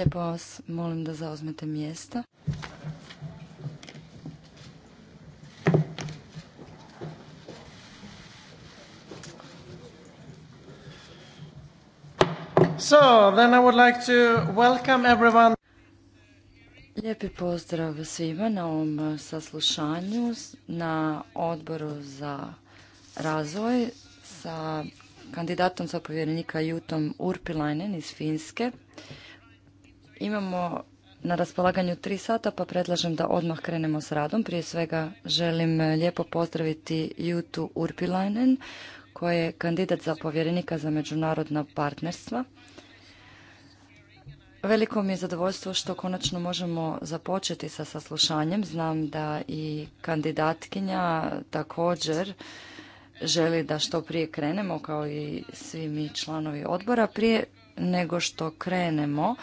Lijepo vas molim da zauzmete mjesta. So, then I would like to welcome everyone. Lijepi pozdrav svima na ovom saslušanju na odboru za razvoj sa kandidatom za povjerenika Jutom Urpilainen iz Finske. Imamo na raspolaganju tri sata, pa predlažem da odmah krenemo s radom. Prije svega želim eh, lijepo pozdraviti Jutu Urpilainen, koja je kandidat za povjerenika za međunarodna partnerstva. Veliko mi je zadovoljstvo što konačno možemo započeti sa saslušanjem. Znam da i kandidatkinja također želi da što prije krenemo, kao i svi mi članovi odbora. Prije nego što krenemo,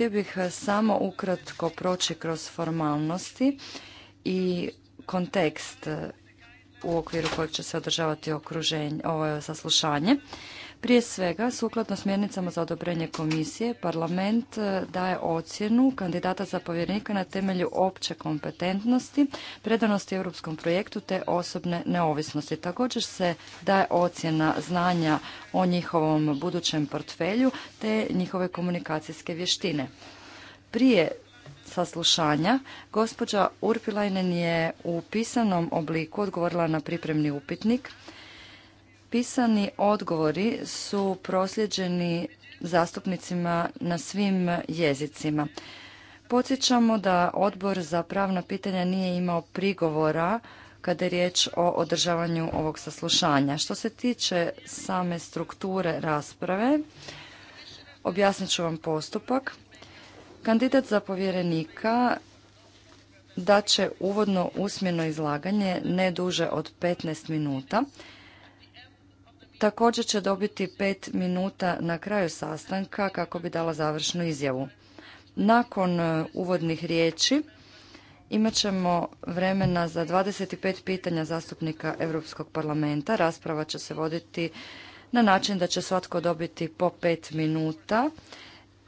htio bih e, samo ukratko proći kroz formalnosti i kontekst e, u okviru kojeg će se održavati okruženje, ovo saslušanje. Prije svega, sukladno smjernicama za odobrenje komisije, parlament e, daje ocjenu kandidata za povjerenika na temelju opće kompetentnosti, predanosti europskom projektu te osobne neovisnosti. Također se daje ocjena znanja o njihovom budućem portfelju te njihove komunikacijske vještine. Prije saslušanja, gospođa Urpilajnen je u pisanom obliku odgovorila na pripremni upitnik Pisani odgovori su prosljeđeni zastupnicima na svim jezicima. Podsjećamo da odbor za pravna pitanja nije imao prigovora kada je riječ o održavanju ovog saslušanja. Što se tiče same strukture rasprave, objasnit ću vam postupak. Kandidat za povjerenika će uvodno usmjeno izlaganje ne duže od 15 minuta također će dobiti pet minuta na kraju sastanka kako bi dala završnu izjavu. Nakon e, uvodnih riječi imat ćemo vremena za 25 pitanja zastupnika Europskog parlamenta. Rasprava će se voditi na način da će svatko dobiti po pet minuta,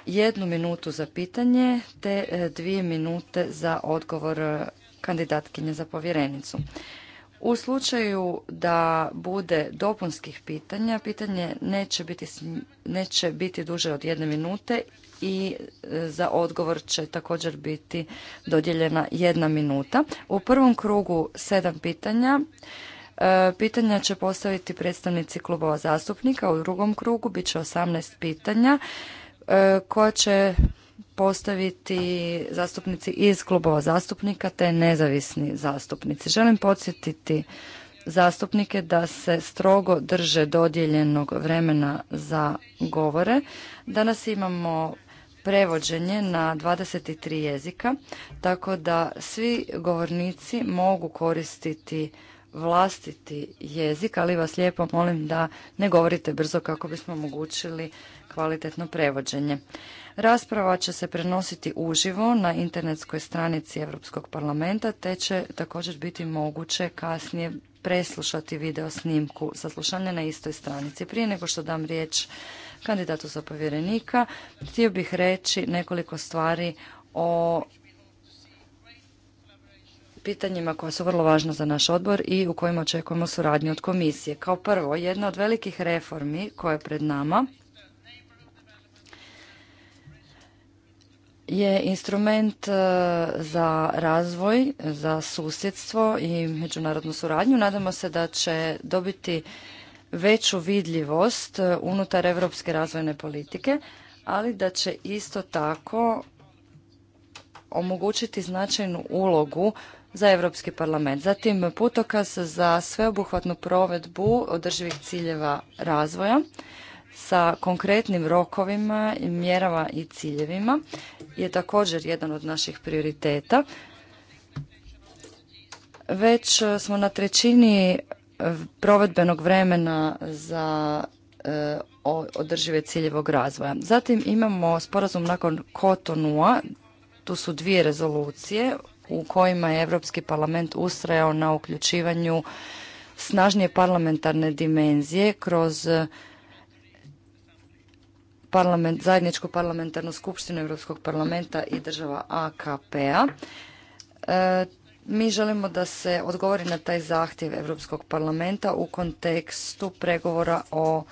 jednu minutu za pitanje te e, dvije minute za odgovor e, kandidatkinje za povjerenicu. U slučaju da bude dopunskih pitanja, pitanje neće biti, neće biti duže od jedne minute i e, za odgovor će također biti dodijeljena jedna minuta. U prvom krugu sedam pitanja. E, pitanja će postaviti predstavnici klubova zastupnika. U drugom krugu bit će 18 pitanja e, koja će postaviti zastupnici iz klubova zastupnika te nezavisni zastupnici. Želim podsjetiti zastupnike da se strogo drže dodijeljenog vremena za govore. Danas imamo prevođenje na 23 jezika, tako da svi govornici mogu koristiti vlastiti jezik, ali vas lijepo molim da ne govorite brzo kako bismo omogućili kvalitetno prevođenje. Rasprava će se prenositi uživo na internetskoj stranici Europskog parlamenta te će također biti moguće kasnije preslušati video snimku saslušanja na istoj stranici. Prije nego što dam riječ kandidatu za povjerenika, htio bih reći nekoliko stvari o pitanjima koja su vrlo važna za naš odbor i u kojima očekujemo suradnju od komisije. Kao prvo, jedna od velikih reformi koja je pred nama je instrument e, za razvoj, za susjedstvo i međunarodnu suradnju. Nadamo se da će dobiti veću vidljivost e, unutar europske razvojne politike, ali da će isto tako omogućiti značajnu ulogu za Evropski parlament. Zatim putokaz za sveobuhvatnu provedbu održivih ciljeva razvoja sa konkretnim rokovima, mjerama i ciljevima je također jedan od naših prioriteta. Već smo na trećini e, provedbenog vremena za e, održive ciljevog razvoja. Zatim imamo sporazum nakon Kotonua, tu su dvije rezolucije u kojima je Europski parlament ustrajao na uključivanju snažnije parlamentarne dimenzije kroz parlament, zajedničku parlamentarnu skupštinu Europskog parlamenta i država AKP-a. E, mi želimo da se odgovori na taj zahtjev Europskog parlamenta u kontekstu pregovora o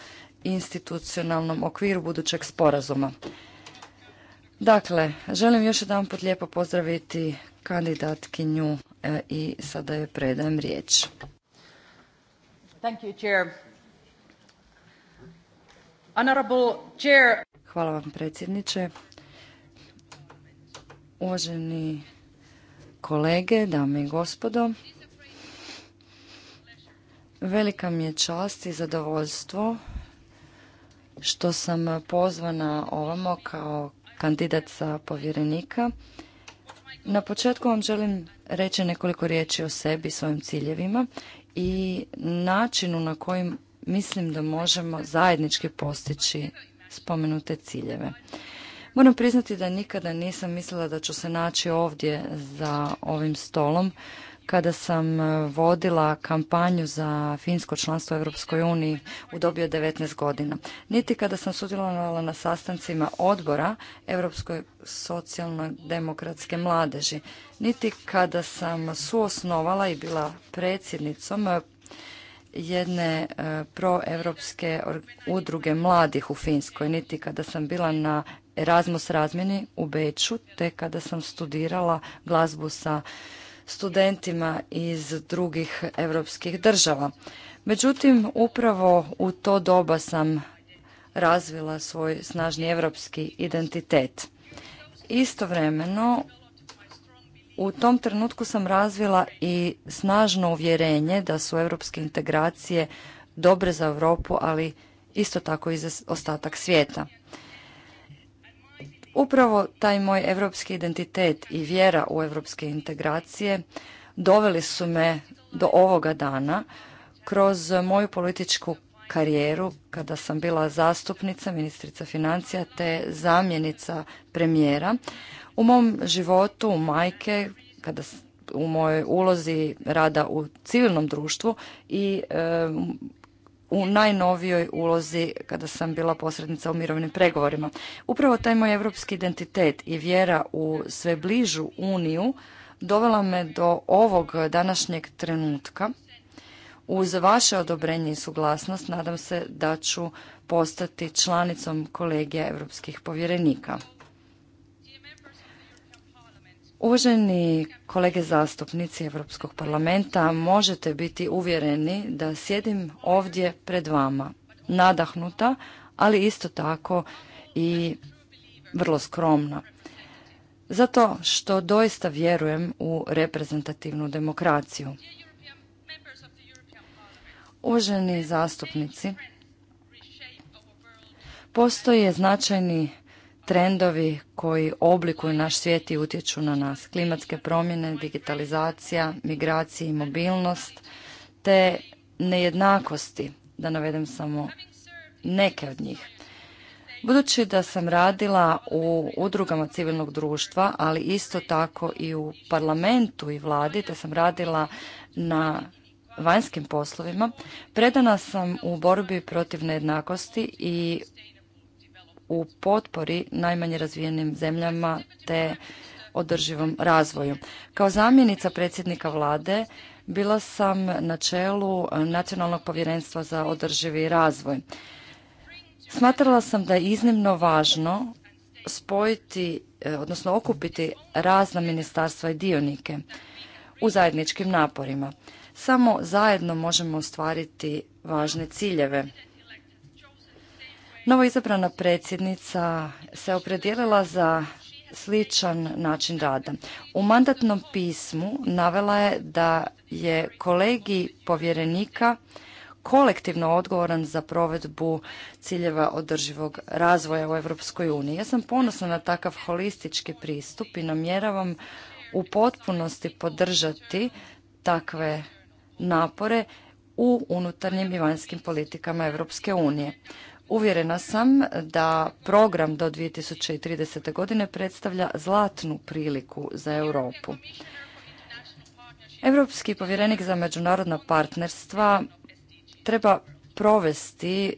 institucionalnom okviru budućeg sporazuma. Dakle, želim još jedan put lijepo pozdraviti kandidatkinju e, i sada joj predajem riječ. Thank you, Chair. Hvala vam predsjedniče. Uvaženi kolege, dame i gospodo, velika mi je čast i zadovoljstvo što sam pozvana ovamo kao kandidat za povjerenika. Na početku vam želim reći nekoliko riječi o sebi, svojim ciljevima i načinu na kojim mislim da možemo zajednički postići spomenute ciljeve. Moram priznati da nikada nisam mislila da ću se naći ovdje za ovim stolom kada sam e, vodila kampanju za finsko članstvo u Europskoj uniji u dobi od 19 godina. Niti kada sam sudjelovala na sastancima odbora Europskoj socijalno-demokratske mladeži, niti kada sam suosnovala i bila predsjednicom e, jedne e, proevropske udruge mladih u Finskoj, niti kada sam bila na Erasmus razmjeni u Beču, te kada sam studirala glazbu sa studentima iz drugih europskih država. Međutim, upravo u to doba sam razvila svoj snažni europski identitet. Istovremeno u tom trenutku sam razvila i snažno uvjerenje da su europske integracije dobre za Europu, ali isto tako i za ostatak svijeta. Upravo taj moj europski identitet i vjera u europske integracije doveli su me do ovoga dana kroz moju političku karijeru kada sam bila zastupnica, ministrica financija te zamjenica premijera. U mom životu majke, kada u mojoj ulozi rada u civilnom društvu i u najnovijoj ulozi kada sam bila posrednica u mirovnim pregovorima. Upravo taj moj europski identitet i vjera u sve bližu uniju dovela me do ovog današnjeg trenutka. Uz vaše odobrenje i suglasnost nadam se da ću postati članicom kolegija europskih povjerenika. Uvaženi kolege zastupnici Europskog parlamenta, možete biti uvjereni da sjedim ovdje pred vama, nadahnuta, ali isto tako i vrlo skromna. Zato što doista vjerujem u reprezentativnu demokraciju. Uvaženi zastupnici, postoje značajni trendovi koji oblikuju naš svijet i utječu na nas. Klimatske promjene, digitalizacija, migracije i mobilnost, te nejednakosti, da navedem samo neke od njih. Budući da sam radila u udrugama civilnog društva, ali isto tako i u parlamentu i vladi, te sam radila na vanjskim poslovima, predana sam u borbi protiv nejednakosti i u potpori najmanje razvijenim zemljama te održivom razvoju. Kao zamjenica predsjednika vlade bila sam na čelu Nacionalnog povjerenstva za održivi razvoj. Smatrala sam da je iznimno važno spojiti, e, odnosno okupiti razna ministarstva i dionike u zajedničkim naporima. Samo zajedno možemo ostvariti važne ciljeve izabrana predsjednica se opredijelila za sličan način rada. U mandatnom pismu navela je da je kolegi povjerenika kolektivno odgovoran za provedbu ciljeva održivog razvoja u Europskoj uniji. Ja sam ponosna na takav holistički pristup i namjeravam u potpunosti podržati takve napore u unutarnjim i vanjskim politikama Europske unije. Uvjerena sam da program do 2030. godine predstavlja zlatnu priliku za Europu. Europski povjerenik za međunarodna partnerstva treba provesti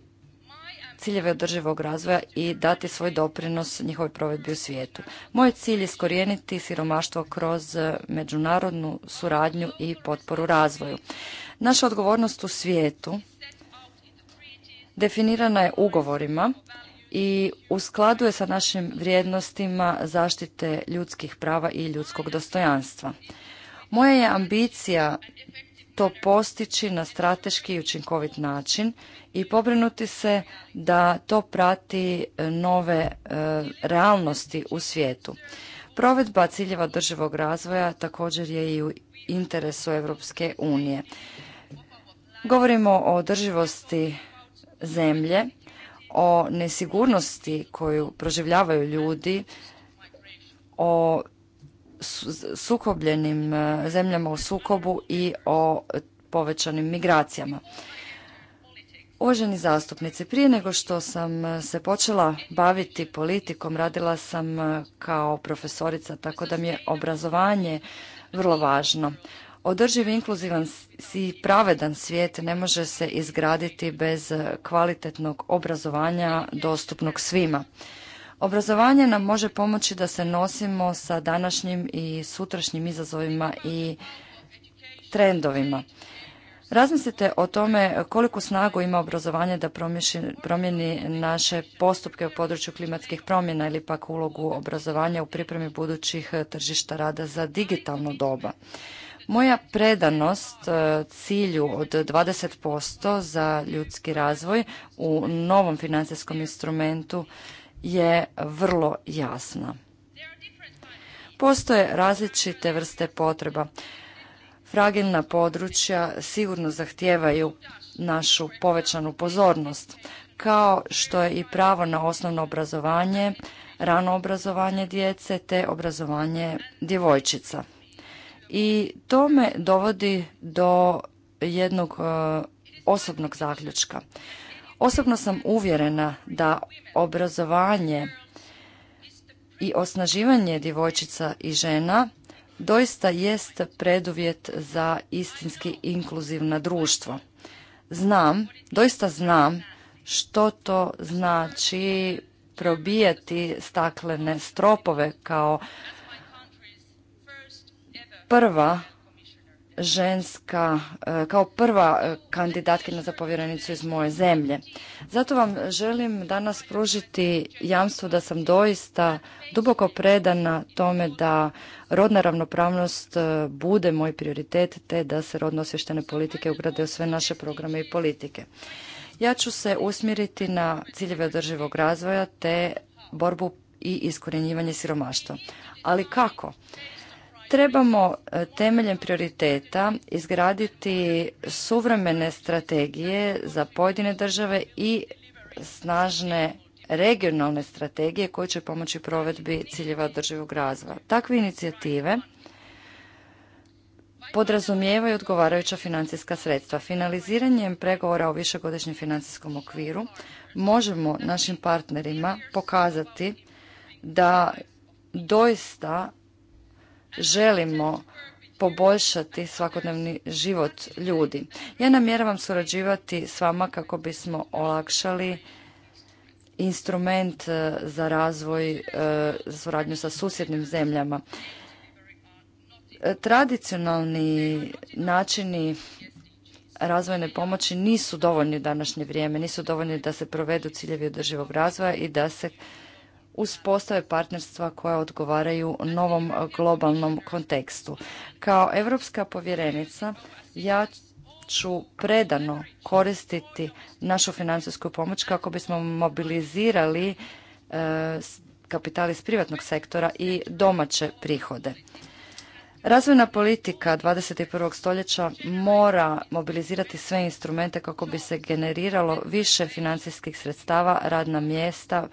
ciljeve održivog razvoja i dati svoj doprinos njihovoj provedbi u svijetu. Moj cilj je skorijeniti siromaštvo kroz međunarodnu suradnju i potporu razvoju. Naša odgovornost u svijetu definirana je ugovorima i u skladu je sa našim vrijednostima zaštite ljudskih prava i ljudskog dostojanstva. Moja je ambicija to postići na strateški i učinkovit način i pobrinuti se da to prati e, nove e, realnosti u svijetu. Provedba ciljeva održivog razvoja također je i u interesu Europske unije. Govorimo o održivosti zemlje, o nesigurnosti koju proživljavaju ljudi, o sukobljenim e, zemljama u sukobu i o povećanim migracijama. Uvaženi zastupnici, prije nego što sam e, se počela baviti politikom, radila sam e, kao profesorica, tako da mi je obrazovanje vrlo važno. Održiv, inkluzivan i pravedan svijet ne može se izgraditi bez eh, kvalitetnog obrazovanja dostupnog svima. Obrazovanje nam može pomoći da se nosimo sa današnjim i sutrašnjim izazovima i trendovima. Razmislite o tome koliku snagu ima obrazovanje da promijeni naše postupke u području klimatskih promjena ili pak ulogu obrazovanja u pripremi budućih eh, tržišta rada za digitalno doba. Moja predanost e, cilju od 20% za ljudski razvoj u novom financijskom instrumentu je vrlo jasna. Postoje različite vrste potreba. Fragilna područja sigurno zahtijevaju našu povećanu pozornost, kao što je i pravo na osnovno obrazovanje, rano obrazovanje djece te obrazovanje djevojčica i to me dovodi do jednog e, osobnog zaključka. Osobno sam uvjerena da obrazovanje i osnaživanje djevojčica i žena doista jest preduvjet za istinski inkluzivno društvo. Znam, doista znam što to znači probijati staklene stropove kao prva ženska, e, kao prva e, kandidatkinja za povjerenicu iz moje zemlje. Zato vam želim danas pružiti jamstvo da sam doista duboko predana tome da rodna ravnopravnost e, bude moj prioritet te da se rodno osvještene politike ugrade u sve naše programe i politike. Ja ću se usmjeriti na ciljeve održivog razvoja te borbu i iskorjenjivanje siromaštva. Ali kako? Trebamo e, temeljem prioriteta izgraditi suvremene strategije za pojedine države i snažne regionalne strategije koje će pomoći provedbi ciljeva održivog razvoja. Takve inicijative podrazumijevaju odgovarajuća financijska sredstva. Finaliziranjem pregovora o višegodišnjem financijskom okviru možemo našim partnerima pokazati da doista želimo poboljšati svakodnevni život ljudi. Ja namjeravam surađivati s vama kako bismo olakšali instrument e, za razvoj e, za suradnju sa susjednim zemljama. E, tradicionalni načini razvojne pomoći nisu dovoljni u današnje vrijeme, nisu dovoljni da se provedu ciljevi održivog razvoja i da se uspostave partnerstva koja odgovaraju novom globalnom kontekstu. Kao europska povjerenica ja ću predano koristiti našu financijsku pomoć kako bismo mobilizirali e, kapital iz privatnog sektora i domaće prihode. Razvojna politika 21. stoljeća mora mobilizirati sve instrumente kako bi se generiralo više financijskih sredstava, radna mjesta,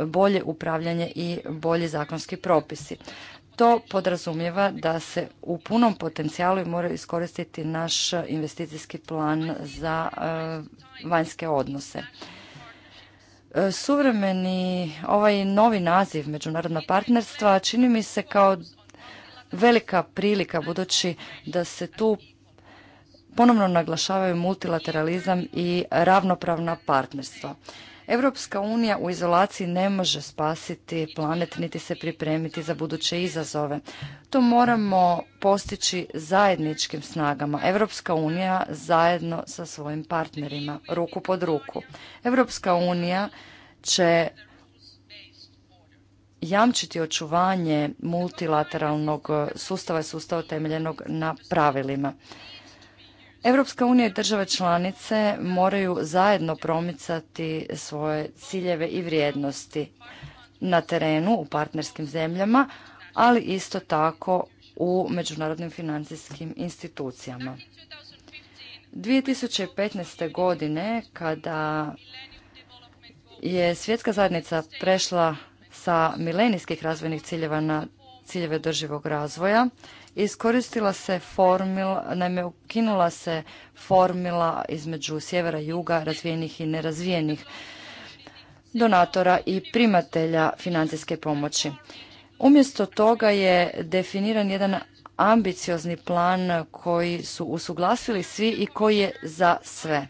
bolje upravljanje i bolji zakonski propisi. To podrazumijeva da se u punom potencijalu moraju iskoristiti naš investicijski plan za e, vanjske odnose. E, suvremeni, ovaj novi naziv međunarodna partnerstva čini mi se kao velika prilika budući da se tu ponovno naglašavaju multilateralizam i ravnopravna partnerstva. Europska unija u izolaciji ne može spasiti planet niti se pripremiti za buduće izazove. To moramo postići zajedničkim snagama. Europska unija zajedno sa svojim partnerima, ruku pod ruku. Europska unija će jamčiti očuvanje multilateralnog sustava i sustava temeljenog na pravilima. Europska unija i države članice moraju zajedno promicati svoje ciljeve i vrijednosti na terenu u partnerskim zemljama, ali isto tako u međunarodnim financijskim institucijama. 2015. godine kada je svjetska zajednica prešla sa milenijskih razvojnih ciljeva na ciljeve održivog razvoja, Iskoristila se formila, naime ukinula se formila između sjevera i juga, razvijenih i nerazvijenih donatora i primatelja financijske pomoći. Umjesto toga je definiran jedan ambiciozni plan koji su usuglasili svi i koji je za sve.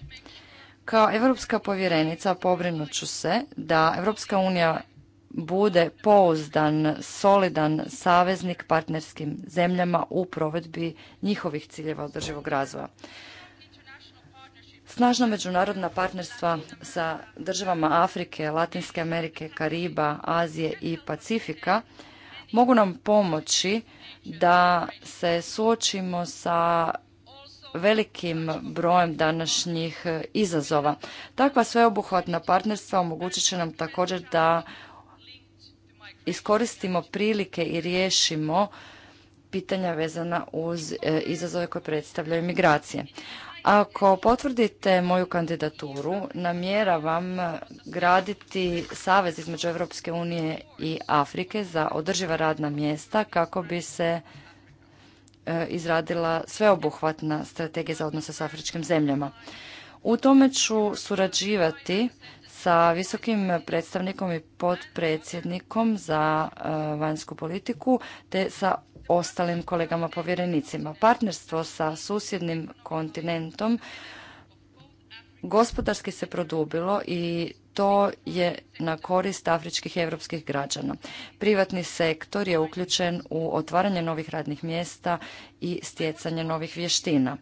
Kao europska povjerenica pobrinut ću se da Europska unija bude pouzdan, solidan saveznik partnerskim zemljama u provedbi njihovih ciljeva održivog razvoja. Snažna međunarodna partnerstva sa državama Afrike, Latinske Amerike, Kariba, Azije i Pacifika mogu nam pomoći da se suočimo sa velikim brojem današnjih izazova. Takva sveobuhvatna partnerstva omogućit će nam također da iskoristimo prilike i riješimo pitanja vezana uz e, izazove koje predstavljaju migracije. Ako potvrdite moju kandidaturu, namjeravam graditi savez između Europske unije i Afrike za održiva radna mjesta kako bi se e, izradila sveobuhvatna strategija za odnose s afričkim zemljama. U tome ću surađivati sa visokim predstavnikom i potpredsjednikom za e, vanjsku politiku te sa ostalim kolegama povjerenicima. Partnerstvo sa susjednim kontinentom gospodarski se produbilo i to je na korist afričkih i evropskih građana. Privatni sektor je uključen u otvaranje novih radnih mjesta i stjecanje novih vještina.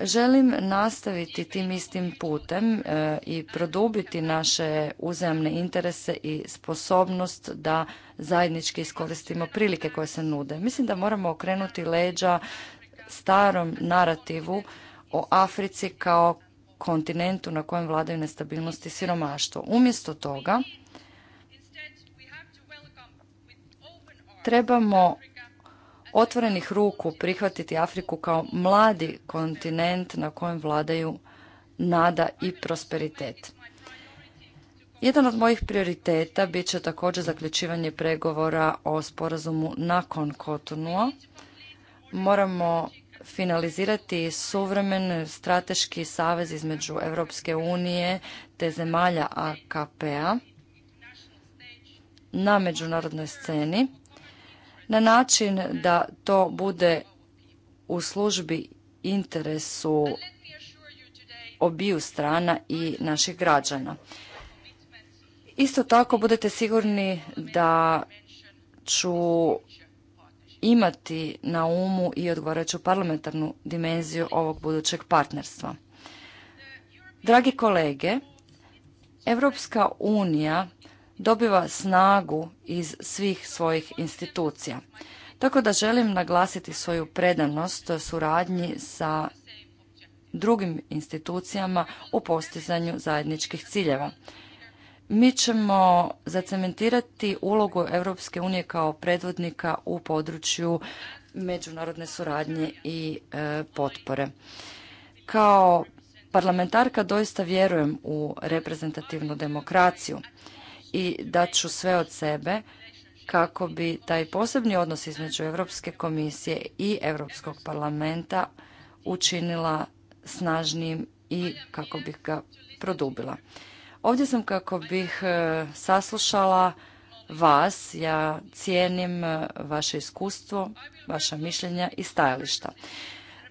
Želim nastaviti tim istim putem e, i produbiti naše uzajamne interese i sposobnost da zajednički iskoristimo prilike koje se nude. Mislim da moramo okrenuti leđa starom narativu o Africi kao kontinentu na kojem vladaju nestabilnost i siromaštvo. Umjesto toga trebamo otvorenih ruku prihvatiti Afriku kao mladi kontinent na kojem vladaju nada i prosperitet. Jedan od mojih prioriteta bit će također zaključivanje pregovora o sporazumu nakon Kotonua. Moramo finalizirati suvremen strateški savez između Europske unije te zemalja AKP-a na međunarodnoj sceni na način da to bude u službi interesu obiju strana i naših građana. Isto tako budete sigurni da ću imati na umu i odgovarajuću parlamentarnu dimenziju ovog budućeg partnerstva. Dragi kolege, Europska unija dobiva snagu iz svih svojih institucija. Tako da želim naglasiti svoju predanost suradnji sa drugim institucijama u postizanju zajedničkih ciljeva. Mi ćemo zacementirati ulogu Europske unije kao predvodnika u području međunarodne suradnje i e, potpore. Kao parlamentarka doista vjerujem u reprezentativnu demokraciju i dat ću sve od sebe kako bi taj posebni odnos između Europske komisije i Europskog parlamenta učinila snažnijim i kako bih ga produbila. Ovdje sam kako bih e, saslušala vas, ja cijenim e, vaše iskustvo, vaša mišljenja i stajališta.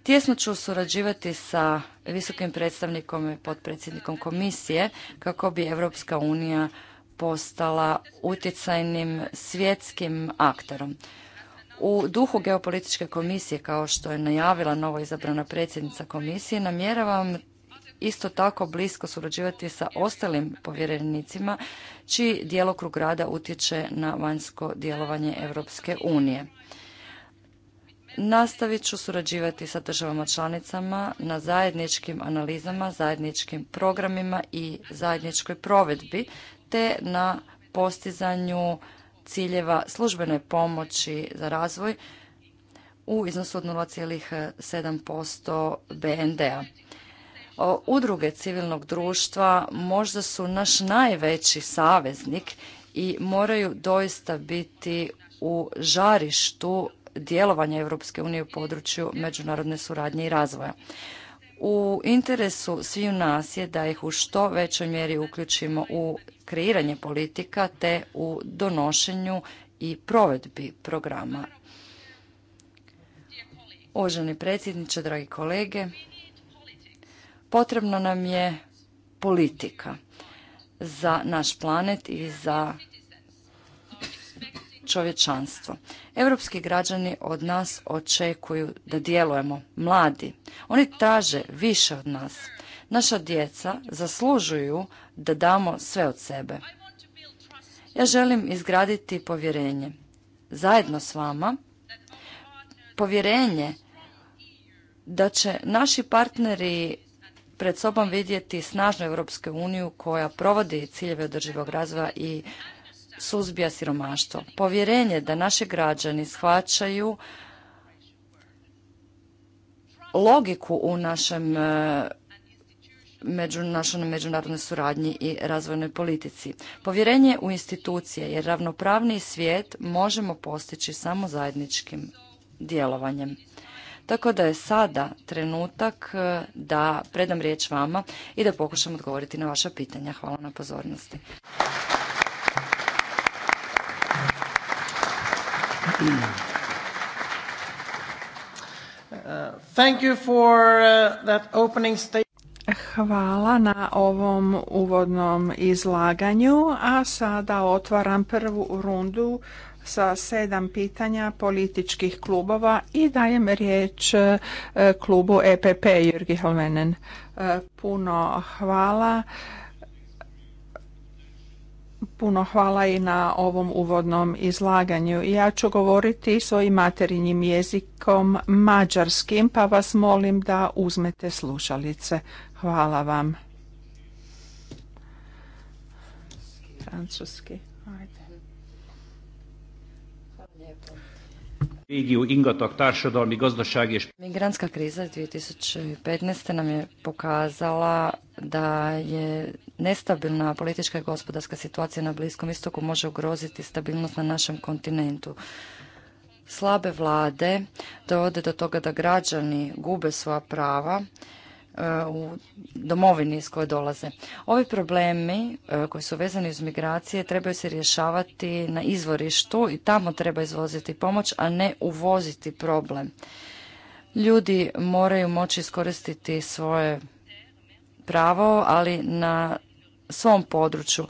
Tijesno ću surađivati sa visokim predstavnikom i potpredsjednikom komisije kako bi Europska unija postala utjecajnim svjetskim akterom. U duhu geopolitičke komisije, kao što je najavila novo izabrana predsjednica komisije, namjeravam isto tako blisko surađivati sa ostalim povjerenicima čiji djelokrug rada utječe na vanjsko djelovanje Europske unije. Nastavit ću surađivati sa državama članicama na zajedničkim analizama, zajedničkim programima i zajedničkoj provedbi te na postizanju ciljeva službene pomoći za razvoj u iznosu od 0,7% BND-a. Udruge civilnog društva možda su naš najveći saveznik i moraju doista biti u žarištu djelovanja Europske unije u području međunarodne suradnje i razvoja. U interesu sviju nas je da ih u što većoj mjeri uključimo u kreiranje politika te u donošenju i provedbi programa. Uvaženi predsjedniče, dragi kolege, potrebna nam je politika za naš planet i za čovječanstvo. Europski građani od nas očekuju da djelujemo. Mladi, oni traže više od nas. Naša djeca zaslužuju da damo sve od sebe. Ja želim izgraditi povjerenje. Zajedno s vama povjerenje da će naši partneri pred sobom vidjeti snažnu Europsku uniju koja provodi ciljeve održivog razvoja i suzbija siromaštvo. Povjerenje da naši građani shvaćaju logiku u našem među našoj međunarodnoj suradnji i razvojnoj politici. Povjerenje u institucije jer ravnopravni svijet možemo postići samo zajedničkim djelovanjem. Tako da je sada trenutak e, da predam riječ vama i da pokušam odgovoriti na vaša pitanja. Hvala na pozornosti. Thank e, Hvala na ovom uvodnom izlaganju, a sada otvaram prvu rundu sa sedam pitanja političkih klubova i dajem riječ e, klubu EPP Jurgi Halvenen. E, puno hvala. Puno hvala i na ovom uvodnom izlaganju. Ja ću govoriti svojim materinjim jezikom mađarskim, pa vas molim da uzmete slušalice. Hvala vam. Migrantska kriza 2015. nam je pokazala da je nestabilna politička i gospodarska situacija na Bliskom istoku može ugroziti stabilnost na našem kontinentu. Slabe vlade dovode do toga da građani gube svoja prava u domovini iz koje dolaze. Ovi problemi e, koji su vezani uz migracije trebaju se rješavati na izvorištu i tamo treba izvoziti pomoć, a ne uvoziti problem. Ljudi moraju moći iskoristiti svoje pravo, ali na svom području,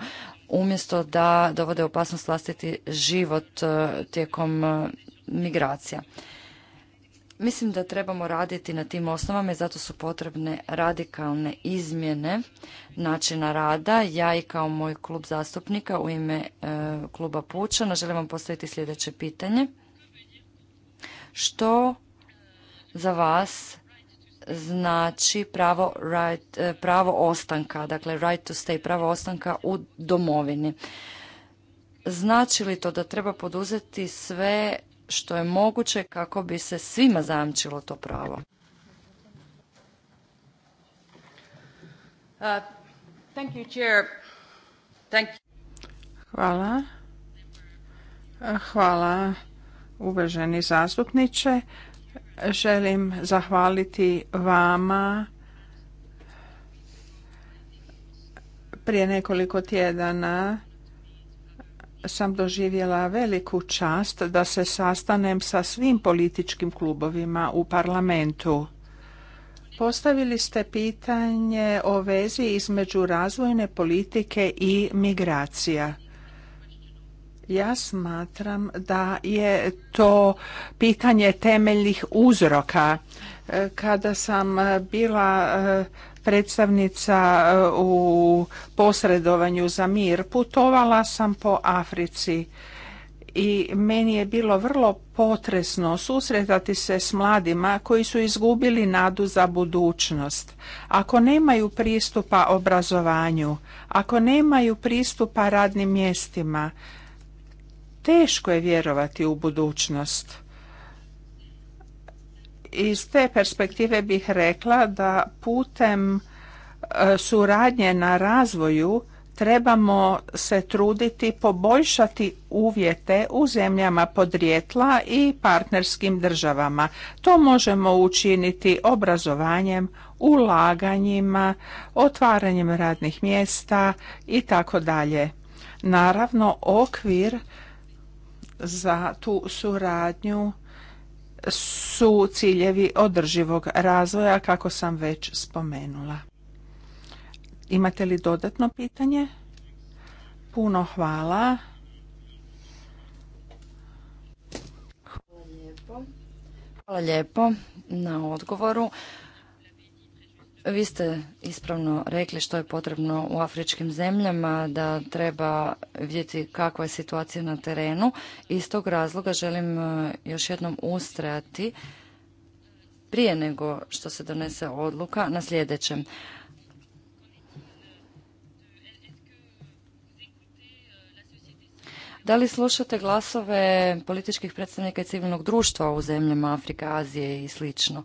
umjesto da dovode opasnost vlastiti život e, tijekom e, migracija. Mislim da trebamo raditi na tim osnovama i zato su potrebne radikalne izmjene načina rada. Ja i kao moj klub zastupnika u ime e, kluba Pučana želim vam postaviti sljedeće pitanje. Što za vas znači pravo, right, e, pravo ostanka, dakle right to stay, pravo ostanka u domovini. Znači li to da treba poduzeti sve što je moguće kako bi se svima zajamčilo to pravo. Uh, Hvala. Hvala uvaženi zastupniče. Želim zahvaliti vama prije nekoliko tjedana sam doživjela veliku čast da se sastanem sa svim političkim klubovima u parlamentu. Postavili ste pitanje o vezi između razvojne politike i migracija. Ja smatram da je to pitanje temeljnih uzroka. Kada sam bila predstavnica e, u posredovanju za mir. Putovala sam po Africi i meni je bilo vrlo potresno susretati se s mladima koji su izgubili nadu za budućnost. Ako nemaju pristupa obrazovanju, ako nemaju pristupa radnim mjestima, teško je vjerovati u budućnost. Iz te perspektive bih rekla da putem e, suradnje na razvoju trebamo se truditi poboljšati uvjete u zemljama podrijetla i partnerskim državama. To možemo učiniti obrazovanjem, ulaganjima, otvaranjem radnih mjesta i tako dalje. Naravno, okvir za tu suradnju su ciljevi održivog razvoja kako sam već spomenula. Imate li dodatno pitanje? Puno hvala. Hvala lijepo. lijepo na odgovoru. Vi ste ispravno rekli što je potrebno u afričkim zemljama, da treba vidjeti kakva je situacija na terenu. Iz tog razloga želim e, još jednom ustrajati prije nego što se donese odluka na sljedećem. Da li slušate glasove političkih predstavnika i civilnog društva u zemljama Afrike, Azije i slično?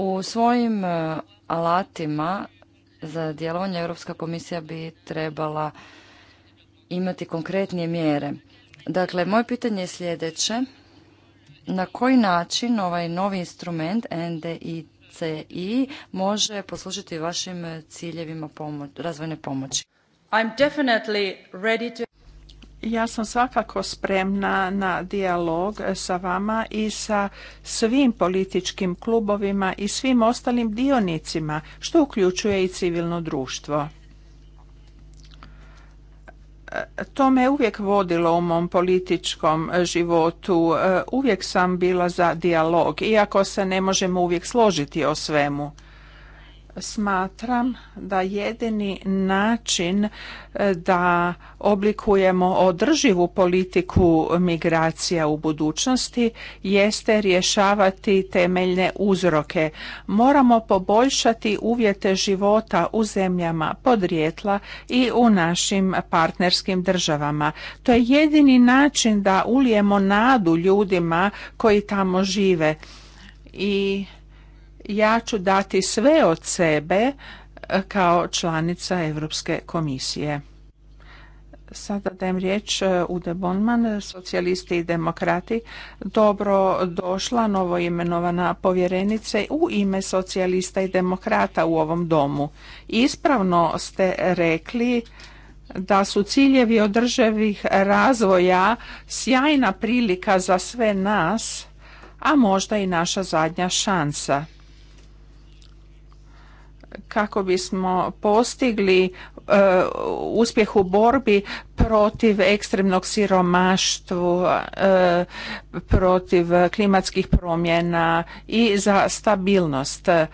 U svojim e, alatima za djelovanje Europska komisija bi trebala imati konkretnije mjere. Dakle, moje pitanje je sljedeće. Na koji način ovaj novi instrument NDICI može poslužiti vašim ciljevima razvojne pomoći? I'm definitely ready to ja sam svakako spremna na dijalog sa vama i sa svim političkim klubovima i svim ostalim dionicima, što uključuje i civilno društvo. To me uvijek vodilo u mom političkom životu, uvijek sam bila za dijalog, iako se ne možemo uvijek složiti o svemu smatram da jedini način e, da oblikujemo održivu politiku migracija u budućnosti jeste rješavati temeljne uzroke. Moramo poboljšati uvjete života u zemljama podrijetla i u našim partnerskim državama. To je jedini način da ulijemo nadu ljudima koji tamo žive i ja ću dati sve od sebe e, kao članica Europske komisije. Sada dajem riječ e, Ude Bonman, socijalisti i demokrati. Dobro došla novo imenovana povjerenice u ime socijalista i demokrata u ovom domu. Ispravno ste rekli da su ciljevi održivih razvoja sjajna prilika za sve nas, a možda i naša zadnja šansa kako bismo postigli e, uspjeh u borbi protiv ekstremnog siromaštva, e, protiv klimatskih promjena i za stabilnost. E,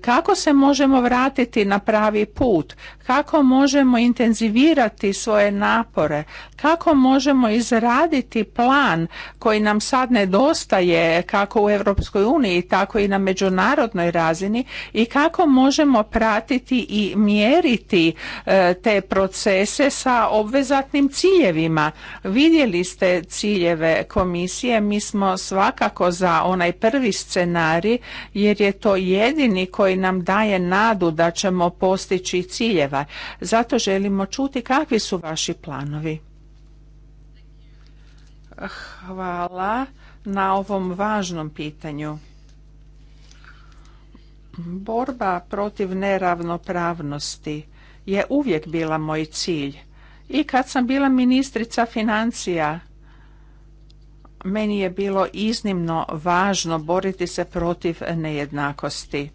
kako se možemo vratiti na pravi put? kako možemo intenzivirati svoje napore, kako možemo izraditi plan koji nam sad nedostaje kako u Europskoj uniji, tako i na međunarodnoj razini i kako možemo pratiti i mjeriti e, te procese sa obvezatnim ciljevima. Vidjeli ste ciljeve komisije, mi smo svakako za onaj prvi scenarij jer je to jedini koji nam daje nadu da ćemo postići ciljeva zato želimo čuti kakvi su vaši planovi. Hvala na ovom važnom pitanju. Borba protiv neravnopravnosti je uvijek bila moj cilj. I kad sam bila ministrica financija, meni je bilo iznimno važno boriti se protiv nejednakosti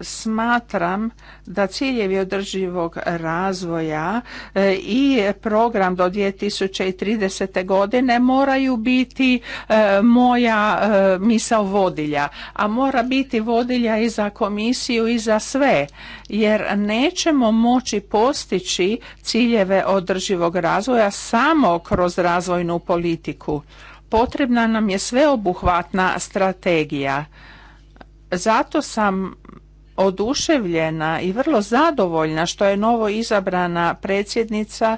smatram da ciljevi održivog razvoja e, i program do 2030. godine moraju biti e, moja e, misao vodilja, a mora biti vodilja i za komisiju i za sve, jer nećemo moći postići ciljeve održivog razvoja samo kroz razvojnu politiku. Potrebna nam je sveobuhvatna strategija. Zato sam oduševljena i vrlo zadovoljna što je novo izabrana predsjednica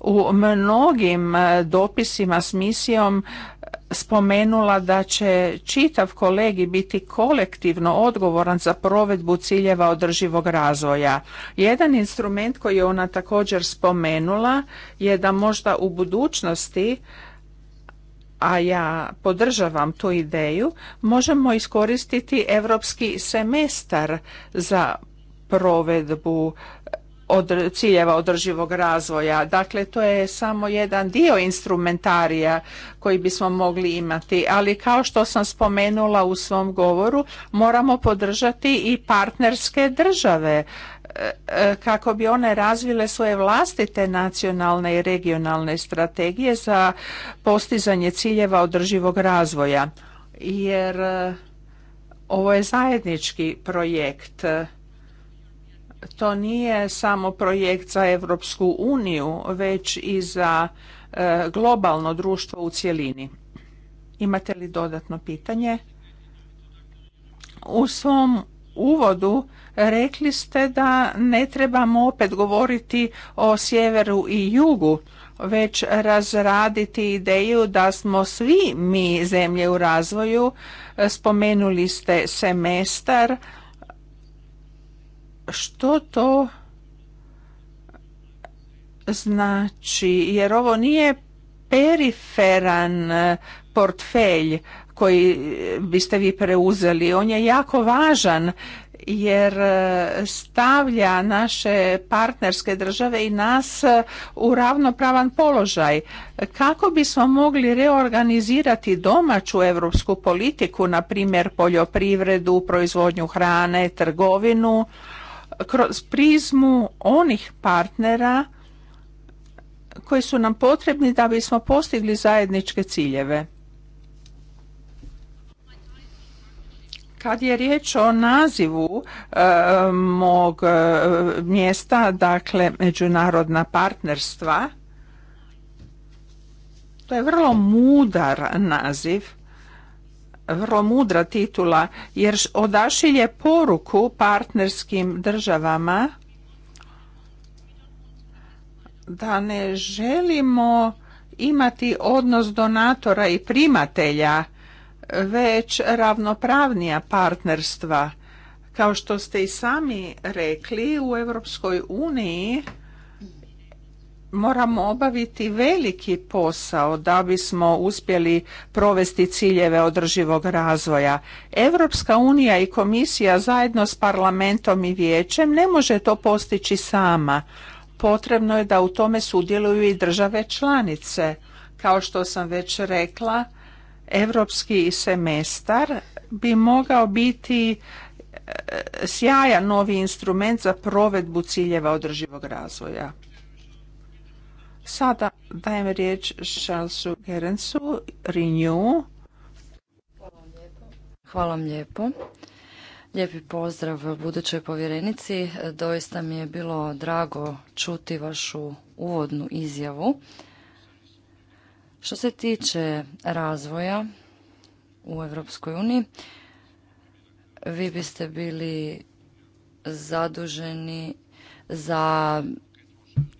u mnogim e, dopisima s misijom e, spomenula da će čitav kolegi biti kolektivno odgovoran za provedbu ciljeva održivog razvoja. Jedan instrument koji je ona također spomenula je da možda u budućnosti a ja podržavam tu ideju, možemo iskoristiti europski semestar za provedbu od ciljeva održivog razvoja. Dakle, to je samo jedan dio instrumentarija koji bismo mogli imati, ali kao što sam spomenula u svom govoru, moramo podržati i partnerske države kako bi one razvile svoje vlastite nacionalne i regionalne strategije za postizanje ciljeva održivog razvoja. Jer e, ovo je zajednički projekt. To nije samo projekt za Europsku uniju, već i za e, globalno društvo u cjelini. Imate li dodatno pitanje? U svom uvodu Rekli ste da ne trebamo opet govoriti o sjeveru i jugu, već razraditi ideju da smo svi mi zemlje u razvoju. Spomenuli ste semestar. Što to znači? Jer ovo nije periferan e, portfelj koji biste vi preuzeli. On je jako važan jer e, stavlja naše partnerske države i nas e, u ravnopravan položaj. Kako bismo mogli reorganizirati domaću europsku politiku, na primjer poljoprivredu, proizvodnju hrane, trgovinu, kroz prizmu onih partnera koji su nam potrebni da bismo postigli zajedničke ciljeve. Kad je riječ o nazivu e, mog e, mjesta, dakle međunarodna partnerstva, to je vrlo mudar naziv, vrlo mudra titula, jer odašilje poruku partnerskim državama da ne želimo imati odnos donatora i primatelja, već ravnopravnija partnerstva. Kao što ste i sami rekli, u Europskoj uniji moramo obaviti veliki posao da bismo uspjeli provesti ciljeve održivog razvoja. Europska unija i komisija zajedno s parlamentom i vijećem ne može to postići sama. Potrebno je da u tome sudjeluju i države članice. Kao što sam već rekla, Europski semestar bi mogao biti e, sjajan novi instrument za provedbu ciljeva održivog razvoja. Sada dajem riječ Charlesu Gerencu, Renew. Hvala Hvala lijepo. Lijepi pozdrav budućoj povjerenici. Doista mi je bilo drago čuti vašu uvodnu izjavu što se tiče razvoja u Europskoj uniji, vi biste bili zaduženi za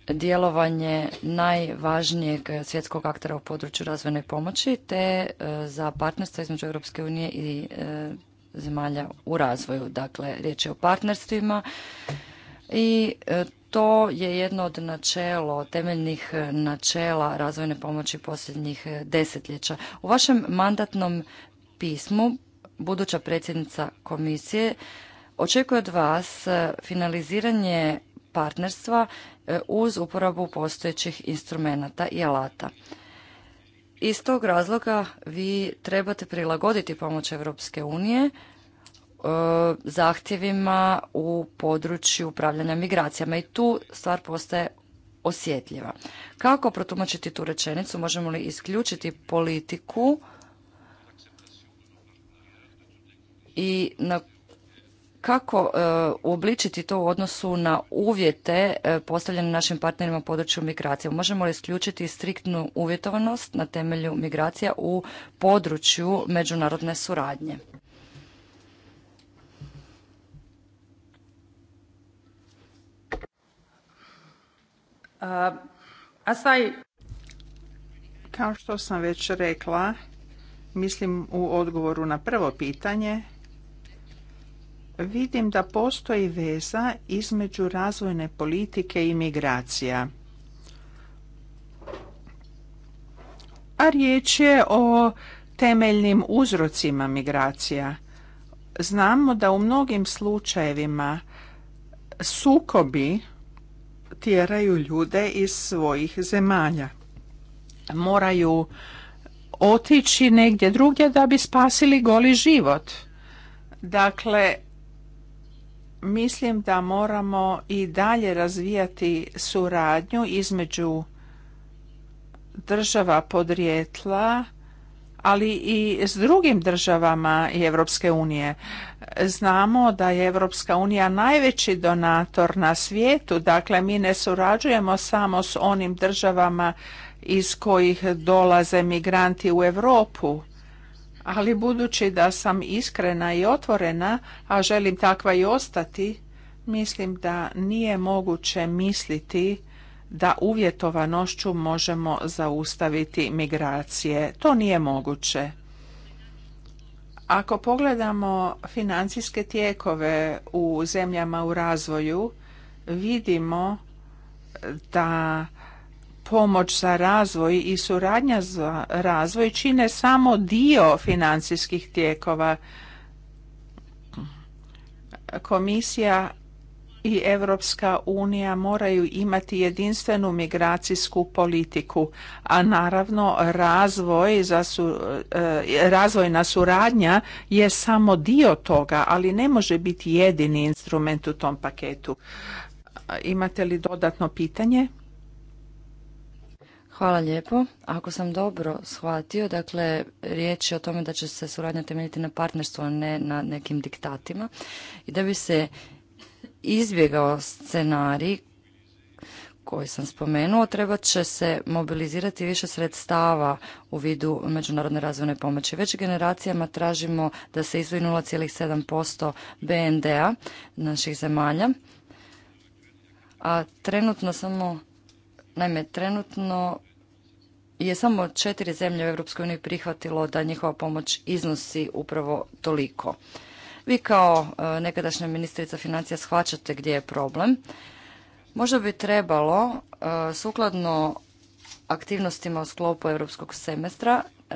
djelovanje najvažnijeg svjetskog aktera u području razvojne pomoći te e, za partnerstva između Europske unije i e, zemalja u razvoju. Dakle, riječ je o partnerstvima i e, to je jedno od načelo, temeljnih načela razvojne pomoći posljednjih desetljeća. U vašem mandatnom pismu buduća predsjednica komisije očekuje od vas finaliziranje partnerstva e, uz uporabu postojećih instrumenata i alata. Iz tog razloga vi trebate prilagoditi pomoć Europske unije E, zahtjevima u području upravljanja migracijama i tu stvar postaje osjetljiva. Kako protumačiti tu rečenicu? Možemo li isključiti politiku i na kako e, uobličiti to u odnosu na uvjete e, postavljene našim partnerima u području migracije? Možemo li isključiti striktnu uvjetovanost na temelju migracija u području međunarodne suradnje? Kao što sam već rekla, mislim u odgovoru na prvo pitanje, vidim da postoji veza između razvojne politike i migracija. A riječ je o temeljnim uzrocima migracija. Znamo da u mnogim slučajevima sukobi tjeraju ljude iz svojih zemalja. Moraju otići negdje drugdje da bi spasili goli život. Dakle, mislim da moramo i dalje razvijati suradnju između država podrijetla, ali i s drugim državama Europske unije. Znamo da je Europska unija najveći donator na svijetu, dakle mi ne surađujemo samo s onim državama iz kojih dolaze migranti u Europu. Ali budući da sam iskrena i otvorena, a želim takva i ostati, mislim da nije moguće misliti da uvjetovanošću možemo zaustaviti migracije. To nije moguće. Ako pogledamo financijske tijekove u zemljama u razvoju, vidimo da pomoć za razvoj i suradnja za razvoj čine samo dio financijskih tijekova. Komisija i Europska unija moraju imati jedinstvenu migracijsku politiku, a naravno razvoj za su, e, razvojna suradnja je samo dio toga, ali ne može biti jedini instrument u tom paketu. Imate li dodatno pitanje? Hvala lijepo. Ako sam dobro shvatio, dakle, riječ je o tome da će se suradnja temeljiti na partnerstvu, a ne na nekim diktatima. I da bi se izbjegao scenarij koji sam spomenuo, treba će se mobilizirati više sredstava u vidu međunarodne razvojne pomoći. Već generacijama tražimo da se izvoji 0,7% BND-a naših zemalja, a trenutno samo, naime, trenutno je samo četiri zemlje u EU prihvatilo da njihova pomoć iznosi upravo toliko. Vi kao e, nekadašnja ministrica financija shvaćate gdje je problem. Možda bi trebalo e, sukladno aktivnostima u sklopu europskog semestra e,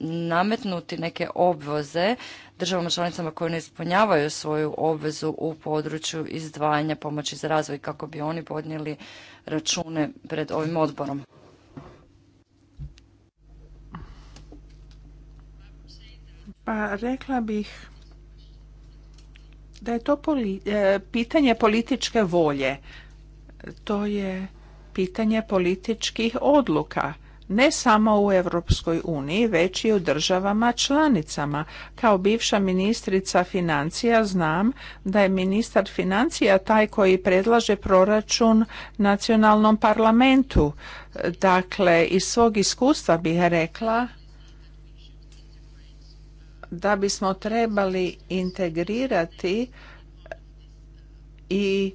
nametnuti neke obveze državama članicama koje ne ispunjavaju svoju obvezu u području izdvajanja pomoći za razvoj kako bi oni podnijeli račune pred ovim odborom. Pa rekla bih da je to e, pitanje političke volje. To je pitanje političkih odluka ne samo u Europskoj uniji, već i u državama članicama. Kao bivša ministrica financija znam da je ministar financija taj koji predlaže proračun nacionalnom parlamentu. Dakle, iz svog iskustva bih rekla da bismo trebali integrirati i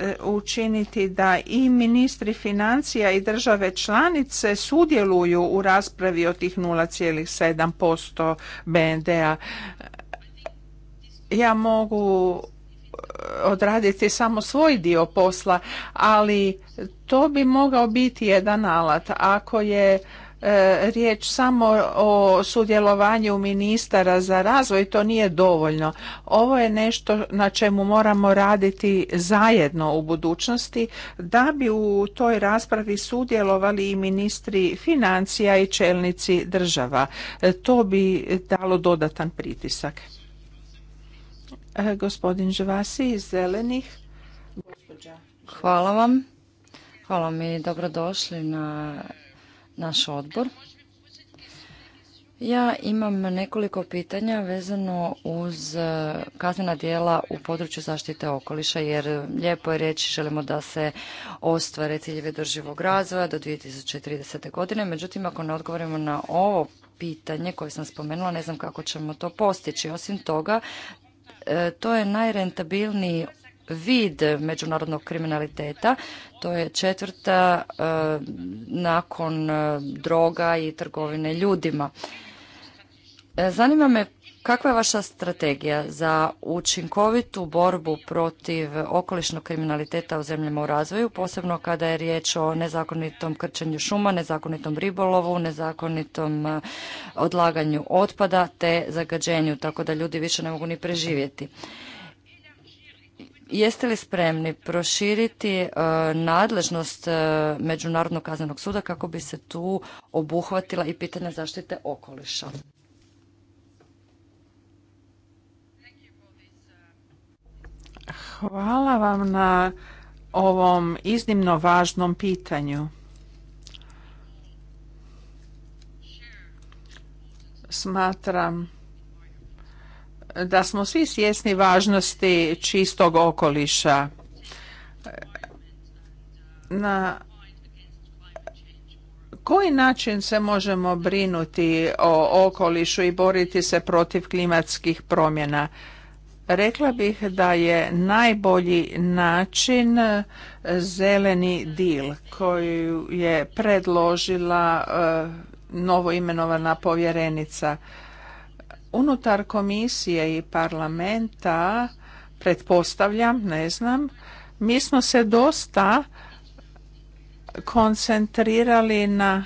e, učiniti da i ministri financija i države članice sudjeluju u raspravi o tih 0,7% BND-a. Ja mogu e, odraditi samo svoj dio posla, ali to bi mogao biti jedan alat. Ako je E, riječ samo o sudjelovanju ministara za razvoj, to nije dovoljno. Ovo je nešto na čemu moramo raditi zajedno u budućnosti da bi u toj raspravi sudjelovali i ministri financija i čelnici država. E, to bi dalo dodatan pritisak. E, gospodin Žvasi iz Zelenih. Hvala vam. Hvala vam i dobrodošli na naš odbor. Ja imam nekoliko pitanja vezano uz e, kaznena dijela u području zaštite okoliša, jer lijepo je reći želimo da se ostvare ciljeve održivog razvoja do 2030. godine. Međutim, ako ne odgovorimo na ovo pitanje koje sam spomenula, ne znam kako ćemo to postići. Osim toga, e, to je najrentabilniji vid međunarodnog kriminaliteta. To je četvrta eh, nakon eh, droga i trgovine ljudima. Eh, zanima me kakva je vaša strategija za učinkovitu borbu protiv okolišnog kriminaliteta u zemljama u razvoju, posebno kada je riječ o nezakonitom krčenju šuma, nezakonitom ribolovu, nezakonitom odlaganju otpada te zagađenju, tako da ljudi više ne mogu ni preživjeti. Jeste li spremni proširiti e, nadležnost e, Međunarodnog kaznenog suda kako bi se tu obuhvatila i pitanja zaštite okoliša? Hvala vam na ovom iznimno važnom pitanju. Smatram da smo svi svjesni važnosti čistog okoliša. Na koji način se možemo brinuti o okolišu i boriti se protiv klimatskih promjena? Rekla bih da je najbolji način zeleni dil koju je predložila e, novoimenovana povjerenica unutar komisije i parlamenta, pretpostavljam, ne znam, mi smo se dosta koncentrirali na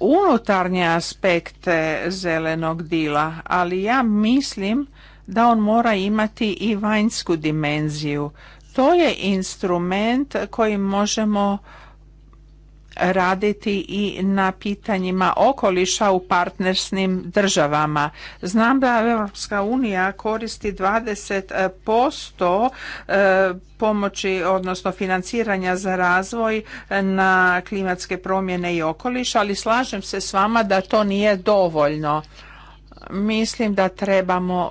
unutarnje aspekte zelenog dila, ali ja mislim da on mora imati i vanjsku dimenziju. To je instrument koji možemo raditi i na pitanjima okoliša u partnersnim državama. Znam da Europska unija koristi 20% e, pomoći, odnosno financiranja za razvoj na klimatske promjene i okoliš, ali slažem se s vama da to nije dovoljno. Mislim da trebamo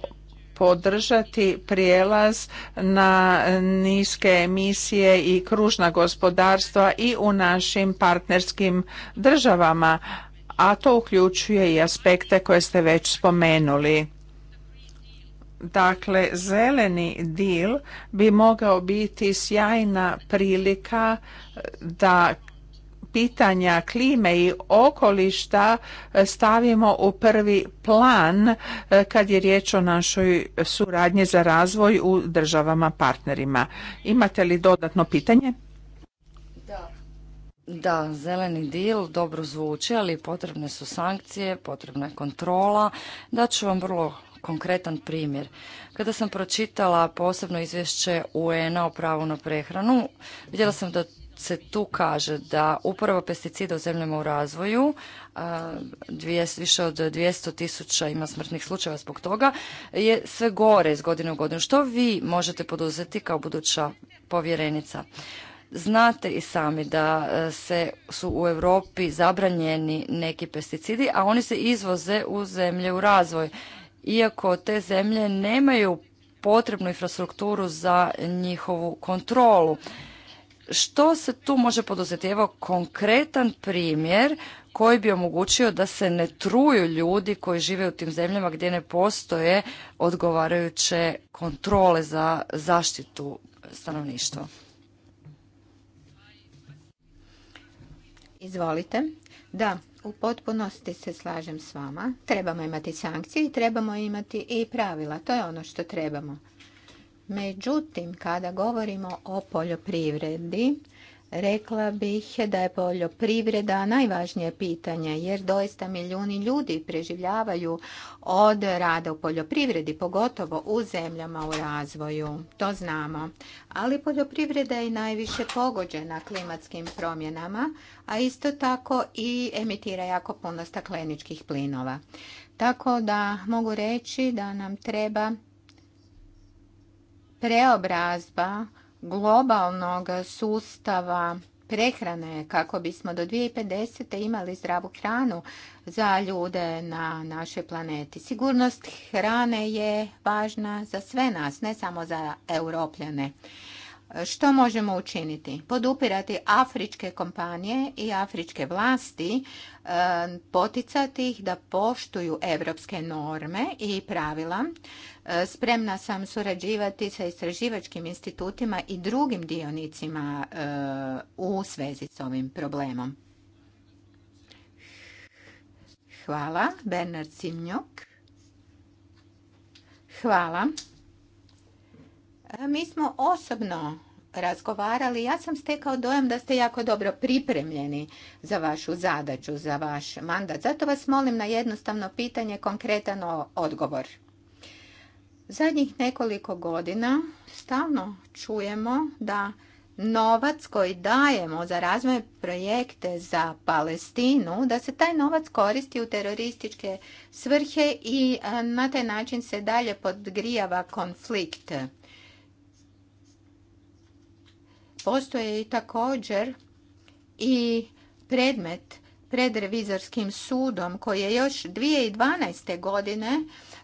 podržati prijelaz na niske emisije i kružna gospodarstva i u našim partnerskim državama, a to uključuje i aspekte koje ste već spomenuli. Dakle, zeleni dil bi mogao biti sjajna prilika da pitanja klime i okolišta e, stavimo u prvi plan e, kad je riječ o našoj suradnji za razvoj u državama partnerima. Imate li dodatno pitanje? Da. Da, zeleni dil dobro zvuči, ali potrebne su sankcije, potrebna je kontrola. Daću vam vrlo konkretan primjer. Kada sam pročitala posebno izvješće UN-a o pravu na prehranu, vidjela sam da se tu kaže da upravo pesticida u zemljama u razvoju, više od 200 tisuća ima smrtnih slučajeva zbog toga, je sve gore iz godine u godinu. Što vi možete poduzeti kao buduća povjerenica? Znate i sami da e, se su u Europi zabranjeni neki pesticidi, a oni se izvoze u zemlje u razvoj. Iako te zemlje nemaju potrebnu infrastrukturu za njihovu kontrolu što se tu može poduzeti? Evo konkretan primjer koji bi omogućio da se ne truju ljudi koji žive u tim zemljama gdje ne postoje odgovarajuće kontrole za zaštitu stanovništva. Izvolite. Da, u potpunosti se slažem s vama. Trebamo imati sankcije i trebamo imati i pravila. To je ono što trebamo. Međutim, kada govorimo o poljoprivredi, rekla bih da je poljoprivreda najvažnije pitanje jer doista milijuni ljudi preživljavaju od rada u poljoprivredi, pogotovo u zemljama u razvoju. To znamo. Ali poljoprivreda je najviše pogođena klimatskim promjenama, a isto tako i emitira jako puno stakleničkih plinova. Tako da mogu reći da nam treba preobrazba globalnog sustava prehrane kako bismo do 2050. imali zdravu hranu za ljude na našoj planeti. Sigurnost hrane je važna za sve nas, ne samo za europljane. Što možemo učiniti? Podupirati afričke kompanije i afričke vlasti, e, poticati ih da poštuju evropske norme i pravila. E, spremna sam surađivati sa istraživačkim institutima i drugim dionicima e, u svezi s ovim problemom. Hvala, Bernard Simnjuk. Hvala. E, mi smo osobno razgovarali. Ja sam stekao dojam da ste jako dobro pripremljeni za vašu zadaću, za vaš mandat. Zato vas molim na jednostavno pitanje, konkretan odgovor. Zadnjih nekoliko godina stalno čujemo da novac koji dajemo za razvoj projekte za Palestinu, da se taj novac koristi u terorističke svrhe i e, na taj način se dalje podgrijava konflikt. Postoje i također i predmet pred revizorskim sudom koji je još 2012. godine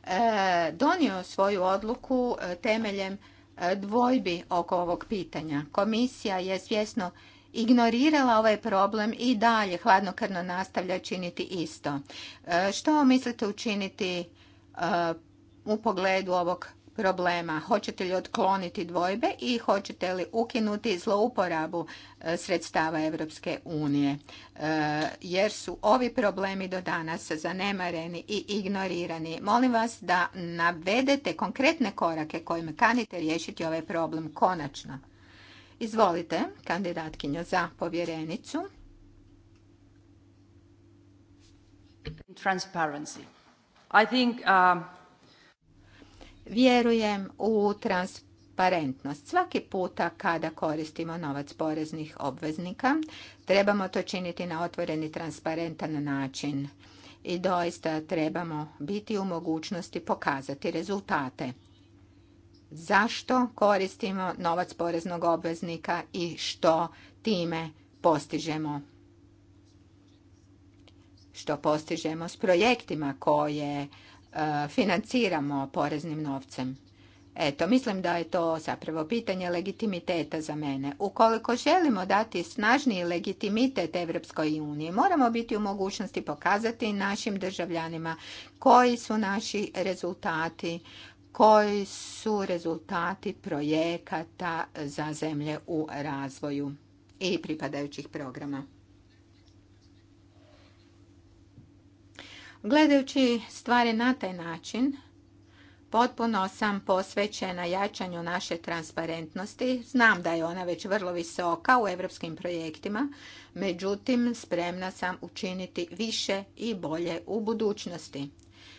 e, donio svoju odluku e, temeljem e, dvojbi oko ovog pitanja. Komisija je svjesno ignorirala ovaj problem i dalje hladnokrno nastavlja činiti isto. Što mislite učiniti u pogledu ovog problema? Hoćete li otkloniti dvojbe i hoćete li ukinuti zlouporabu e, sredstava Europske unije? E, jer su ovi problemi do danas zanemareni i ignorirani. Molim vas da navedete konkretne korake kojima kanite riješiti ovaj problem konačno. Izvolite, kandidatkinjo za povjerenicu. Transparency. I think um, Vjerujem u transparentnost. Svaki puta kada koristimo novac poreznih obveznika, trebamo to činiti na otvoren i transparentan način i doista trebamo biti u mogućnosti pokazati rezultate. Zašto koristimo novac poreznog obveznika i što time postižemo? Što postižemo s projektima koje E, financiramo poreznim novcem. Eto, mislim da je to zapravo pitanje legitimiteta za mene. Ukoliko želimo dati snažniji legitimitet Evropskoj uniji, moramo biti u mogućnosti pokazati našim državljanima koji su naši rezultati, koji su rezultati projekata za zemlje u razvoju i pripadajućih programa. Gledajući stvari na taj način, potpuno sam posvećena jačanju naše transparentnosti. Znam da je ona već vrlo visoka u europskim projektima, međutim spremna sam učiniti više i bolje u budućnosti.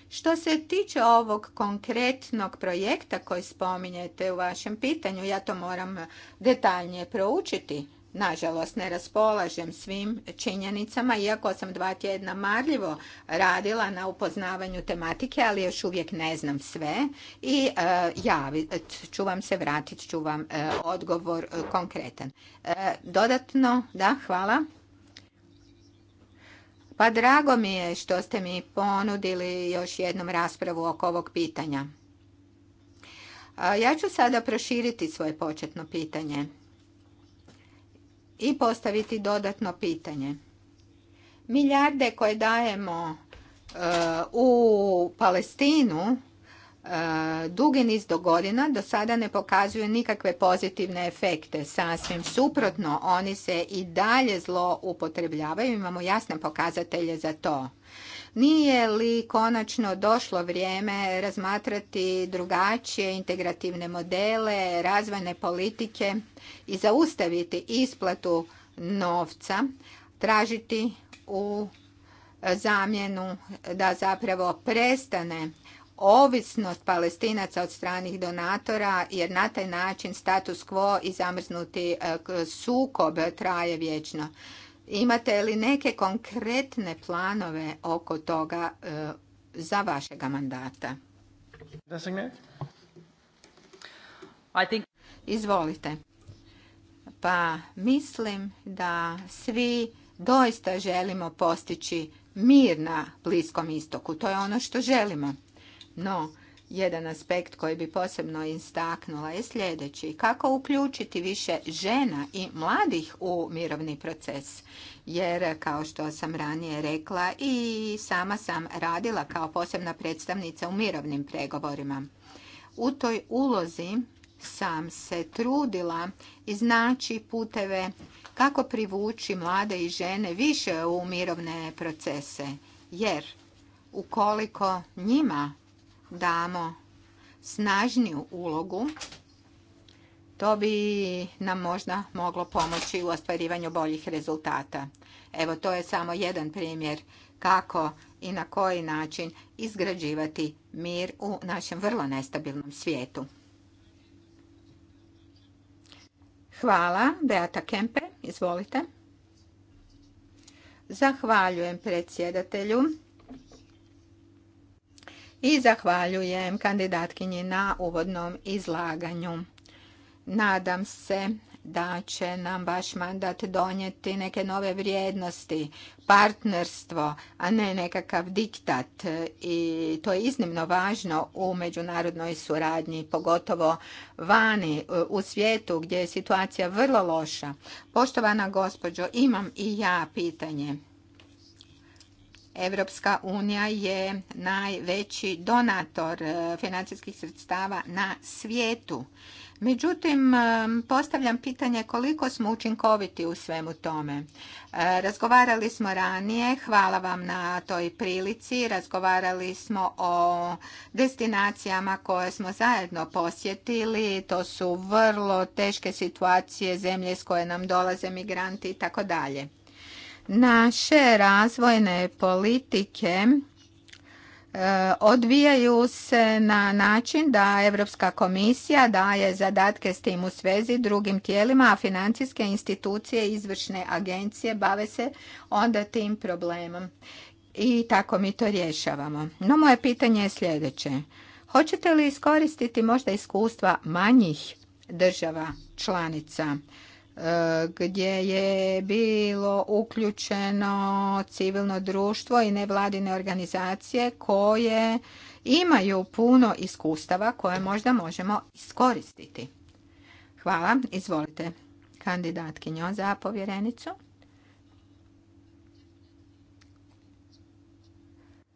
Što se tiče ovog konkretnog projekta koji spominjete u vašem pitanju, ja to moram detaljnije proučiti. Nažalost, ne raspolažem svim činjenicama, iako sam dva tjedna marljivo radila na upoznavanju tematike, ali još uvijek ne znam sve. I e, ja ću vam se, vratiti, ću vam e, odgovor e, konkretan. Dodatno, da, hvala. Pa drago mi je što ste mi ponudili još jednom raspravu oko ovog pitanja. Ja ću sada proširiti svoje početno pitanje i postaviti dodatno pitanje. Milijarde koje dajemo e, u Palestinu e, dugi niz do godina do sada ne pokazuju nikakve pozitivne efekte. Sasvim suprotno, oni se i dalje zlo upotrebljavaju. Imamo jasne pokazatelje za to. Nije li konačno došlo vrijeme razmatrati drugačije integrativne modele, razvojne politike i zaustaviti isplatu novca, tražiti u zamjenu da zapravo prestane ovisnost palestinaca od stranih donatora, jer na taj način status quo i zamrznuti e, sukob traje vječno. Imate li neke konkretne planove oko toga e, za vašega mandata? Izvolite. Pa mislim da svi doista želimo postići mir na Bliskom istoku. To je ono što želimo. No, jedan aspekt koji bi posebno istaknula je sljedeći. Kako uključiti više žena i mladih u mirovni proces? Jer, kao što sam ranije rekla, i sama sam radila kao posebna predstavnica u mirovnim pregovorima. U toj ulozi sam se trudila iznaći puteve kako privući mlade i žene više u mirovne procese. Jer, ukoliko njima damo snažniju ulogu, to bi nam možda moglo pomoći u ostvarivanju boljih rezultata. Evo, to je samo jedan primjer kako i na koji način izgrađivati mir u našem vrlo nestabilnom svijetu. Hvala, Beata Kempe, izvolite. Zahvaljujem predsjedatelju i zahvaljujem kandidatkinji na uvodnom izlaganju. Nadam se da će nam vaš mandat donijeti neke nove vrijednosti, partnerstvo, a ne nekakav diktat. I to je iznimno važno u međunarodnoj suradnji, pogotovo vani e, u svijetu gdje je situacija vrlo loša. Poštovana gospođo, imam i ja pitanje. Evropska unija je najveći donator e, financijskih sredstava na svijetu. Međutim, e, postavljam pitanje koliko smo učinkoviti u svemu tome. E, razgovarali smo ranije, hvala vam na toj prilici, razgovarali smo o destinacijama koje smo zajedno posjetili, to su vrlo teške situacije, zemlje s koje nam dolaze migranti i tako dalje. Naše razvojne politike e, odvijaju se na način da Europska komisija daje zadatke s tim u svezi drugim tijelima, a financijske institucije i izvršne agencije bave se onda tim problemom. I tako mi to rješavamo. No moje pitanje je sljedeće. Hoćete li iskoristiti možda iskustva manjih država članica? gdje je bilo uključeno civilno društvo i nevladine organizacije koje imaju puno iskustava koje možda možemo iskoristiti. Hvala, izvolite kandidatkinjo za povjerenicu.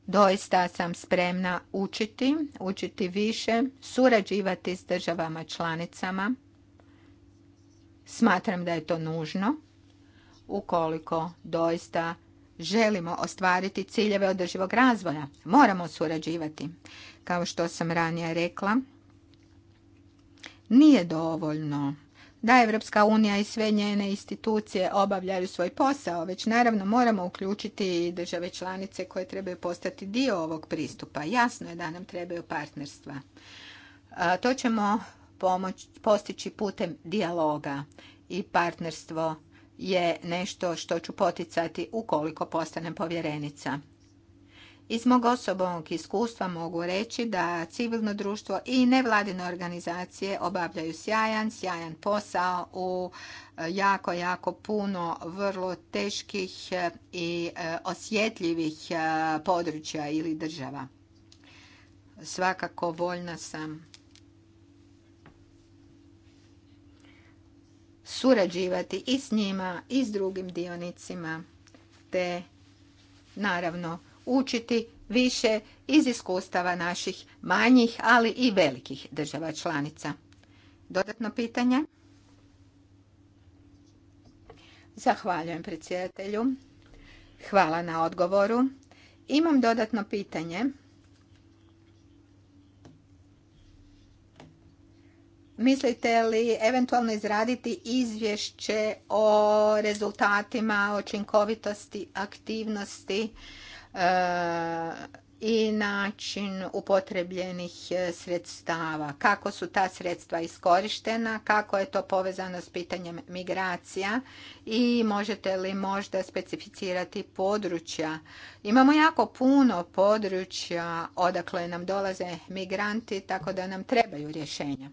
Doista sam spremna učiti, učiti više, surađivati s državama članicama Smatram da je to nužno ukoliko doista želimo ostvariti ciljeve održivog razvoja. Moramo surađivati. Kao što sam ranije rekla, nije dovoljno da Evropska unija i sve njene institucije obavljaju svoj posao, već naravno moramo uključiti i države članice koje trebaju postati dio ovog pristupa. Jasno je da nam trebaju partnerstva. To ćemo pomoć, postići putem dijaloga i partnerstvo je nešto što ću poticati ukoliko postanem povjerenica. Iz mog osobnog iskustva mogu reći da civilno društvo i nevladine organizacije obavljaju sjajan, sjajan posao u e, jako, jako puno vrlo teških e, i e, osjetljivih područja ili država. Svakako voljna sam surađivati i s njima i s drugim dionicima, te naravno učiti više iz iskustava naših manjih, ali i velikih država članica. Dodatno pitanje? Zahvaljujem predsjedatelju. Hvala na odgovoru. Imam dodatno pitanje Mislite li eventualno izraditi izvješće o rezultatima, učinkovitosti, aktivnosti e, i način upotrebljenih e, sredstava? Kako su ta sredstva iskorištena? Kako je to povezano s pitanjem migracija? I možete li možda specificirati područja? Imamo jako puno područja odakle nam dolaze migranti, tako da nam trebaju rješenja.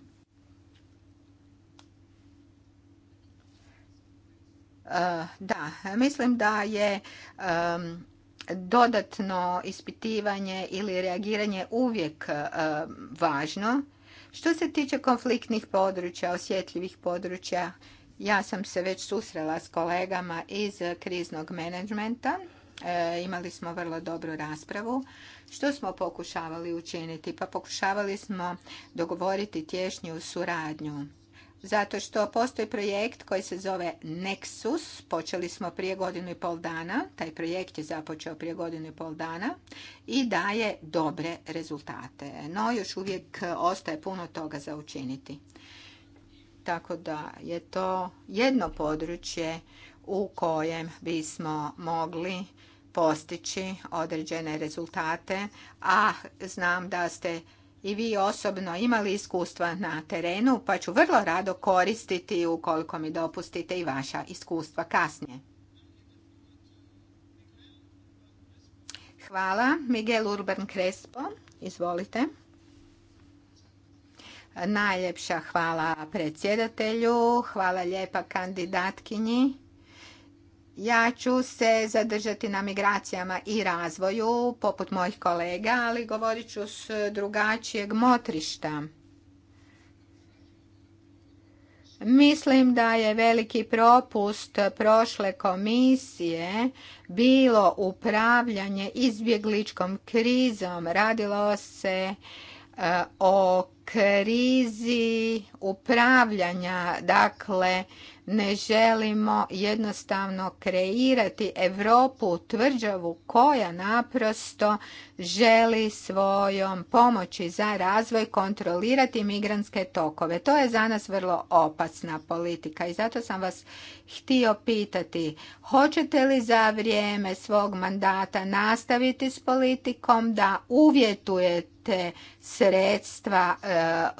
Eh, da, mislim da je dodatno ispitivanje ili reagiranje uvijek eh, važno. Što se tiče konfliktnih područja, osjetljivih područja, ja sam se već susrela s kolegama iz kriznog menadžmenta. Eh, imali smo vrlo dobru raspravu. Što smo pokušavali učiniti? Pa pokušavali smo dogovoriti tješnju suradnju zato što postoji projekt koji se zove Nexus. Počeli smo prije godinu i pol dana. Taj projekt je započeo prije godinu i pol dana i daje dobre rezultate. No, još uvijek ostaje puno toga za učiniti. Tako da je to jedno područje u kojem bismo mogli postići određene rezultate, a znam da ste i vi osobno imali iskustva na terenu, pa ću vrlo rado koristiti ukoliko mi dopustite i vaša iskustva kasnije. Hvala. Miguel Urban Crespo, izvolite. Najljepša hvala predsjedatelju, hvala lijepa kandidatkinji ja ću se zadržati na migracijama i razvoju, poput mojih kolega, ali govorit ću s drugačijeg motrišta. Mislim da je veliki propust prošle komisije bilo upravljanje izbjegličkom krizom. Radilo se e, o krizi upravljanja, dakle ne želimo jednostavno kreirati Europu tvrđavu koja naprosto želi svojom pomoći za razvoj kontrolirati migrantske tokove. To je za nas vrlo opasna politika i zato sam vas htio pitati hoćete li za vrijeme svog mandata nastaviti s politikom da uvjetujete sredstva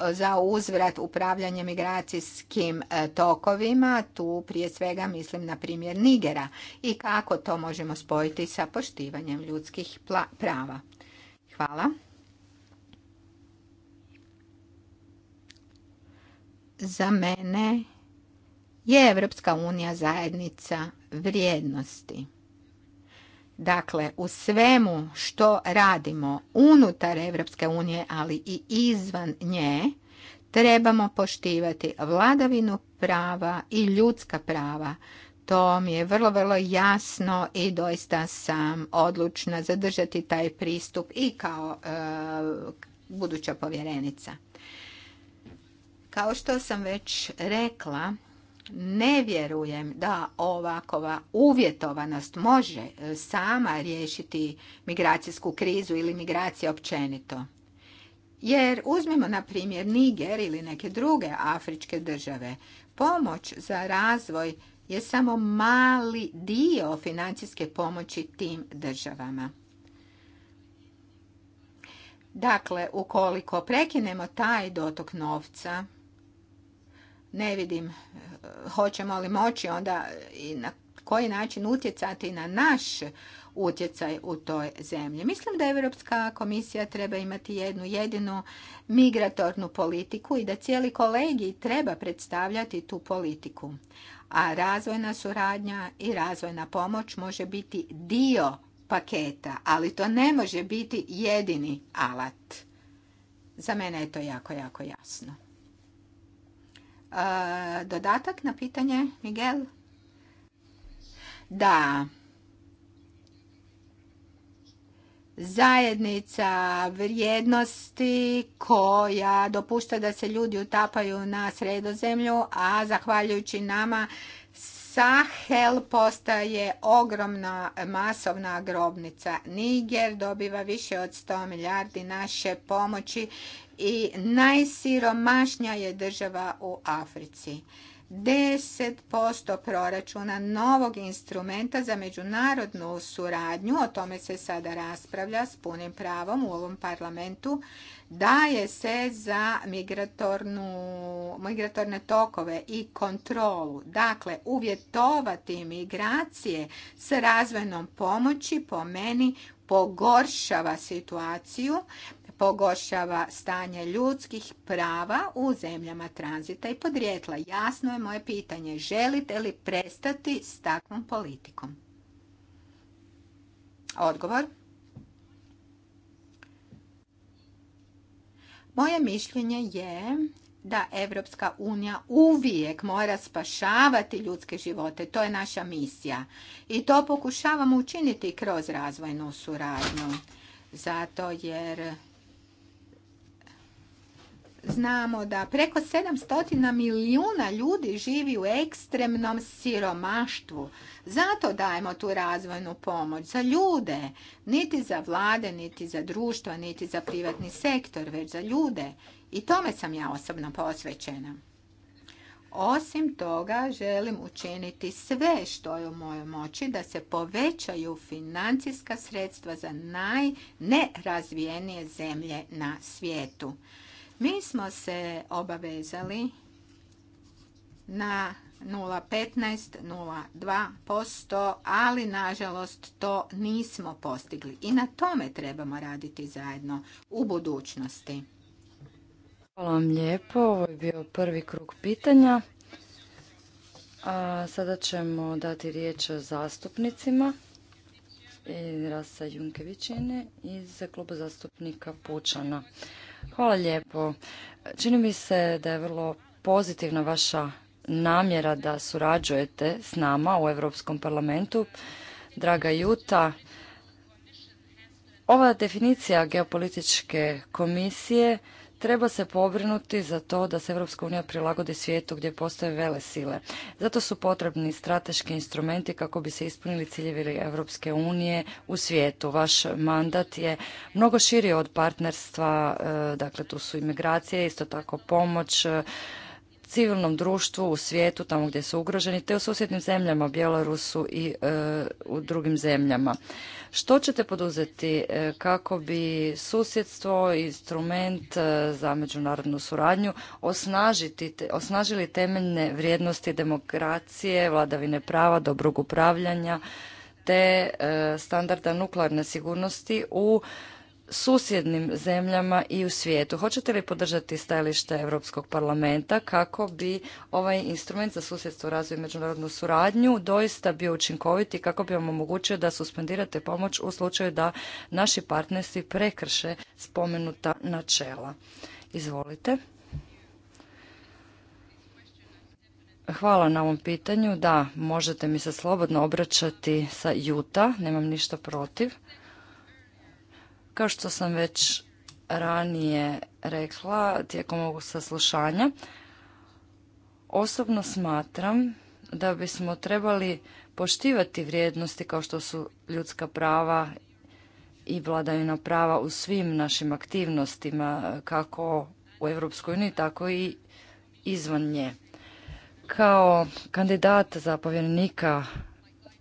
e, za uzvrat upravljanje migracijskim e, tokovima tu prije svega mislim na primjer Nigera i kako to možemo spojiti sa poštivanjem ljudskih prava. Hvala. Za mene je Evropska unija zajednica vrijednosti. Dakle, u svemu što radimo unutar Evropske unije, ali i izvan nje, trebamo poštivati vladavinu prava i ljudska prava. To mi je vrlo, vrlo jasno i doista sam odlučna zadržati taj pristup i kao e, buduća povjerenica. Kao što sam već rekla, ne vjerujem da ovakova uvjetovanost može e, sama riješiti migracijsku krizu ili migracije općenito. Jer uzmimo na primjer Niger ili neke druge afričke države. Pomoć za razvoj je samo mali dio financijske pomoći tim državama. Dakle, ukoliko prekinemo taj dotok novca, ne vidim hoćemo li moći onda i na koji način utjecati na naš utjecaj u toj zemlji. Mislim da Europska komisija treba imati jednu jedinu migratornu politiku i da cijeli kolegi treba predstavljati tu politiku. A razvojna suradnja i razvojna pomoć može biti dio paketa, ali to ne može biti jedini alat. Za mene je to jako, jako jasno. E, dodatak na pitanje, Miguel? da zajednica vrijednosti koja dopušta da se ljudi utapaju na sredozemlju, a zahvaljujući nama Sahel postaje ogromna masovna grobnica. Niger dobiva više od 100 milijardi naše pomoći i najsiromašnija je država u Africi. 10% proračuna novog instrumenta za međunarodnu suradnju, o tome se sada raspravlja s punim pravom u ovom parlamentu, daje se za migratorne tokove i kontrolu. Dakle, uvjetovati migracije s razvojnom pomoći po meni pogoršava situaciju pogoršava stanje ljudskih prava u zemljama tranzita i podrijetla. Jasno je moje pitanje, želite li prestati s takvom politikom? Odgovor. Moje mišljenje je da Evropska unija uvijek mora spašavati ljudske živote. To je naša misija. I to pokušavamo učiniti kroz razvojnu suradnju. Zato jer Znamo da preko 700 milijuna ljudi živi u ekstremnom siromaštvu. Zato dajemo tu razvojnu pomoć za ljude, niti za vlade, niti za društva, niti za privatni sektor, već za ljude. I tome sam ja osobno posvećena. Osim toga, želim učiniti sve što je u mojoj moći da se povećaju financijska sredstva za najnerazvijenije zemlje na svijetu. Mi smo se obavezali na 0,15-0,2%, ali nažalost to nismo postigli. I na tome trebamo raditi zajedno u budućnosti. Hvala vam lijepo. Ovo je bio prvi krug pitanja. A sada ćemo dati riječ zastupnicima. Rasa Junkevićine iz kluba zastupnika Pučana. Hvala lijepo. Čini mi se da je vrlo pozitivna vaša namjera da surađujete s nama u Europskom parlamentu. Draga Juta, ova definicija geopolitičke komisije treba se pobrinuti za to da se Europska unija prilagodi svijetu gdje postoje vele sile. Zato su potrebni strateški instrumenti kako bi se ispunili ciljevi Europske unije u svijetu. Vaš mandat je mnogo širi od partnerstva, e, dakle tu su imigracije, isto tako pomoć, civilnom društvu u svijetu, tamo gdje su ugroženi, te u susjednim zemljama, Bjelorusu i e, u drugim zemljama. Što ćete poduzeti e, kako bi susjedstvo, instrument e, za međunarodnu suradnju osnažiti, osnažili temeljne vrijednosti demokracije, vladavine prava, dobrog upravljanja, te standarda nuklearne sigurnosti u susjednim zemljama i u svijetu. Hoćete li podržati stajalište Europskog parlamenta kako bi ovaj instrument za susjedstvo, razvoj i međunarodnu suradnju doista bio učinkovit i kako bi vam omogućio da suspendirate pomoć u slučaju da naši partnersi prekrše spomenuta načela? Izvolite. Hvala na ovom pitanju. Da, možete mi se slobodno obraćati sa Juta, nemam ništa protiv. Kao što sam već ranije rekla tijekom ovog saslušanja, osobno smatram da bismo trebali poštivati vrijednosti kao što su ljudska prava i vladavina prava u svim našim aktivnostima, kako u Europskoj uniji, tako i izvan nje. Kao kandidat za povjerenika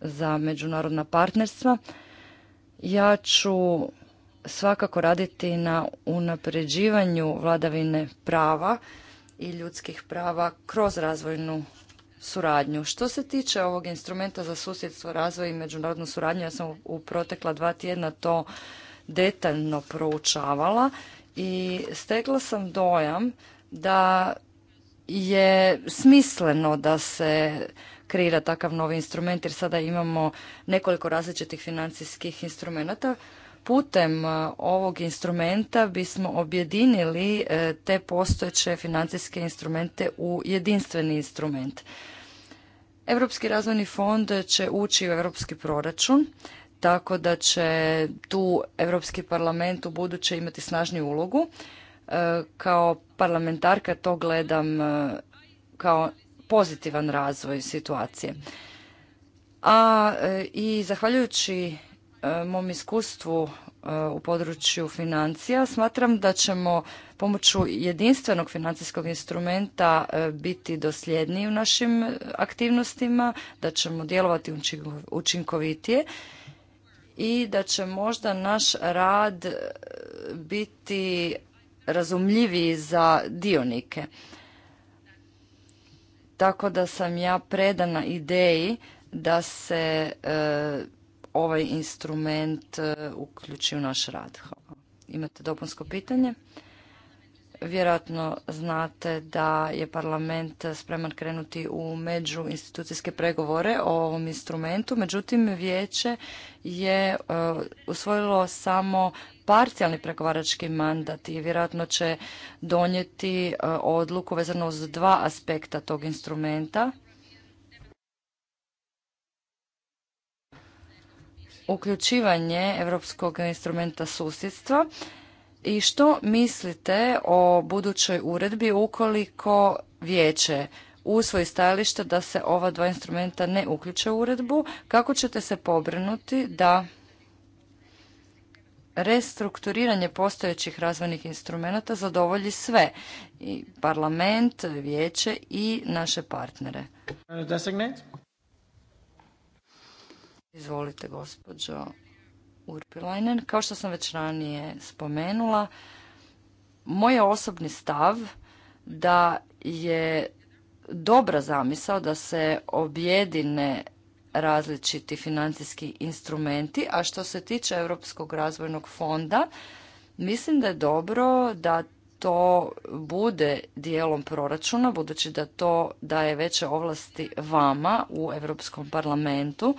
za međunarodna partnerstva, ja ću svakako raditi na unapređivanju vladavine prava i ljudskih prava kroz razvojnu suradnju. Što se tiče ovog instrumenta za susjedstvo, razvoj i međunarodnu suradnju, ja sam u protekla dva tjedna to detaljno proučavala i stekla sam dojam da je smisleno da se kreira takav novi instrument jer sada imamo nekoliko različitih financijskih instrumenata Putem e, ovog instrumenta bismo objedinili e, te postojeće financijske instrumente u jedinstveni instrument. Europski razvojni fond će ući u europski proračun, tako da će tu Europski parlament u buduće imati snažniju ulogu. E, kao parlamentarka to gledam kao pozitivan razvoj situacije. A i zahvaljujući mom iskustvu e, u području financija smatram da ćemo pomoću jedinstvenog financijskog instrumenta e, biti dosljedniji u našim aktivnostima, da ćemo djelovati učinkovitije i da će možda naš rad e, biti razumljiviji za dionike. Tako da sam ja predana ideji da se ovaj instrument e, uključi u naš rad. Imate dopunsko pitanje? Vjerojatno znate da je parlament spreman krenuti u međuinstitucijske pregovore o ovom instrumentu, međutim vijeće je e, usvojilo samo parcijalni pregovarački mandat i vjerojatno će donijeti e, odluku vezano uz dva aspekta tog instrumenta uključivanje Europskog instrumenta susjedstva i što mislite o budućoj uredbi ukoliko vijeće svoj stajalište da se ova dva instrumenta ne uključe u uredbu, kako ćete se pobrinuti da restrukturiranje postojećih razvojnih instrumenata zadovolji sve i parlament, vijeće i naše partnere. Izvolite, gospođo Urpilajnen. Kao što sam već ranije spomenula, moj osobni stav da je dobra zamisao da se objedine različiti financijski instrumenti, a što se tiče Europskog razvojnog fonda, mislim da je dobro da to bude dijelom proračuna, budući da to daje veće ovlasti vama u Europskom parlamentu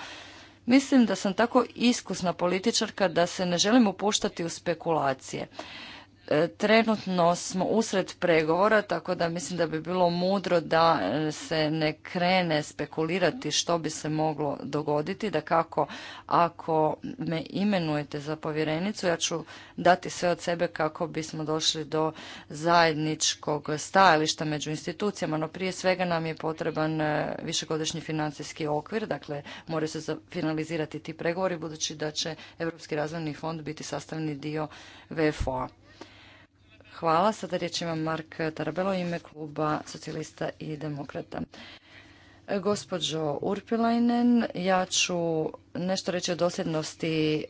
Mislim da sam tako iskusna političarka da se ne želim upuštati u spekulacije. E, trenutno smo usred pregovora, tako da mislim da bi bilo mudro da e, se ne krene spekulirati što bi se moglo dogoditi, da kako ako me imenujete za povjerenicu, ja ću dati sve od sebe kako bismo došli do zajedničkog stajališta među institucijama, no prije svega nam je potreban e, višegodišnji financijski okvir, dakle moraju se finalizirati ti pregovori budući da će Europski razvojni fond biti sastavni dio VFO-a. Hvala. Sada riječ ima Mark Tarabelo ime kluba socijalista i demokrata. Gospođo Urpilainen, ja ću nešto reći o dosljednosti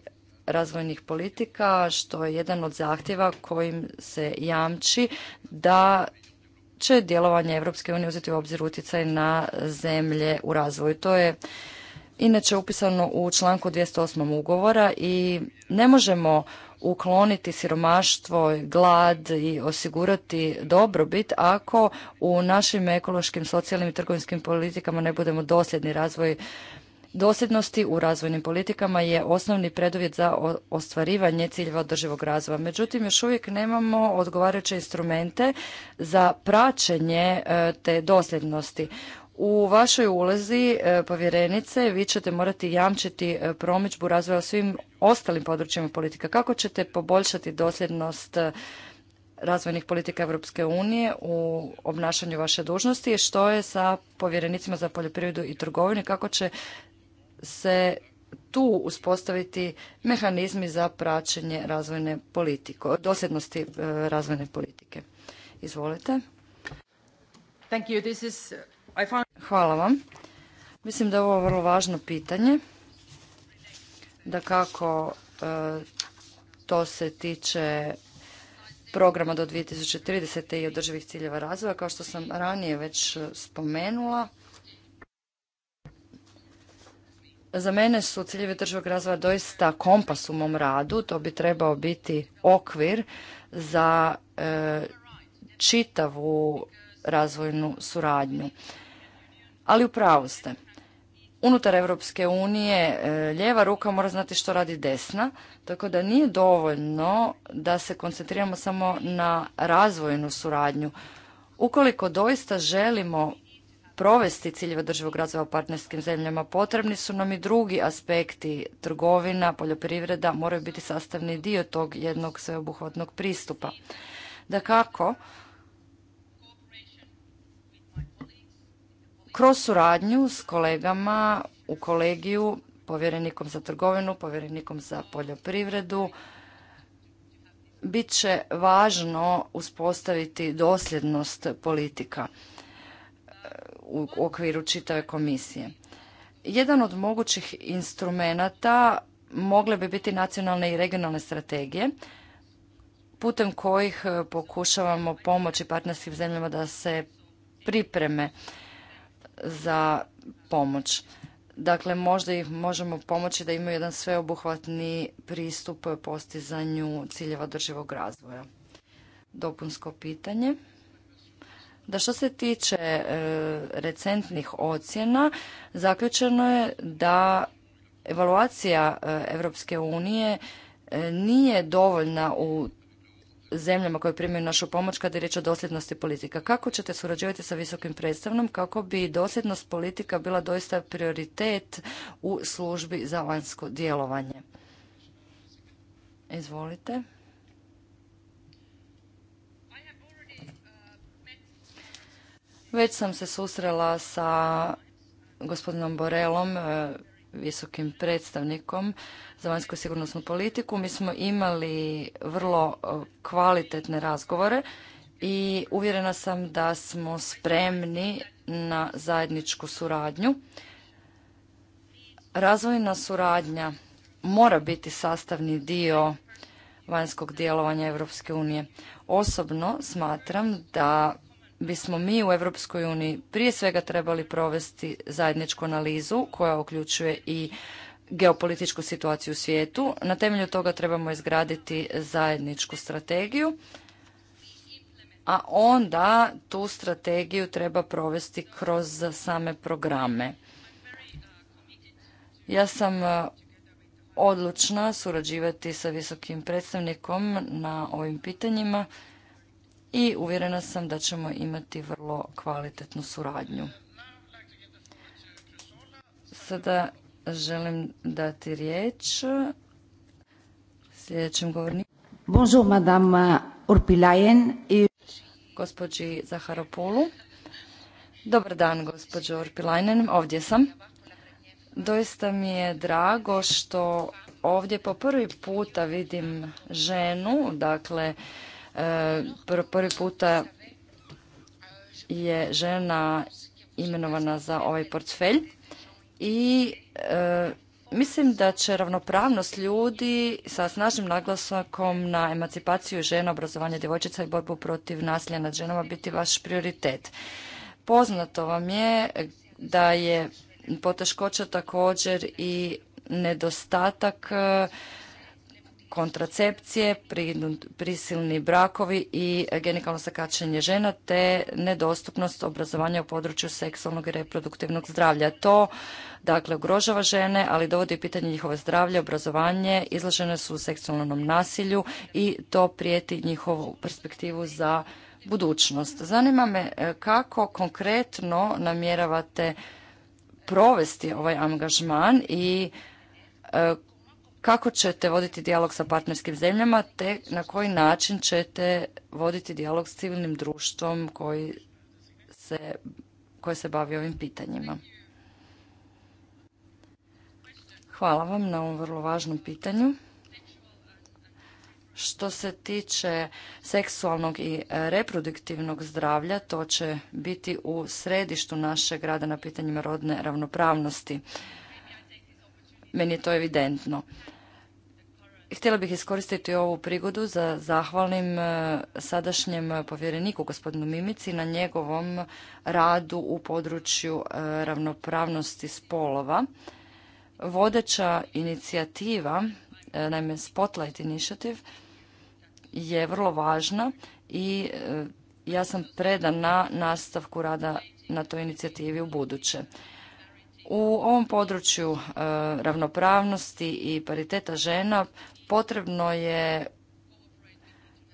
razvojnih politika, što je jedan od zahtjeva kojim se jamči da će djelovanje Europske unije uzeti u obzir utjecaj na zemlje u razvoju. To je inače upisano u članku 208. ugovora i ne možemo ukloniti siromaštvo, glad i osigurati dobrobit ako u našim ekološkim, socijalnim i trgovinskim politikama ne budemo dosljedni razvoj Dosljednosti u razvojnim politikama je osnovni preduvjet za ostvarivanje ciljeva održivog razvoja. Međutim, još uvijek nemamo odgovarajuće instrumente za praćenje e, te dosljednosti. U vašoj ulozi e, povjerenice vi ćete morati jamčiti e, promičbu razvoja u svim ostalim područjima politika. Kako ćete poboljšati dosljednost e, razvojnih politika Europske unije u obnašanju vaše dužnosti i što je sa povjerenicima za poljoprivredu i trgovinu, kako će se tu uspostaviti mehanizmi za praćenje razvojne politike, dosljednosti razvojne politike. Izvolite. Thank Hvala vam. Mislim da je ovo vrlo važno pitanje. Da kako e, to se tiče programa do 2030. i održivih ciljeva razvoja, kao što sam ranije već spomenula. Za mene su ciljevi državog razvoja doista kompas u mom radu. To bi trebao biti okvir za e, čitavu razvojnu suradnju. Ali u pravu ste. Unutar Europske unije e, ljeva ruka mora znati što radi desna, tako da nije dovoljno da se koncentriramo samo na razvojnu suradnju. Ukoliko doista želimo provesti ciljeve državog razvoja u partnerskim zemljama, potrebni su nam i drugi aspekti. Trgovina, poljoprivreda moraju biti sastavni dio tog jednog sveobuhvatnog pristupa. Da kako, kroz suradnju s kolegama u kolegiju, povjerenikom za trgovinu, povjerenikom za poljoprivredu, bit će važno uspostaviti dosljednost politika e, u okviru čitave komisije. Jedan od mogućih instrumenata mogle bi biti nacionalne i regionalne strategije putem kojih e, pokušavamo pomoći partnerskim zemljama da se pripreme za pomoć. Dakle, možda ih možemo pomoći da imaju jedan sveobuhvatni pristup postizanju ciljeva održivog razvoja. Dopunsko pitanje. Da što se tiče e, recentnih ocjena, zaključeno je da evaluacija Europske unije e, nije dovoljna u zemljama koje primaju našu pomoć kada je riječ o dosljednosti politika. Kako ćete surađivati sa visokim predstavnom kako bi dosljednost politika bila doista prioritet u službi za vanjsko djelovanje? Izvolite. Već sam se susrela sa gospodinom Borelom visokim predstavnikom za vanjsku sigurnosnu politiku. Mi smo imali vrlo kvalitetne razgovore i uvjerena sam da smo spremni na zajedničku suradnju. Razvojna suradnja mora biti sastavni dio vanjskog djelovanja Europske unije. Osobno smatram da bismo mi u Europskoj uniji prije svega trebali provesti zajedničku analizu koja uključuje i geopolitičku situaciju u svijetu. Na temelju toga trebamo izgraditi zajedničku strategiju, a onda tu strategiju treba provesti kroz same programe. Ja sam e, odlučna surađivati sa visokim predstavnikom na ovim pitanjima i uvjerena sam da ćemo imati vrlo kvalitetnu suradnju. Sada želim dati riječ sljedećem govorniku. Bonjour, madame Urpilajen. I... Gospođi Zaharopulu. Dobar dan, gospođo Urpilajen. ovdje sam. Doista mi je drago što ovdje po prvi puta vidim ženu, dakle, E, prvi puta je žena imenovana za ovaj portfelj i e, mislim da će ravnopravnost ljudi sa snažnim naglasakom na emancipaciju žena, obrazovanje djevojčica i borbu protiv nasilja nad ženama biti vaš prioritet. Poznato vam je da je poteškoća također i nedostatak e, kontracepcije, prisilni brakovi i genikalno sakačenje žena te nedostupnost obrazovanja u području seksualnog i reproduktivnog zdravlja. To dakle ugrožava žene, ali dovodi pitanje njihove zdravlje, obrazovanje, izložene su u seksualnom nasilju i to prijeti njihovu perspektivu za budućnost. Zanima me e, kako konkretno namjeravate provesti ovaj angažman i e, kako ćete voditi dijalog sa partnerskim zemljama te na koji način ćete voditi dijalog s civilnim društvom koji se, koje se bavi ovim pitanjima. Hvala vam na ovom vrlo važnom pitanju. Što se tiče seksualnog i reproduktivnog zdravlja, to će biti u središtu našeg rada na pitanjima rodne ravnopravnosti. Meni je to evidentno. Htjela bih iskoristiti ovu prigodu za zahvalim e, sadašnjem povjereniku gospodinu Mimici na njegovom radu u području e, ravnopravnosti spolova. Vodeća inicijativa, e, naime Spotlight Initiative, je vrlo važna i ja sam predana nastavku rada na toj inicijativi u buduće. U ovom području ravnopravnosti i pariteta žena potrebno je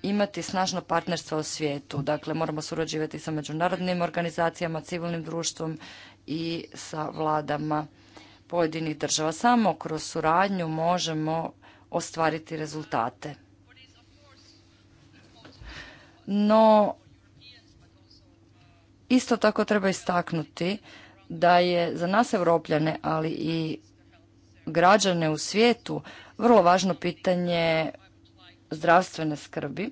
imati snažno partnerstvo u svijetu. Dakle, moramo surađivati sa međunarodnim organizacijama, civilnim društvom i sa vladama pojedinih država. Samo kroz suradnju možemo ostvariti rezultate. No, isto tako treba istaknuti da je za nas Evropljane, ali i građane u svijetu, vrlo važno pitanje zdravstvene skrbi.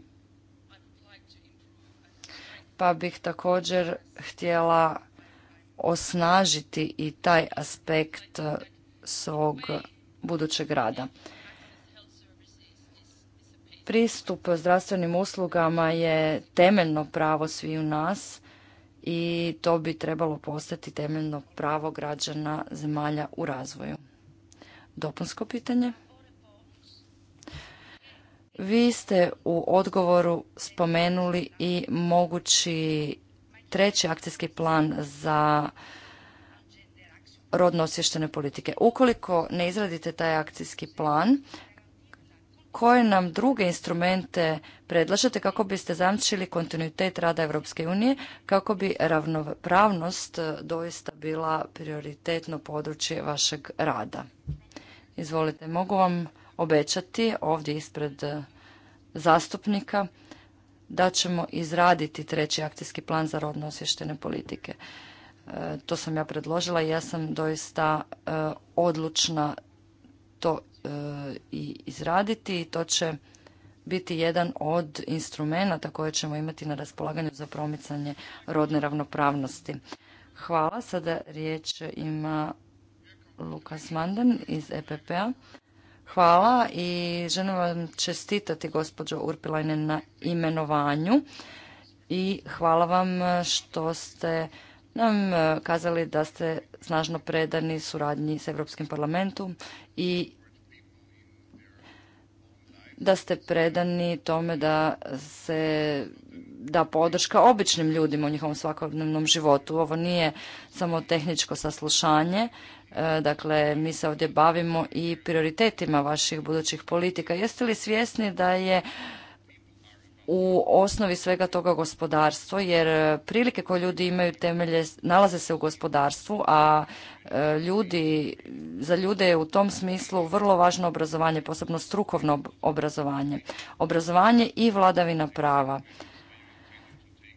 Pa bih također htjela osnažiti i taj aspekt e, svog budućeg rada. Pristup zdravstvenim uslugama je temeljno pravo sviju nas i to bi trebalo postati temeljno pravo građana zemalja u razvoju. Dopunsko pitanje? Vi ste u odgovoru spomenuli i mogući treći akcijski plan za rodno osvještene politike. Ukoliko ne izradite taj akcijski plan, koje nam druge instrumente predlažete kako biste zamčili kontinuitet rada Europske unije, kako bi ravnopravnost doista bila prioritetno područje vašeg rada? Izvolite, mogu vam obećati ovdje ispred e, zastupnika da ćemo izraditi treći akcijski plan za rodno osvještene politike. E, to sam ja predložila i ja sam doista e, odlučna to i izraditi i to će biti jedan od instrumenata koje ćemo imati na raspolaganju za promicanje rodne ravnopravnosti. Hvala. Sada riječ ima Lukas Mandan iz EPP-a. Hvala i želim vam čestitati gospođo Urpilajnen na imenovanju i hvala vam što ste nam e, kazali da ste snažno predani suradnji s Europskim parlamentom i da ste predani tome da se da podrška običnim ljudima u njihovom svakodnevnom životu. Ovo nije samo tehničko saslušanje, E, dakle, mi se ovdje bavimo i prioritetima vaših budućih politika. Jeste li svjesni da je u osnovi svega toga gospodarstvo, jer e, prilike koje ljudi imaju temelje nalaze se u gospodarstvu, a e, ljudi, za ljude je u tom smislu vrlo važno obrazovanje, posebno strukovno obrazovanje. Obrazovanje i vladavina prava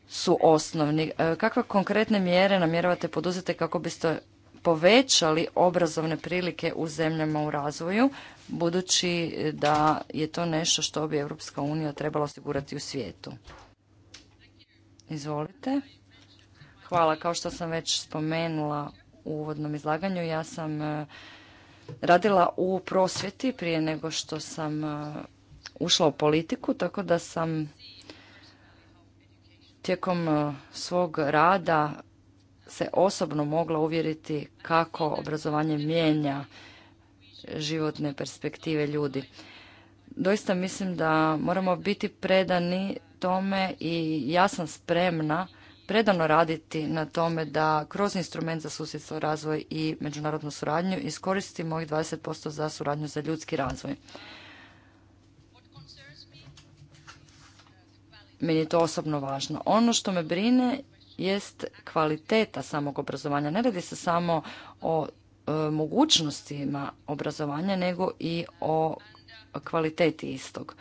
su osnovni. Kakve konkretne mjere namjeravate poduzeti kako biste povećali obrazovne prilike u zemljama u razvoju, budući da je to nešto što bi Europska unija trebala osigurati u svijetu. Izvolite. Hvala. Kao što sam već spomenula u uvodnom izlaganju, ja sam e, radila u prosvjeti prije nego što sam e, ušla u politiku, tako da sam tijekom e, svog rada se osobno mogla uvjeriti kako obrazovanje mijenja životne perspektive ljudi. Doista mislim da moramo biti predani tome i ja sam spremna predano raditi na tome da kroz instrument za susjedstvo, razvoj i međunarodnu suradnju iskoristimo ovih 20% za suradnju za ljudski razvoj. Meni je to osobno važno. Ono što me brine jest kvaliteta samog obrazovanja. Ne radi se samo o e, mogućnostima obrazovanja, nego i o kvaliteti istog.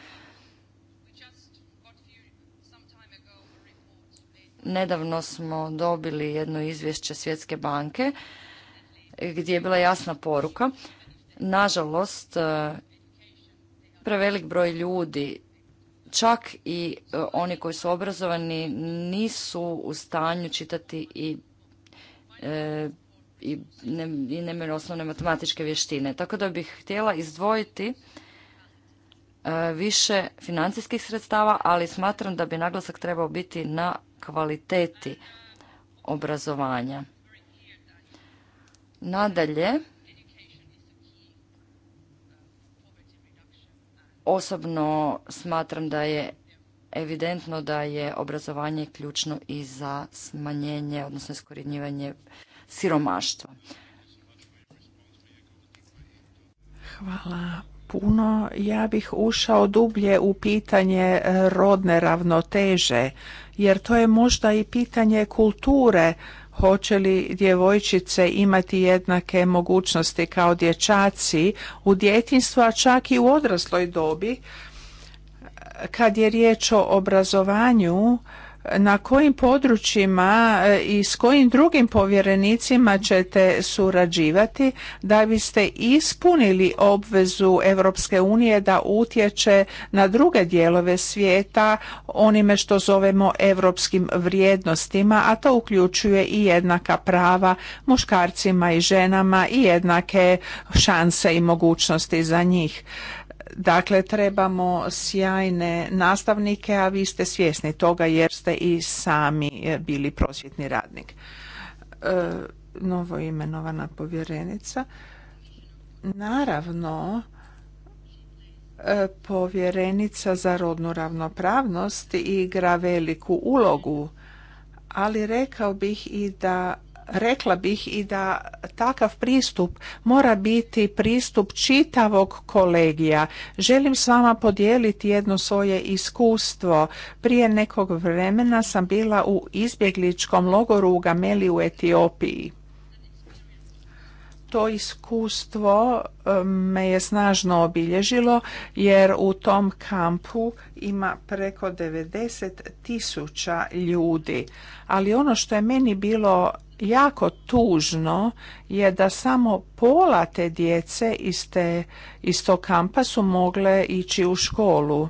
Nedavno smo dobili jedno izvješće Svjetske banke gdje je bila jasna poruka. Nažalost, e, prevelik broj ljudi čak i e, oni koji su obrazovani nisu u stanju čitati e, i ne, i nemaju osnovne matematičke vještine. Tako da bih htjela izdvojiti e, više financijskih sredstava, ali smatram da bi naglasak trebao biti na kvaliteti obrazovanja. Nadalje, Osobno smatram da je evidentno da je obrazovanje ključno i za smanjenje, odnosno iskorjenjivanje siromaštva. Hvala puno. Ja bih ušao dublje u pitanje e, rodne ravnoteže, jer to je možda i pitanje kulture hoće li djevojčice imati jednake mogućnosti kao dječaci u djetinstvu, a čak i u odrasloj dobi. Kad je riječ o obrazovanju, na kojim područjima e, i s kojim drugim povjerenicima ćete surađivati da biste ispunili obvezu Europske unije da utječe na druge dijelove svijeta onime što zovemo europskim vrijednostima, a to uključuje i jednaka prava muškarcima i ženama i jednake šanse i mogućnosti za njih. Dakle, trebamo sjajne nastavnike, a vi ste svjesni toga jer ste i sami e, bili prosvjetni radnik. E, Novo imenovana povjerenica. Naravno, e, povjerenica za rodnu ravnopravnost igra veliku ulogu, ali rekao bih i da rekla bih i da takav pristup mora biti pristup čitavog kolegija. Želim s vama podijeliti jedno svoje iskustvo. Prije nekog vremena sam bila u izbjegličkom logoru u Gameli u Etiopiji. To iskustvo e, me je snažno obilježilo jer u tom kampu ima preko 90 tisuća ljudi. Ali ono što je meni bilo jako tužno je da samo pola te djece iz, te, tog kampa su mogle ići u školu.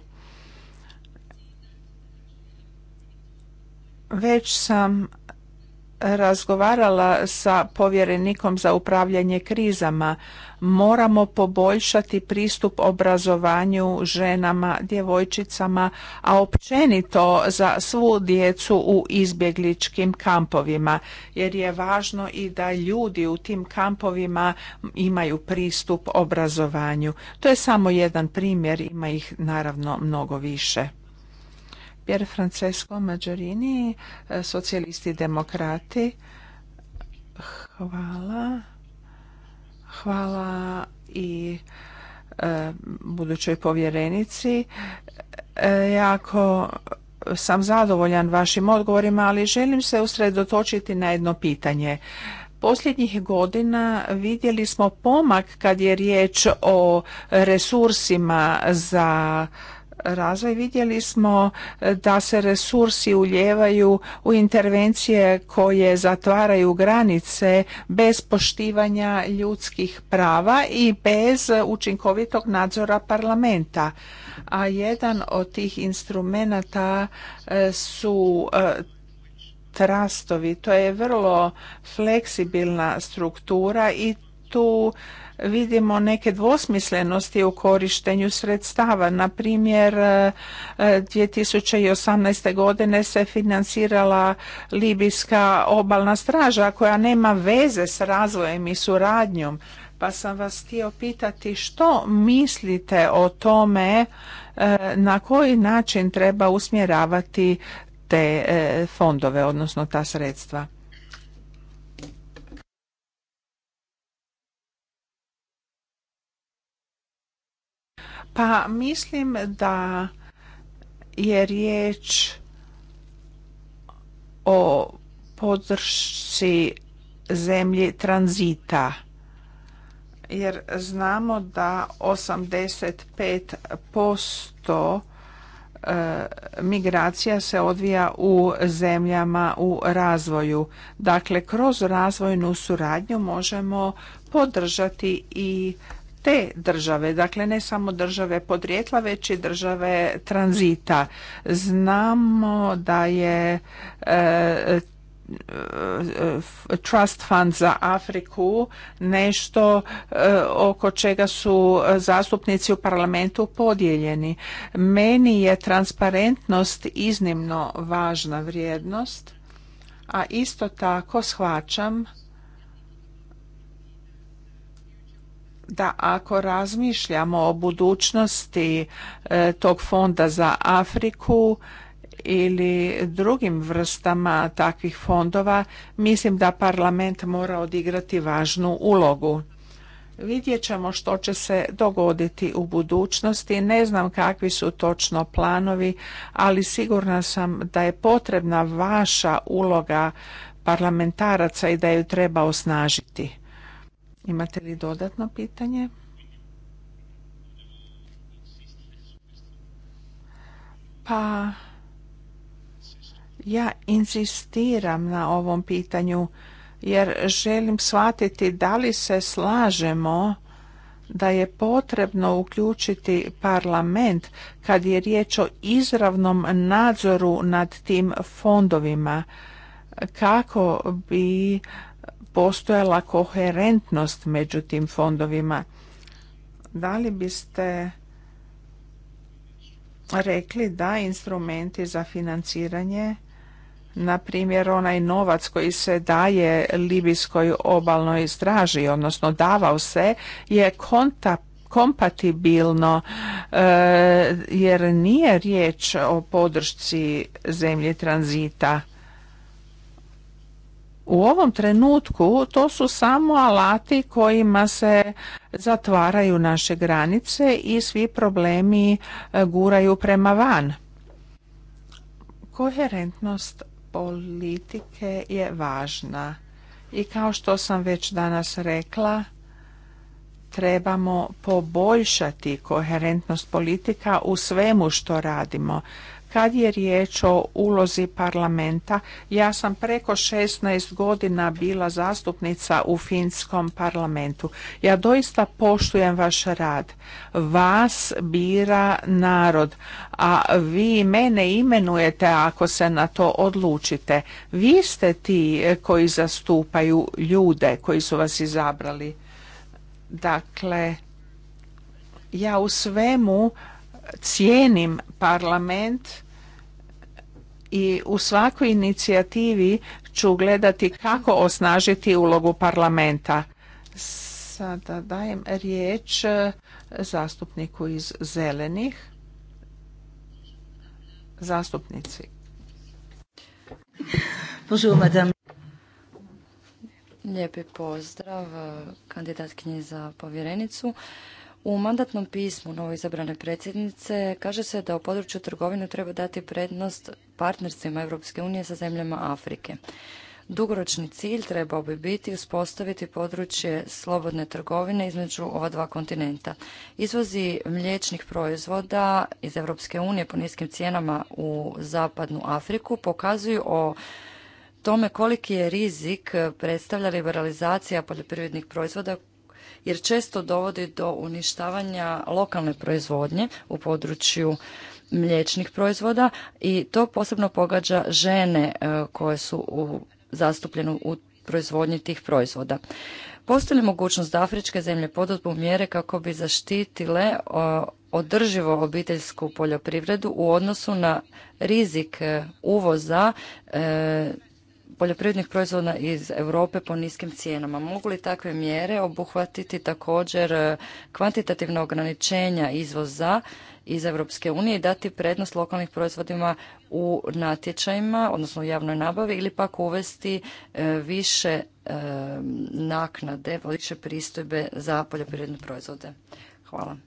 Već sam razgovarala sa povjerenikom za upravljanje krizama. Moramo poboljšati pristup obrazovanju ženama, djevojčicama, a općenito za svu djecu u izbjegličkim kampovima, jer je važno i da ljudi u tim kampovima imaju pristup obrazovanju. To je samo jedan primjer, ima ih naravno mnogo više. Pier Francesco Maggiorini, e, socijalisti demokrati. Hvala. Hvala i e, budućoj povjerenici. E, jako sam zadovoljan vašim odgovorima, ali želim se usredotočiti na jedno pitanje. Posljednjih godina vidjeli smo pomak kad je riječ o resursima za razvoj vidjeli smo eh, da se resursi uljevaju u intervencije koje zatvaraju granice bez poštivanja ljudskih prava i bez učinkovitog nadzora parlamenta a jedan od tih instrumenata eh, su eh, trastovi to je vrlo fleksibilna struktura i tu vidimo neke dvosmislenosti u korištenju sredstava. Na primjer, 2018. E, godine se financirala Libijska obalna straža koja nema veze s razvojem i suradnjom. Pa sam vas htio pitati što mislite o tome e, na koji način treba usmjeravati te e, fondove, odnosno ta sredstva. Pa mislim da je riječ o podršci zemlji tranzita jer znamo da 85% e, migracija se odvija u zemljama u razvoju. Dakle, kroz razvojnu suradnju možemo podržati i te države, dakle ne samo države podrijetla, već i države tranzita. Znamo da je e, e, Trust Fund za Afriku, nešto e, oko čega su zastupnici u parlamentu podijeljeni. Meni je transparentnost iznimno važna vrijednost, a isto tako shvaćam da ako razmišljamo o budućnosti e, tog fonda za Afriku ili drugim vrstama takvih fondova, mislim da parlament mora odigrati važnu ulogu. Vidjet ćemo što će se dogoditi u budućnosti. Ne znam kakvi su točno planovi, ali sigurna sam da je potrebna vaša uloga parlamentaraca i da ju treba osnažiti. Imate li dodatno pitanje? Pa ja insistiram na ovom pitanju jer želim shvatiti da li se slažemo da je potrebno uključiti parlament kad je riječ o izravnom nadzoru nad tim fondovima kako bi postojala koherentnost među tim fondovima. Da li biste rekli da instrumenti za financiranje na primjer onaj novac koji se daje libijskoj obalnoj straži odnosno davao se je konta, kompatibilno e, jer nije riječ o podršci zemlje tranzita u ovom trenutku to su samo alati kojima se zatvaraju naše granice i svi problemi e, guraju prema van. Koherentnost politike je važna i kao što sam već danas rekla, trebamo poboljšati koherentnost politika u svemu što radimo. Kad je riječ o ulozi parlamenta, ja sam preko 16 godina bila zastupnica u finskom parlamentu. Ja doista poštujem vaš rad. Vas bira narod, a vi mene imenujete ako se na to odlučite. Vi ste ti koji zastupaju ljude koji su vas izabrali. Dakle, ja u svemu cijenim parlament i u svakoj inicijativi ću gledati kako osnažiti ulogu parlamenta. Sada dajem riječ zastupniku iz zelenih. Zastupnici. Bonjour, madame. Lijepi pozdrav kandidatkinji za povjerenicu. U mandatnom pismu novo izabrane predsjednice kaže se da u području trgovine treba dati prednost partnerstvima Europske unije sa zemljama Afrike. Dugoročni cilj trebao bi biti uspostaviti područje slobodne trgovine između ova dva kontinenta. Izvozi mliječnih proizvoda iz Europske unije po niskim cijenama u zapadnu Afriku pokazuju o tome koliki je rizik predstavlja liberalizacija poljoprivrednih proizvoda jer često dovodi do uništavanja lokalne proizvodnje u području mliječnih proizvoda i to posebno pogađa žene e, koje su u, zastupljene u proizvodnji tih proizvoda. Postoji li mogućnost da afričke zemlje poduzmu mjere kako bi zaštitile e, održivo obiteljsku poljoprivredu u odnosu na rizik e, uvoza poljoprivrednih proizvoda iz Europe po niskim cijenama. Mogu li takve mjere obuhvatiti također e, kvantitativna ograničenja izvoza iz Europske unije i dati prednost lokalnih proizvodima u natječajima, odnosno u javnoj nabavi ili pak uvesti e, više e, naknade, više pristojbe za poljoprivredne proizvode. Hvala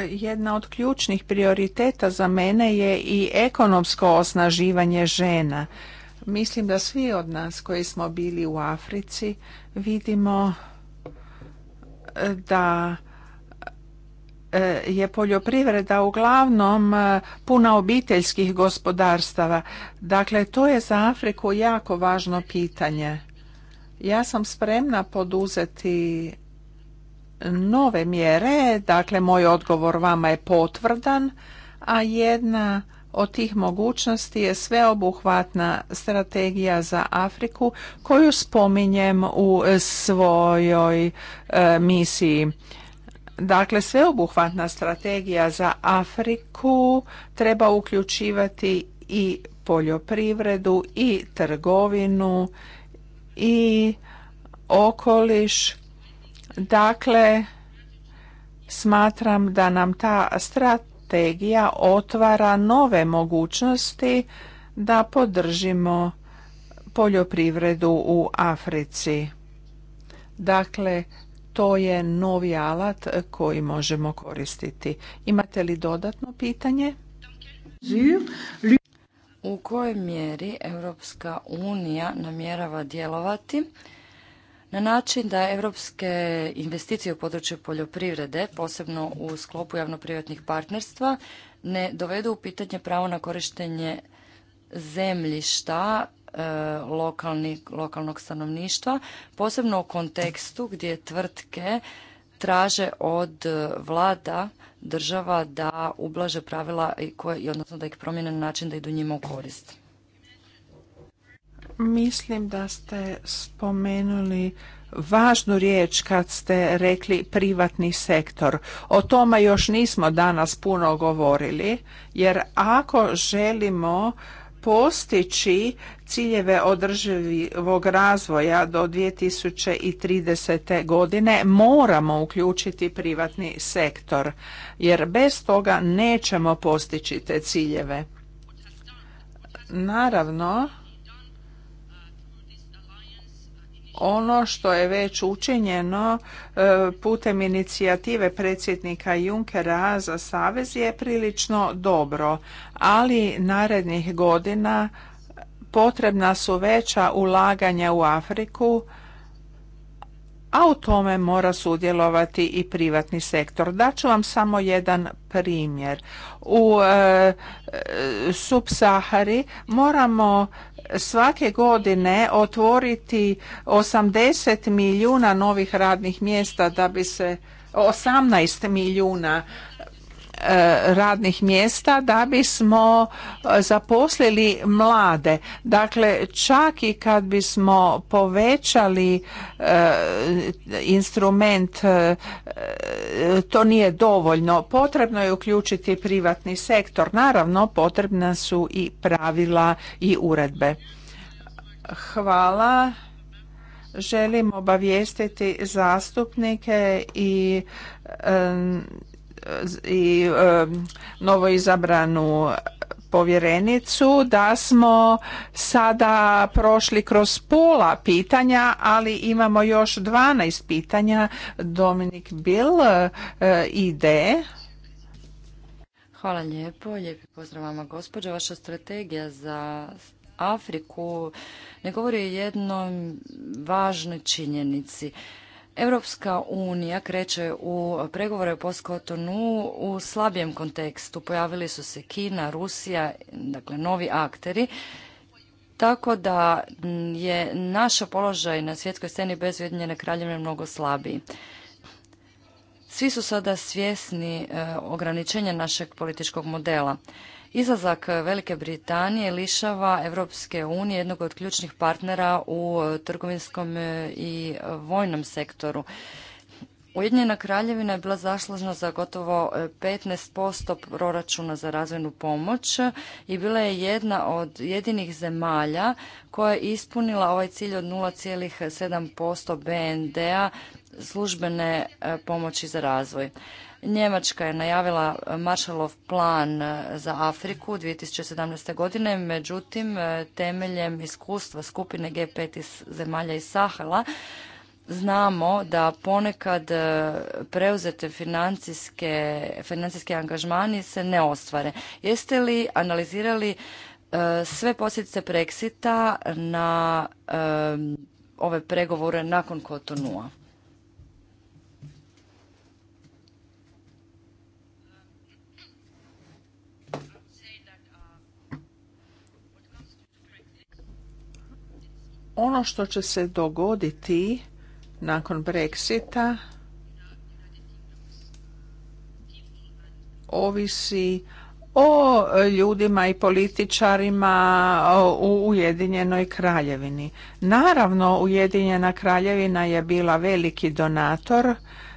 jedna od ključnih prioriteta za mene je i ekonomsko osnaživanje žena. Mislim da svi od nas koji smo bili u Africi vidimo e, da e, je poljoprivreda uglavnom e, puna obiteljskih gospodarstava. Dakle, to je za Afriku jako važno pitanje. Ja sam spremna poduzeti nove mjere, dakle moj odgovor vama je potvrdan, a jedna od tih mogućnosti je sveobuhvatna strategija za Afriku koju spominjem u svojoj e, misiji. Dakle, sveobuhvatna strategija za Afriku treba uključivati i poljoprivredu i trgovinu i okoliš Dakle, smatram da nam ta strategija otvara nove mogućnosti da podržimo poljoprivredu u Africi. Dakle, to je novi alat koji možemo koristiti. Imate li dodatno pitanje? U kojoj mjeri Europska unija namjerava djelovati na način da europske investicije u području poljoprivrede, posebno u sklopu javno-privatnih partnerstva, ne dovedu u pitanje pravo na korištenje zemljišta e, lokalnog stanovništva, posebno u kontekstu gdje tvrtke traže od vlada država da ublaže pravila i odnosno da ih promijene na način da idu njima u korist. Mislim da ste spomenuli važnu riječ kad ste rekli privatni sektor. O tome još nismo danas puno govorili, jer ako želimo postići ciljeve održivog razvoja do 2030. godine moramo uključiti privatni sektor, jer bez toga nećemo postići te ciljeve. Naravno, ono što je već učinjeno e, putem inicijative predsjednika Junkera za savez je prilično dobro, ali narednih godina potrebna su veća ulaganja u Afriku, a u tome mora sudjelovati i privatni sektor. Daću vam samo jedan primjer. U e, e Subsahari moramo svake godine otvoriti 80 milijuna novih radnih mjesta da bi se 18 milijuna E, radnih mjesta da bismo e, zaposlili mlade. Dakle, čak i kad bismo povećali e, instrument, to nije dovoljno. Potrebno je uključiti privatni sektor. Naravno, potrebna su i pravila i uredbe. Hvala. Želim obavijestiti zastupnike i i novo izabranu povjerenicu da smo sada prošli kroz pola pitanja, ali imamo još 12 pitanja. Dominik Bill e, ide. Hvala lijepo, lijepi pozdrav vama gospođo. Vaša strategija za Afriku ne govori o jednoj važnoj činjenici. Europska unija kreće u pregovore po Skotonu u slabijem kontekstu. Pojavili su se Kina, Rusija, dakle novi akteri. Tako da je naš položaj na svjetskoj sceni bez Ujedinjene kraljevine mnogo slabiji. Svi su sada svjesni e, ograničenja našeg političkog modela. Izlazak Velike Britanije lišava Europske unije jednog od ključnih partnera u e, trgovinskom e, i vojnom sektoru. Ujedinjena kraljevina je bila zaslužna za gotovo 15% e, proračuna za razvojnu pomoć i bila je jedna od jedinih zemalja koja je ispunila ovaj cilj od 0,7% BND-a službene pomoći za razvoj. Njemačka je najavila Marshallov plan e, za Afriku 2017. godine, međutim e, temeljem iskustva skupine G5 iz zemalja iz Sahela znamo da ponekad e, preuzete financijske, financijski angažmani se ne ostvare. Jeste li analizirali sve posljedice Brexita na ove pregovore nakon Kotonua? ono što će se dogoditi nakon Brexita ovisi o ljudima i političarima u Ujedinjenoj kraljevini. Naravno, Ujedinjena kraljevina je bila veliki donator,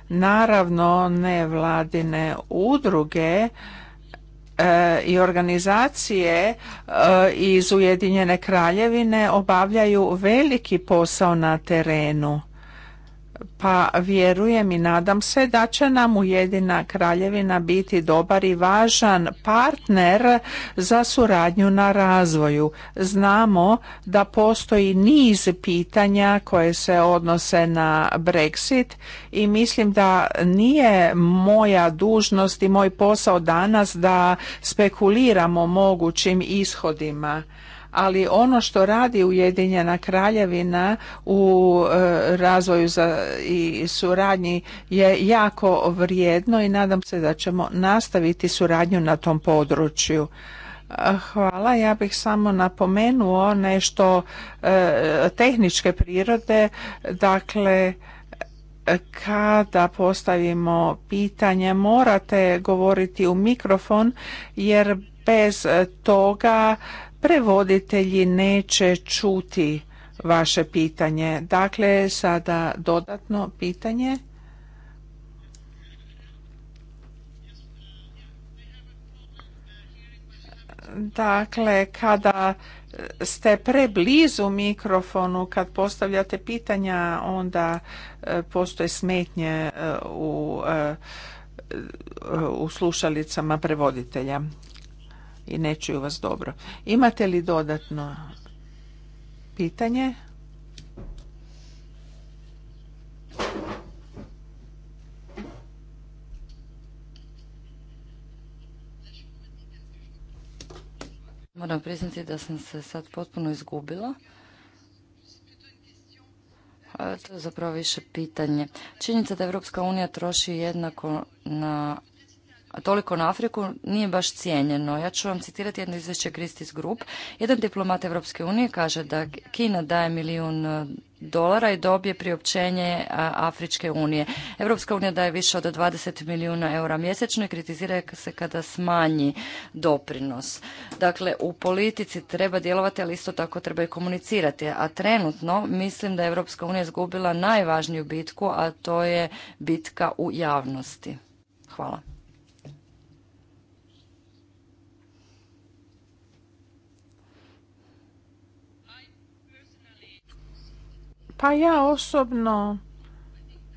naravno ne vladine udruge E, i organizacije e, iz Ujedinjene kraljevine obavljaju veliki posao na terenu pa vjerujem i nadam se da će nam Ujedina Kraljevina biti dobar i važan partner za suradnju na razvoju. Znamo da postoji niz pitanja koje se odnose na Brexit i mislim da nije moja dužnost i moj posao danas da spekuliramo mogućim ishodima ali ono što radi Ujedinjena kraljevina u e, razvoju za i suradnji je jako vrijedno i nadam se da ćemo nastaviti suradnju na tom području. E, hvala. Ja bih samo napomenuo nešto e, tehničke prirode. Dakle, kada postavimo pitanje morate govoriti u mikrofon jer bez toga prevoditelji neće čuti vaše pitanje. Dakle, sada dodatno pitanje. Dakle, kada ste preblizu mikrofonu, kad postavljate pitanja, onda e, postoje smetnje e, u, e, u slušalicama prevoditelja i ne čuju vas dobro. Imate li dodatno pitanje? Moram priznati da sam se sad potpuno izgubila. To je zapravo više pitanje. Činjenica da Evropska unija troši jednako na toliko na Afriku nije baš cijenjeno. Ja ću vam citirati jedno izvješće Christie's Group. Jedan diplomat Europske unije kaže da Kina daje milijun e, dolara i dobije priopćenje Afričke unije. Europska unija daje više od 20 milijuna eura mjesečno i kritizira se kada smanji doprinos. Dakle, u politici treba djelovati, ali isto tako treba i komunicirati. A trenutno mislim da je Europska unija izgubila najvažniju bitku, a to je bitka u javnosti. Hvala. Pa ja osobno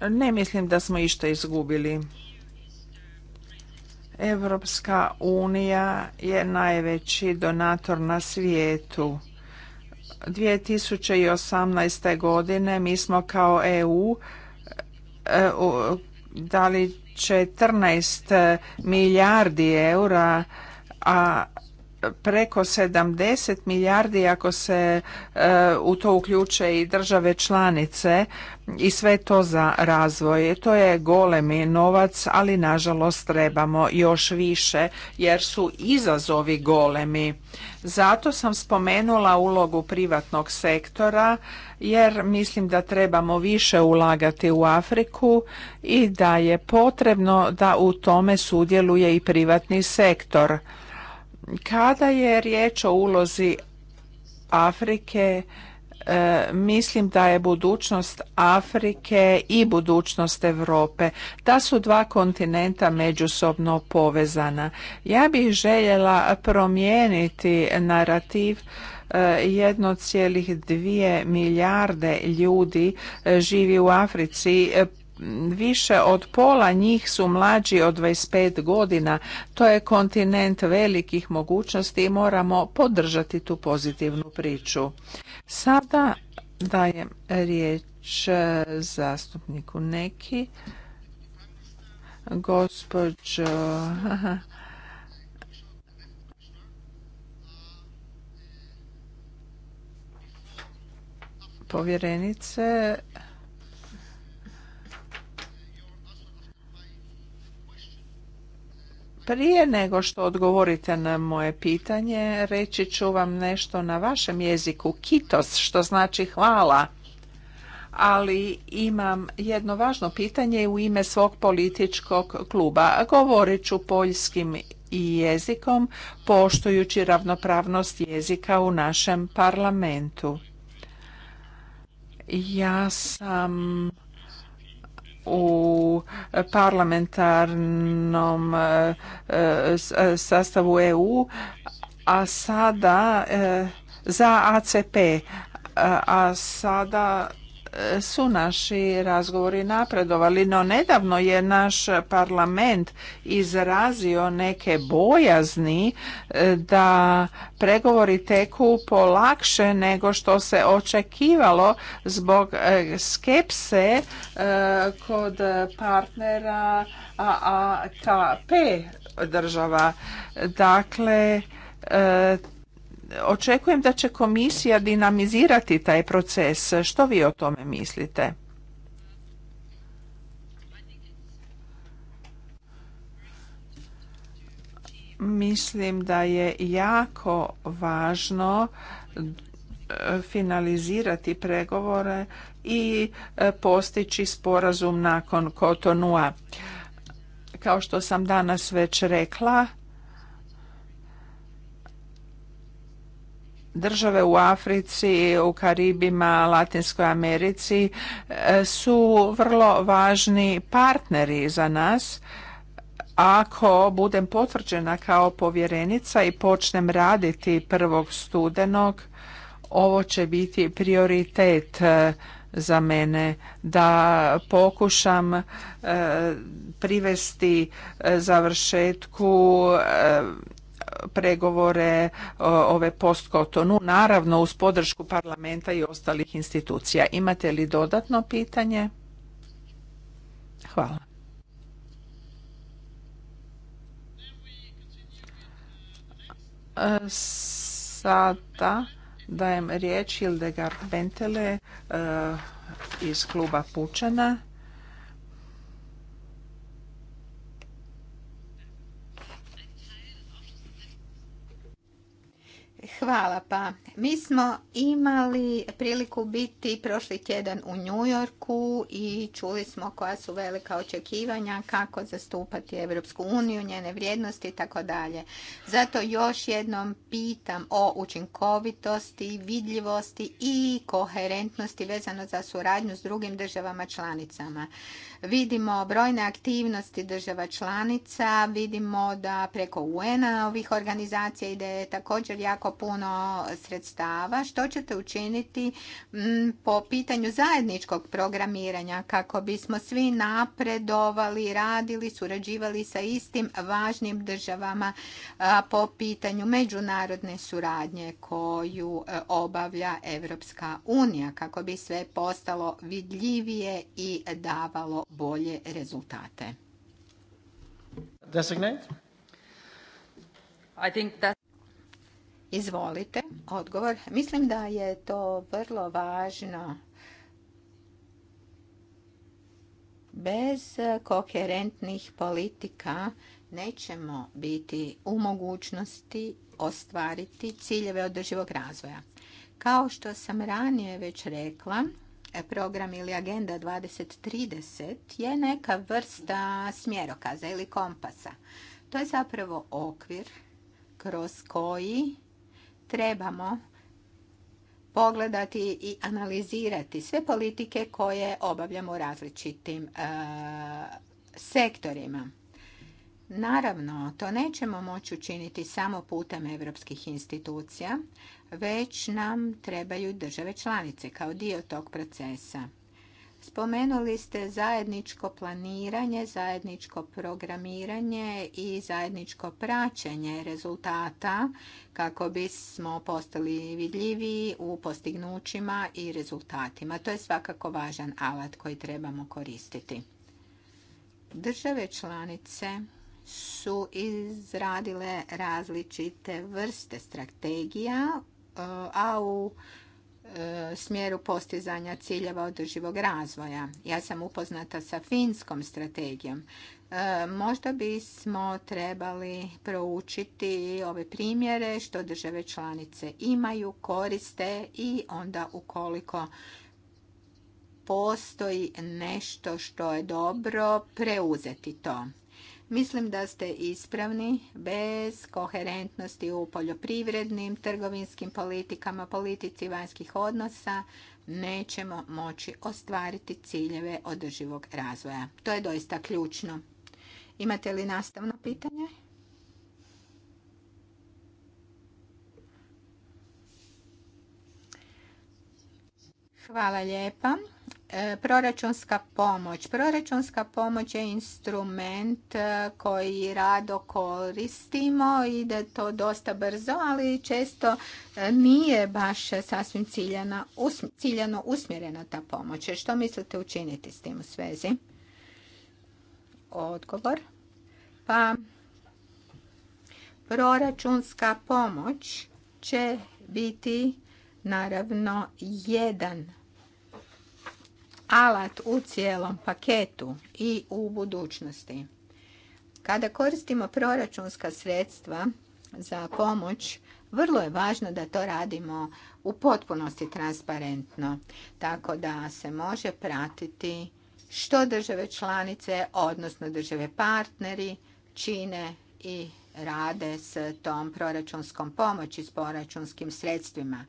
ne mislim da smo išta izgubili. Evropska unija je najveći donator na svijetu. 2018. godine mi smo kao EU e, dali 14 milijardi eura, a preko 70 milijardi ako se e, u to uključe i države članice i sve to za razvoj. To je golemi novac, ali nažalost trebamo još više jer su izazovi golemi. Zato sam spomenula ulogu privatnog sektora jer mislim da trebamo više ulagati u Afriku i da je potrebno da u tome sudjeluje i privatni sektor kada je riječ o ulozi Afrike, e, mislim da je budućnost Afrike i budućnost Europe. Ta su dva kontinenta međusobno povezana. Ja bih željela promijeniti narativ 1,2 e, milijarde ljudi e, živi u Africi više od pola njih su mlađi od 25 godina. To je kontinent velikih mogućnosti i moramo podržati tu pozitivnu priču. Sada dajem riječ e, zastupniku neki. Gospođo... Povjerenice, Prije nego što odgovorite na moje pitanje, reći ću vam nešto na vašem jeziku, kitos, što znači hvala. Ali imam jedno važno pitanje u ime svog političkog kluba. Govorit ću poljskim i jezikom, poštujući ravnopravnost jezika u našem parlamentu. Ja sam u parlamentarnom e, e, sastavu EU, a sada e, za ACP, a sada E, su naši razgovori napredovali, no nedavno je naš parlament izrazio neke bojazni e, da pregovori teku polakše nego što se očekivalo zbog e, skepse kod partnera AAKP država. Dakle, očekujem da će komisija dinamizirati taj proces. Što vi o tome mislite? Mislim da je jako važno e, finalizirati pregovore i e, postići sporazum nakon Kotonua. Kao što sam danas već rekla, države u Africi, u Karibima, Latinskoj Americi e, su vrlo važni partneri za nas. Ako budem potvrđena kao povjerenica i počnem raditi prvog studenog, ovo će biti prioritet e, za mene da pokušam e, privesti završetku pregovore e, ove postkotonu, naravno uz podršku parlamenta i ostalih institucija. Imate li dodatno pitanje? Hvala. E, sada dajem riječ Hildegard Bentele e, iz kluba Pučana. Hvala pa. Mi smo imali priliku biti prošli tjedan u New Yorku i čuli smo koja su velika očekivanja, kako zastupati Europsku uniju, njene vrijednosti i tako dalje. Zato još jednom pitam o učinkovitosti, vidljivosti i koherentnosti vezano za suradnju s drugim državama članicama. Vidimo brojne aktivnosti država članica, vidimo da preko UN-a ovih organizacija ide također jako puno sredstava. Što ćete učiniti mm, po pitanju zajedničkog programiranja kako bismo svi napredovali, radili, surađivali sa istim važnim državama po pitanju međunarodne suradnje koju e, obavlja Evropska unija kako bi sve postalo vidljivije i davalo bolje rezultate. Izvolite, odgovor. Mislim da je to vrlo važno. Bez koherentnih politika nećemo biti u mogućnosti ostvariti ciljeve održivog razvoja. Kao što sam ranije već rekla, program ili agenda 2030 je neka vrsta smjerokaza ili kompasa. To je zapravo okvir kroz koji trebamo pogledati i analizirati sve politike koje obavljamo u različitim e, sektorima. Naravno, to nećemo moći učiniti samo putem europskih institucija, već nam trebaju države članice kao dio tog procesa. Spomenuli ste zajedničko planiranje, zajedničko programiranje i zajedničko praćenje rezultata kako bismo postali vidljivi u postignućima i rezultatima. To je svakako važan alat koji trebamo koristiti. Države članice su izradile različite vrste strategija a u e, smjeru postizanja ciljeva održivog razvoja. Ja sam upoznata sa finskom strategijom. E, možda bismo trebali proučiti ove primjere što države članice imaju, koriste i onda ukoliko postoji nešto što je dobro, preuzeti to. Mislim da ste ispravni bez koherentnosti u poljoprivrednim, trgovinskim politikama, politici vanjskih odnosa nećemo moći ostvariti ciljeve održivog razvoja. To je doista ključno. Imate li nastavno pitanje? Hvala lijepa. E, proračunska pomoć. Proračunska pomoć je instrument e, koji rado koristimo, ide to dosta brzo, ali često e, nije baš sasvim ciljano usmjerena ta pomoć. Što mislite učiniti s tim u svezi? Odgovor. Pa proračunska pomoć će biti naravno jedan alat u cijelom paketu i u budućnosti. Kada koristimo proračunska sredstva za pomoć, vrlo je važno da to radimo u potpunosti transparentno, tako da se može pratiti što države članice, odnosno države partneri, čine i rade s tom proračunskom pomoći, s proračunskim sredstvima.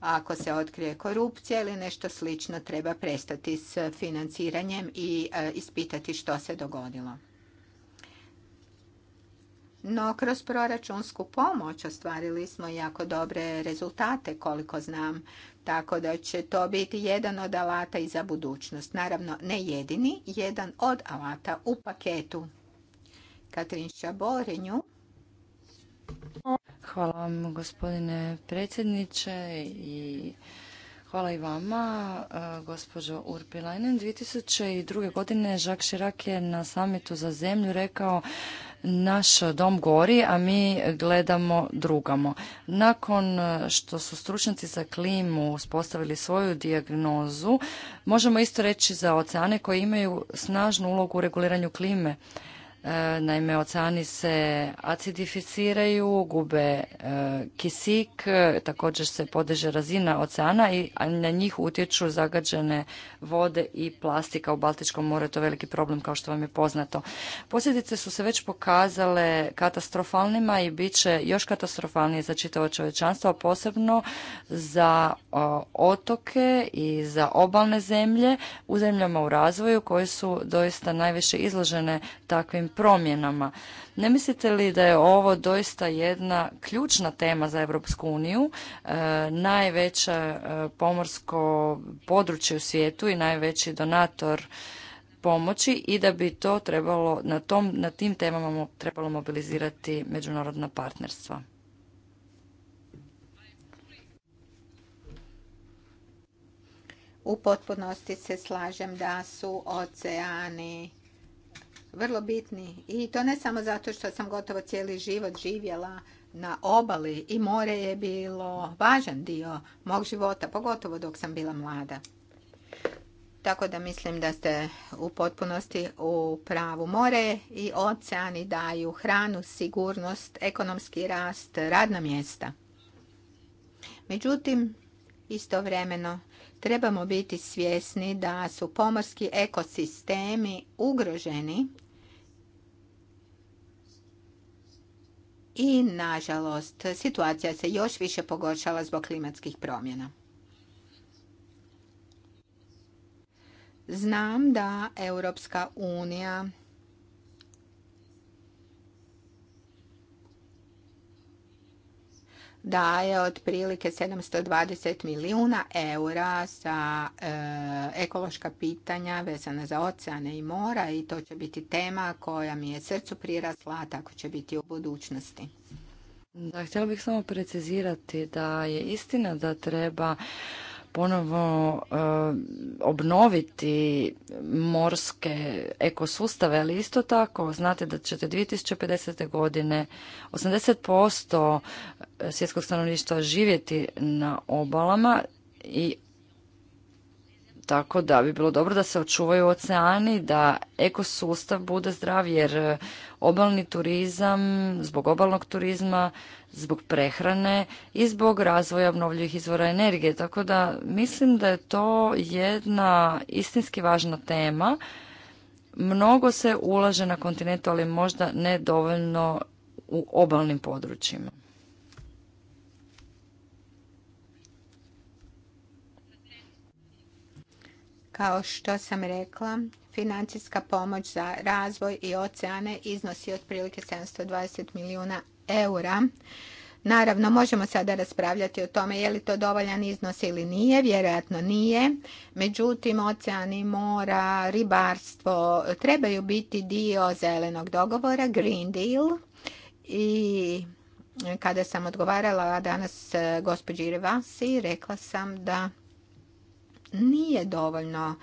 Ako se otkrije korupcija ili nešto slično, treba prestati s financiranjem i e, ispitati što se dogodilo. No, kroz proračunsku pomoć ostvarili smo jako dobre rezultate, koliko znam, tako da će to biti jedan od alata i za budućnost. Naravno, ne jedini, jedan od alata u paketu. Katrin Šaborenju Hvala vam gospodine predsjedniče i hvala i vama e, gospođo Urpilainen. 2002. godine Jacques Chirac je na samitu za zemlju rekao naš dom gori, a mi gledamo drugamo. Nakon e, što su stručnjaci za klimu uspostavili svoju dijagnozu, možemo isto reći za oceane koji imaju snažnu ulogu u reguliranju klime E, naime, oceani se acidificiraju, gube e, kisik, e, također se podiže razina oceana i na njih utječu zagađene vode i plastika u Baltičkom moru. To je veliki problem kao što vam je poznato. Posljedice su se već pokazale katastrofalnima i bit će još katastrofalnije za čitavo čovječanstvo, a posebno za otoke i za obalne zemlje u zemljama u razvoju koje su doista najviše izložene takvim promjenama. Ne mislite li da je ovo doista jedna ključna tema za Europsku uniju, e, najveće e, pomorsko područje u svijetu i najveći donator pomoći i da bi to trebalo na, tom, na tim temama trebalo mobilizirati međunarodna partnerstva. U potpunosti se slažem da su oceani vrlo bitni. I to ne samo zato što sam gotovo cijeli život živjela na obali i more je bilo važan dio mog života, pogotovo dok sam bila mlada. Tako da mislim da ste u potpunosti u pravu. More i oceani daju hranu, sigurnost, ekonomski rast, radna mjesta. Međutim, istovremeno trebamo biti svjesni da su pomorski ekosistemi ugroženi i nažalost situacija se još više pogoršala zbog klimatskih promjena. Znam da Europska unija daje otprilike 720 milijuna eura za e, ekološka pitanja vezana za oceane i mora i to će biti tema koja mi je srcu prirasla, tako će biti u budućnosti. Da, htjela bih samo precizirati da je istina da treba ponovo e, obnoviti morske ekosustave, ali isto tako znate da ćete 2050. godine 80% e, svjetskog stanovništva živjeti na obalama i tako da bi bilo dobro da se očuvaju oceani, da ekosustav bude zdrav jer obalni turizam, zbog obalnog turizma, zbog prehrane i zbog razvoja obnovljivih izvora energije. Tako da mislim da je to jedna istinski važna tema. Mnogo se ulaže na kontinentu, ali možda ne dovoljno u obalnim područjima. Kao što sam rekla, financijska pomoć za razvoj i oceane iznosi otprilike 720 milijuna eura. Naravno, možemo sada raspravljati o tome je li to dovoljan iznos ili nije, vjerojatno nije. Međutim, oceani, mora, ribarstvo trebaju biti dio zelenog dogovora, Green Deal. I kada sam odgovarala danas gospođi Rivasi, rekla sam da nije dovoljno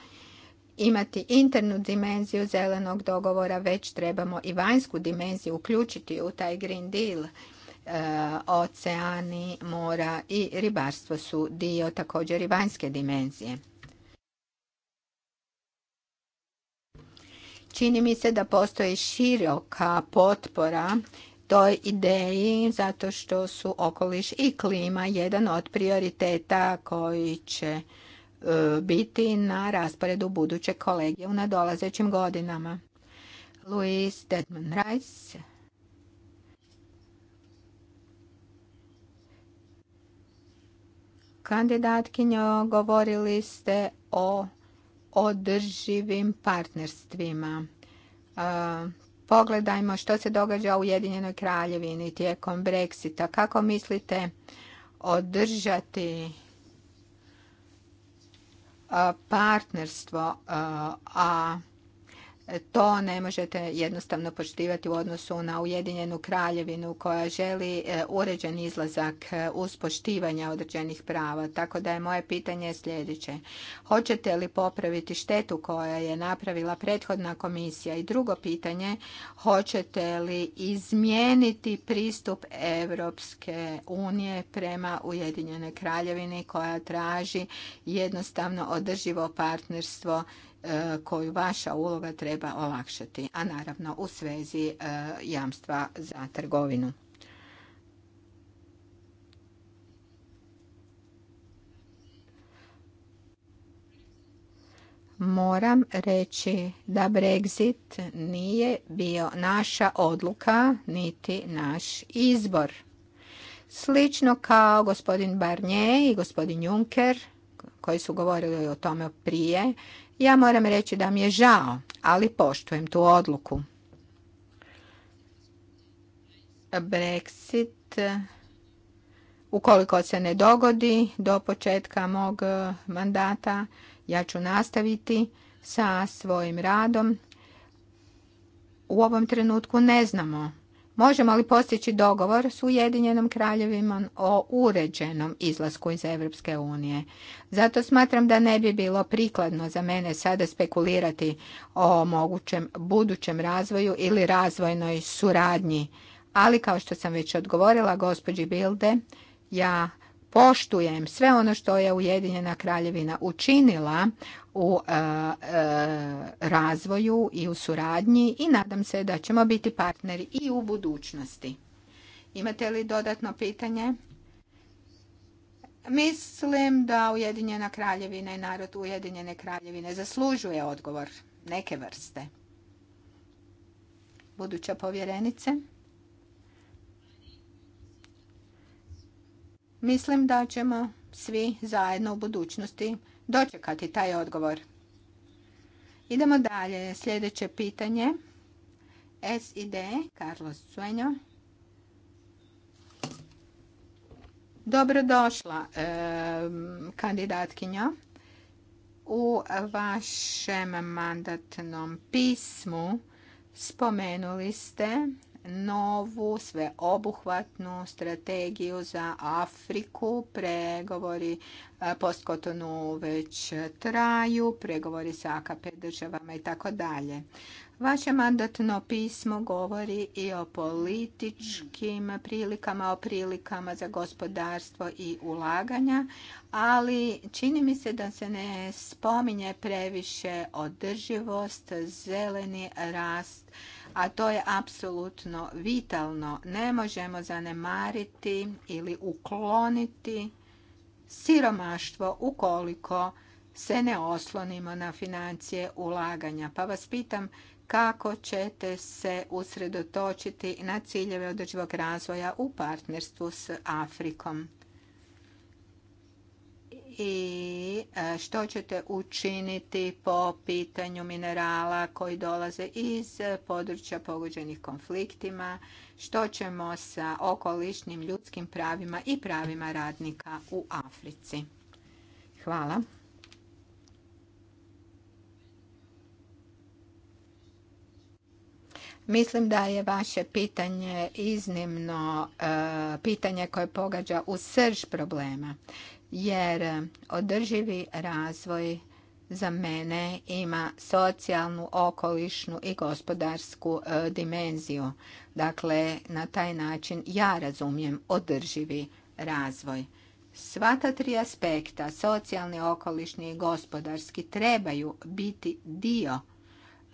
imati internu dimenziju zelenog dogovora, već trebamo i vanjsku dimenziju uključiti u taj Green Deal. E, oceani, mora i ribarstvo su dio također i vanjske dimenzije. Čini mi se da postoji široka potpora toj ideji zato što su okoliš i klima jedan od prioriteta koji će biti na rasporedu buduće kolegije u nadolazećim godinama. Louis dedman Rice Kandidatkinjo, govorili ste o održivim partnerstvima. Pogledajmo što se događa u Ujedinjenoj kraljevini tijekom Brexita. Kako mislite održati partnerstvo, a to ne možete jednostavno poštivati u odnosu na Ujedinjenu kraljevinu koja želi e, uređen izlazak e, uz poštivanje određenih prava. Tako da je moje pitanje sljedeće. Hoćete li popraviti štetu koja je napravila prethodna komisija? I drugo pitanje, hoćete li izmijeniti pristup Europske unije prema Ujedinjenoj kraljevini koja traži jednostavno održivo partnerstvo E, koju vaša uloga treba olakšati, a naravno u svezi e, jamstva za trgovinu. Moram reći da Brexit nije bio naša odluka niti naš izbor. Slično kao gospodin Barnier i gospodin Juncker koji su govorili o tome prije ja moram reći da mi je žao, ali poštujem tu odluku. Brexit ukoliko se ne dogodi do početka mog e, mandata, ja ću nastaviti sa svojim radom. U ovom trenutku ne znamo Možemo li postići dogovor s Ujedinjenom kraljevima o uređenom izlasku iz Europske unije? Zato smatram da ne bi bilo prikladno za mene sada spekulirati o mogućem budućem razvoju ili razvojnoj suradnji. Ali kao što sam već odgovorila gospođi Bilde, ja poštujem sve ono što je Ujedinjena kraljevina učinila u e, e, razvoju i u suradnji i nadam se da ćemo biti partneri i u budućnosti. Imate li dodatno pitanje? Mislim da Ujedinjena kraljevina i narod Ujedinjene kraljevine zaslužuje odgovor neke vrste. Buduća povjerenice. Mislim da ćemo svi zajedno u budućnosti dočekati taj odgovor. Idemo dalje. Sljedeće pitanje. D, Carlos Suenjo. Dobrodošla kandidatkinja. U vašem mandatnom pismu spomenuli ste novu sveobuhvatnu strategiju za Afriku. Pregovori e, postkotonu već traju, pregovori sa AKP državama i tako dalje. Vaše mandatno pismo govori i o političkim prilikama, o prilikama za gospodarstvo i ulaganja, ali čini mi se da se ne spominje previše održivost, zeleni rast, a to je apsolutno vitalno. Ne možemo zanemariti ili ukloniti siromaštvo ukoliko se ne oslonimo na financije ulaganja. Pa vas pitam kako ćete se usredotočiti na ciljeve održivog razvoja u partnerstvu s Afrikom i e, što ćete učiniti po pitanju minerala koji dolaze iz područja pogođenih konfliktima, što ćemo sa okolišnim ljudskim pravima i pravima radnika u Africi. Hvala. Mislim da je vaše pitanje iznimno e, pitanje koje pogađa u srž problema jer e, održivi razvoj za mene ima socijalnu, okolišnu i gospodarsku e, dimenziju. Dakle, na taj način ja razumijem održivi razvoj. Sva ta tri aspekta, socijalni, okolišni i gospodarski, trebaju biti dio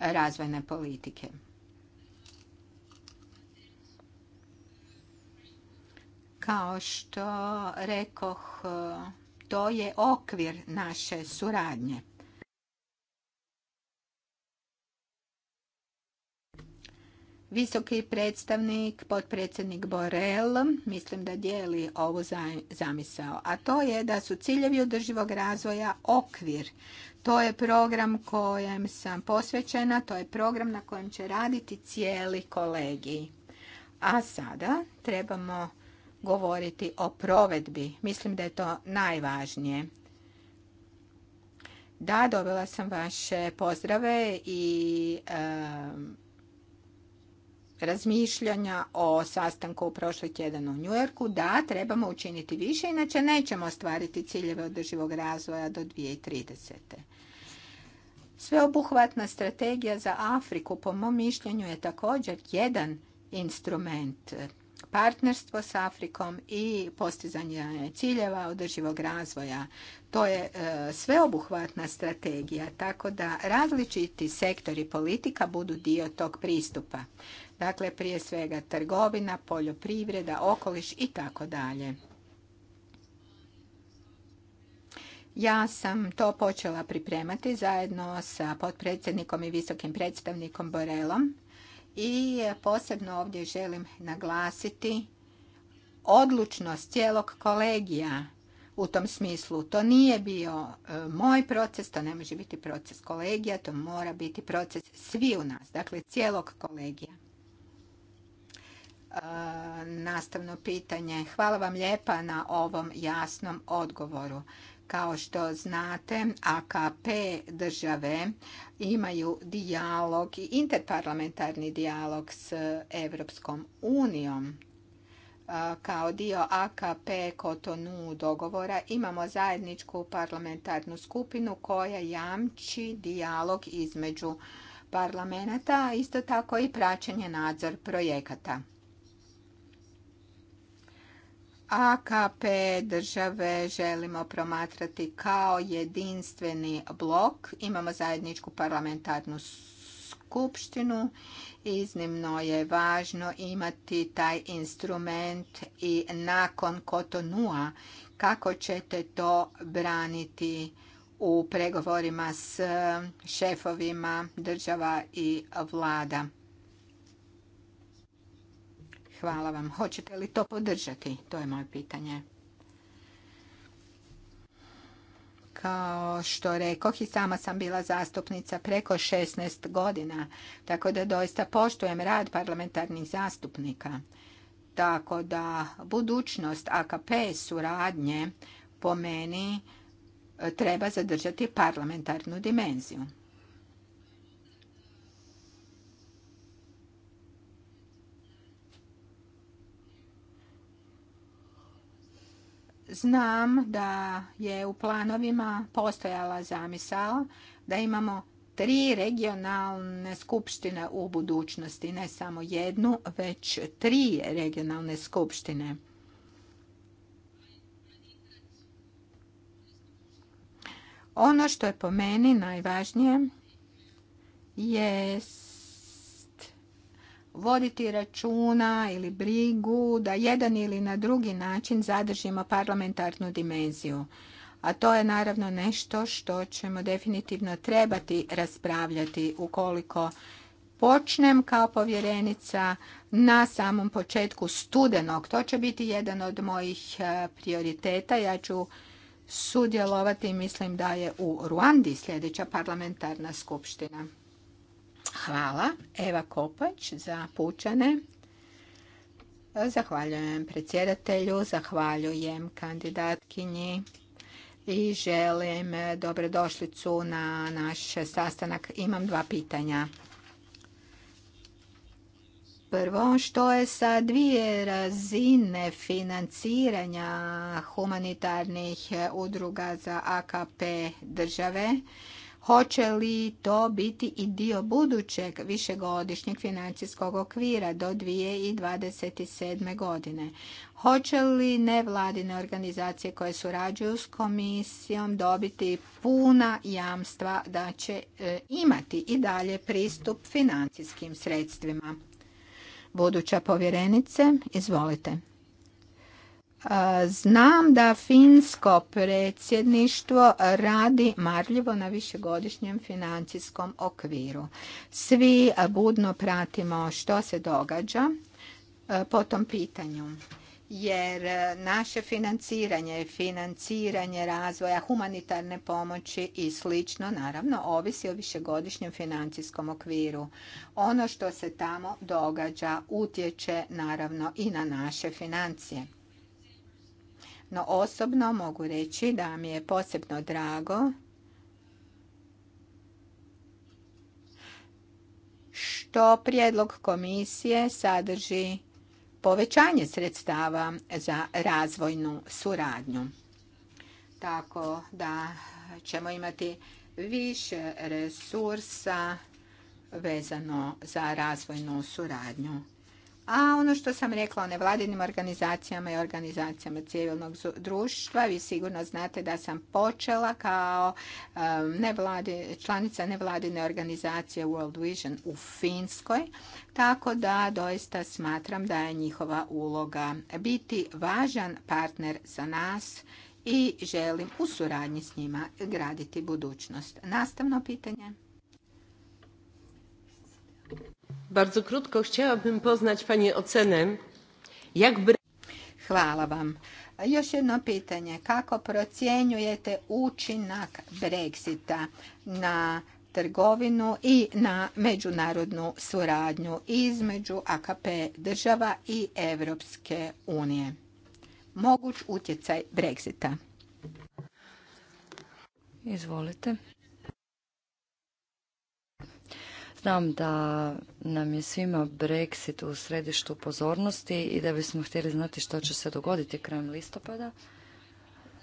razvojne politike. Kao što rekoh, to je okvir naše suradnje. Visoki predstavnik, potpredsjednik Borel, mislim da dijeli ovu zamisao, a to je da su ciljevi održivog razvoja okvir. To je program kojem sam posvećena, to je program na kojem će raditi cijeli kolegi. A sada trebamo govoriti o provedbi. Mislim da je to najvažnije. Da, dobila sam vaše pozdrave i e, razmišljanja o sastanku u prošli tjedan u Njujorku. Da, trebamo učiniti više, inače nećemo ostvariti ciljeve održivog razvoja do 2030. Sveobuhvatna strategija za Afriku, po mom mišljenju, je također jedan instrument partnerstvo s Afrikom i postizanje ciljeva održivog razvoja. To je e, sveobuhvatna strategija, tako da različiti sektori politika budu dio tog pristupa. Dakle, prije svega trgovina, poljoprivreda, okoliš i tako dalje. Ja sam to počela pripremati zajedno sa potpredsjednikom i visokim predstavnikom Borelom i posebno ovdje želim naglasiti odlučnost cijelog kolegija u tom smislu. To nije bio e, moj proces, to ne može biti proces kolegija, to mora biti proces svi u nas, dakle cijelog kolegija. E, nastavno pitanje. Hvala vam lijepa na ovom jasnom odgovoru. Kao što znate, AKP države imaju dijalog i interparlamentarni dijalog s Europskom unijom. Kao dio AKP Kotonu dogovora imamo zajedničku parlamentarnu skupinu koja jamči dijalog između parlamenta, a isto tako i praćenje nadzor projekata. AKP države želimo promatrati kao jedinstveni blok. Imamo zajedničku parlamentarnu skupštinu. Iznimno je važno imati taj instrument i nakon Kotonua kako ćete to braniti u pregovorima s šefovima država i vlada. Hvala vam. Hoćete li to podržati? To je moje pitanje. kao što rekoh i sama sam bila zastupnica preko 16 godina, tako da doista poštujem rad parlamentarnih zastupnika. Tako da budućnost AKP suradnje po meni treba zadržati parlamentarnu dimenziju. Znam da je u planovima postojala zamisao da imamo tri regionalne skupštine u budućnosti, ne samo jednu, već tri regionalne skupštine. Ono što je po meni najvažnije jest voditi računa ili brigu da jedan ili na drugi način zadržimo parlamentarnu dimenziju. A to je naravno nešto što ćemo definitivno trebati raspravljati ukoliko počnem kao povjerenica na samom početku studenog. To će biti jedan od mojih e, prioriteta. Ja ću sudjelovati, mislim da je u Ruandi sljedeća parlamentarna skupština. Hvala. Eva Kopač za pučane. Zahvaljujem predsjedatelju, zahvaljujem kandidatkinji i želim dobrodošlicu na naš sastanak. Imam dva pitanja. Prvo, što je sa dvije razine financiranja humanitarnih udruga za AKP države? Hoće li to biti i dio budućeg višegodišnjeg financijskog okvira do 2027. godine? Hoće li nevladine organizacije koje surađuju s komisijom dobiti puna jamstva da će e, imati i dalje pristup financijskim sredstvima? Buduća povjerenice, izvolite. Znam da finsko predsjedništvo radi marljivo na višegodišnjem financijskom okviru. Svi budno pratimo što se događa po tom pitanju jer naše financiranje, financiranje razvoja, humanitarne pomoći i slično, naravno, ovisi o višegodišnjem financijskom okviru. Ono što se tamo događa utječe naravno i na naše financije. No osobno mogu reći da mi je posebno drago što prijedlog komisije sadrži povećanje sredstava za razvojnu suradnju. Tako da ćemo imati više resursa vezano za razvojnu suradnju. A ono što sam rekla o nevladinim organizacijama i organizacijama civilnog društva, vi sigurno znate da sam počela kao um, članica nevladine organizacije World Vision u Finskoj, tako da doista smatram da je njihova uloga biti važan partner za nas i želim u suradnji s njima graditi budućnost. Nastavno pitanje. Bardzo krótko chciałabym poznać Pani ocenę, jak... Hvala vam. Još jedno pitanje. Kako procjenjujete učinak Brexita na trgovinu i na međunarodnu suradnju između AKP država i Evropske unije? Moguć utjecaj Brexita. Izvolite. Znam da nam je svima Brexit u središtu pozornosti i da bismo htjeli znati što će se dogoditi krajem listopada.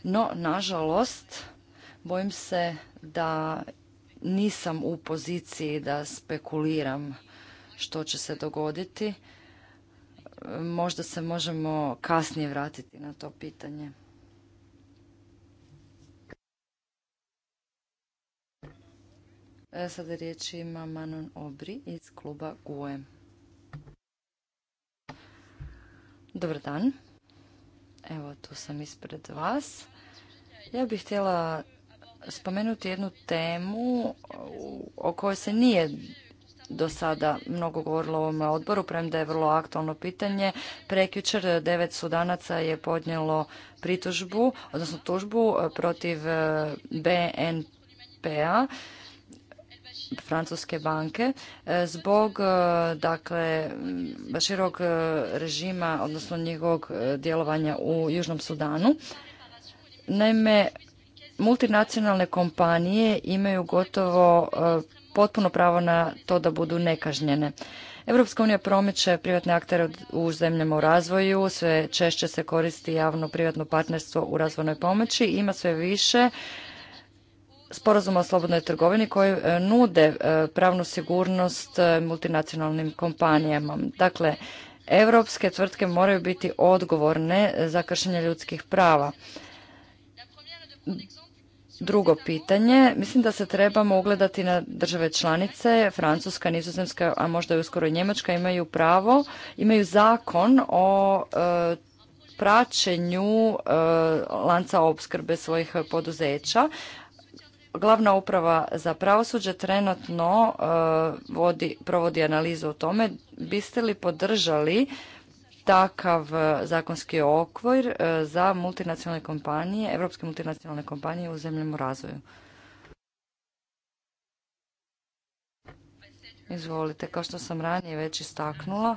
No, nažalost, bojim se da nisam u poziciji da spekuliram što će se dogoditi. Možda se možemo kasnije vratiti na to pitanje. E, sada riječ ima Manon Obri iz kluba GUE. Dobar dan. Evo, tu sam ispred vas. Ja bih htjela spomenuti jednu temu o kojoj se nije do sada mnogo govorilo o ovom odboru, premda je vrlo aktualno pitanje. Prekjučer devet sudanaca je podnijelo pritužbu, odnosno tužbu e, protiv e, BNP-a francuske banke e, zbog e, dakle širog e, režima odnosno njegovog djelovanja u Južnom Sudanu. Naime, multinacionalne kompanije imaju gotovo potpuno pravo na to da budu nekažnjene. Europska unija promiče privatne aktere u zemljama u razvoju, sve češće se koristi javno-privatno partnerstvo u razvojnoj pomoći, ima sve više sporazuma o slobodnoj trgovini koji e, nude e, pravnu sigurnost e, multinacionalnim kompanijama. Dakle, europske tvrtke moraju biti odgovorne za kršenje ljudskih prava. Drugo pitanje, mislim da se trebamo ugledati na države članice, Francuska, Nizozemska, a možda i uskoro Njemačka imaju pravo, imaju zakon o praćenju lanca opskrbe svojih poduzeća. Glavna uprava za pravosuđe trenutno eh, provodi analizu o tome. Biste li podržali takav eh, zakonski okvir eh, za multinacionalne kompanije, evropske multinacionalne kompanije u zemljemu razvoju? Izvolite, kao što sam ranije već istaknula,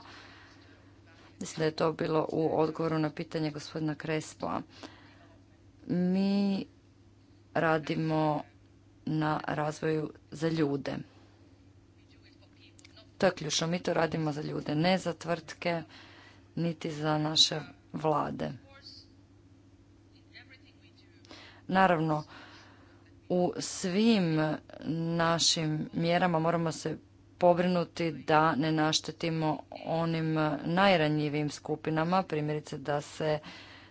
mislim da je to bilo u odgovoru na pitanje gospodina krespla Mi radimo na razvoju za ljude. To je ključno. Mi to radimo za ljude, ne za tvrtke, niti za naše vlade. Naravno, u svim našim mjerama moramo se pobrinuti da ne naštetimo onim najranjivijim skupinama, primjerice da se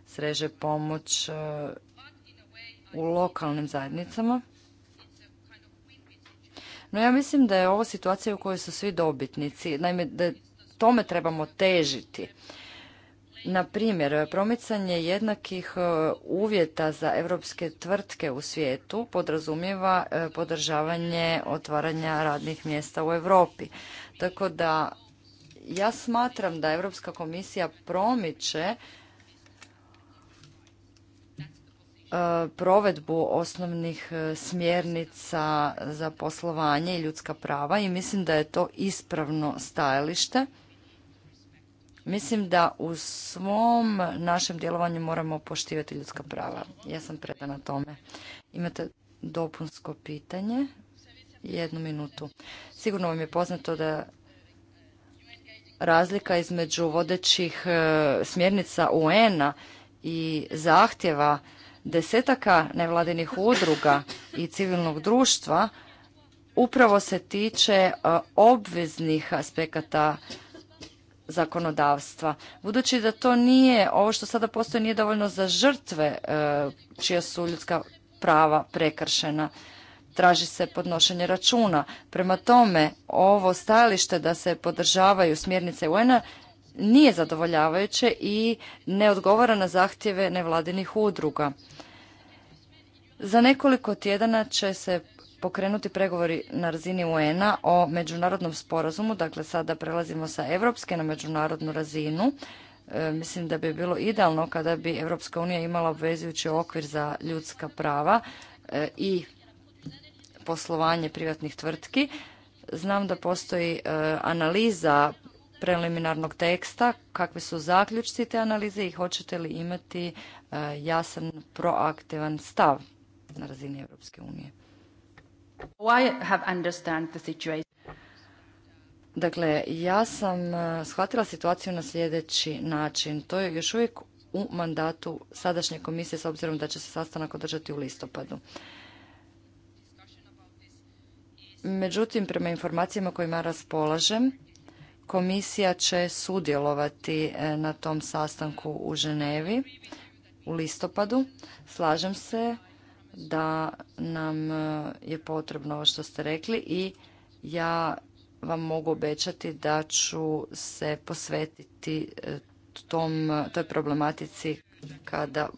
sreže pomoć e, u lokalnim zajednicama. No ja mislim da je ovo situacija u kojoj su svi dobitnici, naime da tome trebamo težiti. Na primjer, promicanje jednakih e, uvjeta za europske tvrtke u svijetu podrazumijeva e, podržavanje otvaranja radnih mjesta u Europi. Tako da ja smatram da Europska komisija promiče E, provedbu osnovnih e, smjernica za poslovanje i ljudska prava i mislim da je to ispravno stajalište. Mislim da u svom našem djelovanju moramo poštivati ljudska prava. Ja sam na tome. Imate dopunsko pitanje? Jednu minutu. Sigurno vam je poznato da razlika između vodećih e, smjernica UN-a i zahtjeva desetaka nevladinih udruga i civilnog društva upravo se tiče e, obveznih aspekata zakonodavstva. Budući da to nije, ovo što sada postoji nije dovoljno za žrtve e, čija su ljudska prava prekršena. Traži se podnošenje računa. Prema tome, ovo stajalište da se podržavaju smjernice UN-a nije zadovoljavajuće i ne odgovara na zahtjeve nevladinih udruga. Za nekoliko tjedana će se pokrenuti pregovori na razini UN-a o međunarodnom sporazumu, dakle sada prelazimo sa evropske na međunarodnu razinu. E, mislim da bi bilo idealno kada bi Evropska unija imala obvezujući okvir za ljudska prava e, i poslovanje privatnih tvrtki. Znam da postoji e, analiza preliminarnog teksta, kakvi su zaključci te analize i hoćete li imati e, jasan proaktivan stav na razini Europske unije? Dakle, ja sam e, shvatila situaciju na sljedeći način. To je još uvijek u mandatu sadašnje komisije s obzirom da će se sastanak održati u listopadu. Međutim, prema informacijama kojima raspolažem, Komisija će sudjelovati e, na tom sastanku u Ženevi u listopadu. Slažem se da nam e, je potrebno ovo što ste rekli i ja vam mogu obećati da ću se posvetiti e, tom, toj problematici kada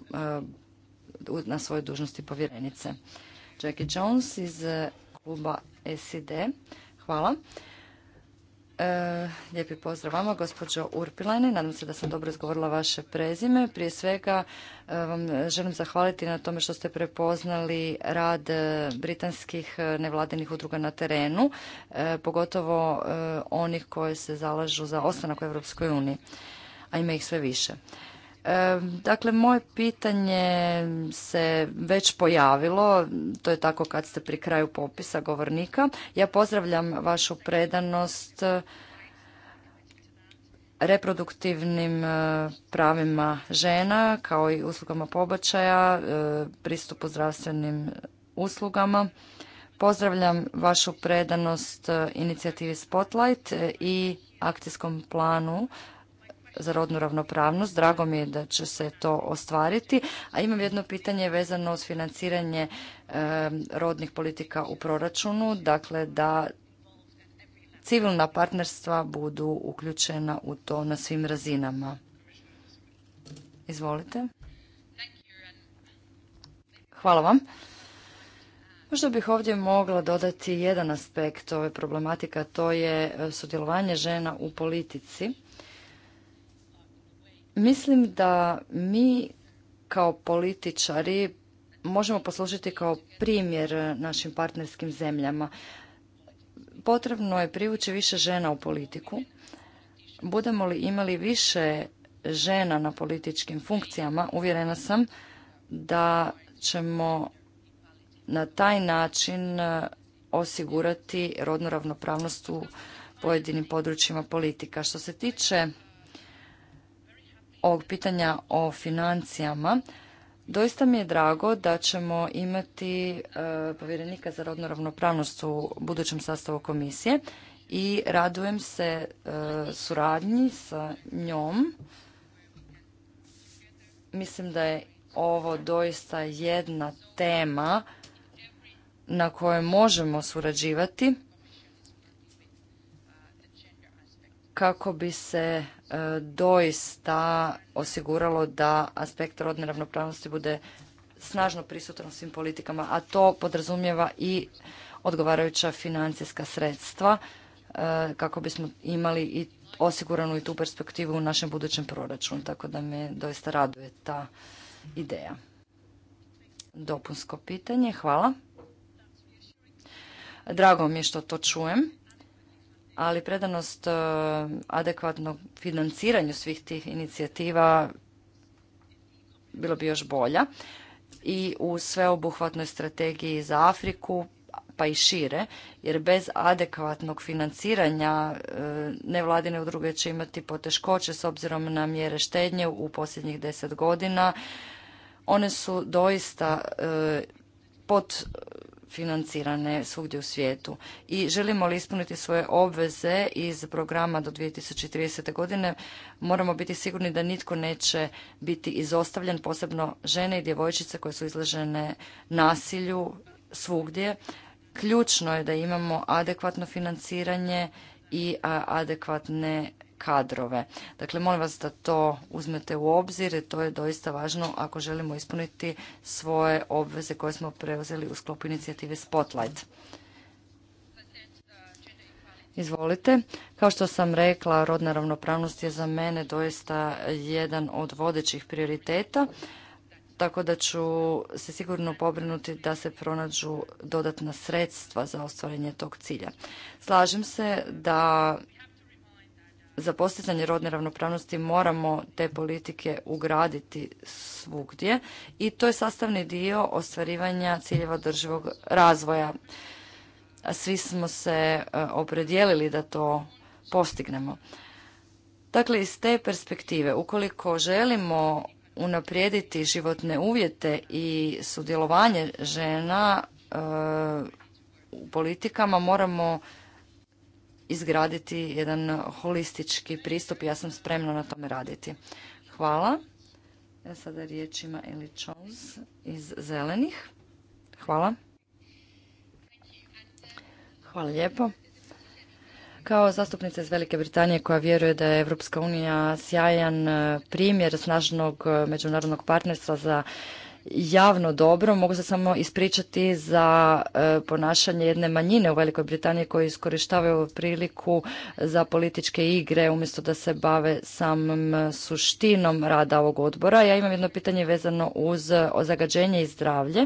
na svojoj dužnosti povjerenice. Jackie Jones iz kluba SID. Hvala. E, lijepi pozdrav vama, gospođo Urpilani. Nadam se da sam dobro izgovorila vaše prezime. Prije svega e, vam želim zahvaliti na tome što ste prepoznali rad e, britanskih nevladinih udruga na terenu, pogotovo onih koje se zalažu za ostanak u Europskoj uniji, a ima ih sve više. Dakle, moje pitanje se već pojavilo, to je tako kad ste pri kraju popisa govornika. Ja pozdravljam vašu predanost eh, reproduktivnim eh, pravima žena kao i uslugama pobačaja, eh, pristupu zdravstvenim uslugama. Pozdravljam vašu predanost inicijativi Spotlight i akcijskom planu za rodnu ravnopravnost. Drago mi je da će se to ostvariti. A imam jedno pitanje vezano uz financiranje e, rodnih politika u proračunu, dakle da civilna partnerstva budu uključena u to na svim razinama. Izvolite. Hvala vam. Možda bih ovdje mogla dodati jedan aspekt ove problematike, to je e, sudjelovanje žena u politici. Mislim da mi kao političari možemo poslužiti kao primjer našim partnerskim zemljama. Potrebno je privući više žena u politiku. Budemo li imali više žena na političkim funkcijama, uvjerena sam da ćemo na taj način e, osigurati rodnu ravnopravnost u pojedinim područjima politika. Što se tiče ovog pitanja o financijama, doista mi je drago da ćemo imati e, povjerenika za rodno ravnopravnost u budućem sastavu komisije i radujem se e, suradnji sa njom. Mislim da je ovo doista jedna tema na kojoj možemo surađivati kako bi se e, doista osiguralo da aspekt rodne ravnopravnosti bude snažno prisutan u svim politikama, a to podrazumijeva i odgovarajuća financijska sredstva e, kako bismo imali i osiguranu i tu perspektivu u našem budućem proračunu, tako da me doista raduje ta ideja. Dopunsko pitanje, hvala. Drago mi je što to čujem ali predanost e, adekvatnog financiranju svih tih inicijativa bilo bi još bolja i u sveobuhvatnoj strategiji za Afriku pa i šire, jer bez adekvatnog financiranja e, nevladine udruge će imati poteškoće s obzirom na mjere štednje u posljednjih deset godina. One su doista e, pod financirane svugdje u svijetu. I želimo li ispuniti svoje obveze iz programa do 2030. godine, moramo biti sigurni da nitko neće biti izostavljen, posebno žene i djevojčice koje su izložene nasilju svugdje. Ključno je da imamo adekvatno financiranje i adekvatne kadrove. Dakle, molim vas da to uzmete u obzir, to je doista važno ako želimo ispuniti svoje obveze koje smo preuzeli u sklopu inicijative Spotlight. Izvolite. Kao što sam rekla, rodna ravnopravnost je za mene doista jedan od vodećih prioriteta, tako da ću se sigurno pobrinuti da se pronađu dodatna sredstva za ostvarenje tog cilja. Slažem se da za postizanje rodne ravnopravnosti moramo te politike ugraditi svugdje i to je sastavni dio ostvarivanja ciljeva održivog razvoja. Svi smo se e, opredijelili da to postignemo. Dakle, iz te perspektive, ukoliko želimo unaprijediti životne uvjete i sudjelovanje žena e, u politikama, moramo izgraditi jedan holistički pristup i ja sam spremna na tome raditi. Hvala. Ja e, sada riječ ima Eli Jones iz Zelenih. Hvala. Hvala lijepo. Kao zastupnica iz Velike Britanije koja vjeruje da je Evropska unija sjajan e, primjer snažnog međunarodnog partnerstva za javno dobro. Mogu se samo ispričati za e, ponašanje jedne manjine u Velikoj Britaniji koji iskorištavaju ovu priliku za političke igre umjesto da se bave samom suštinom rada ovog odbora. Ja imam jedno pitanje vezano uz zagađenje i zdravlje.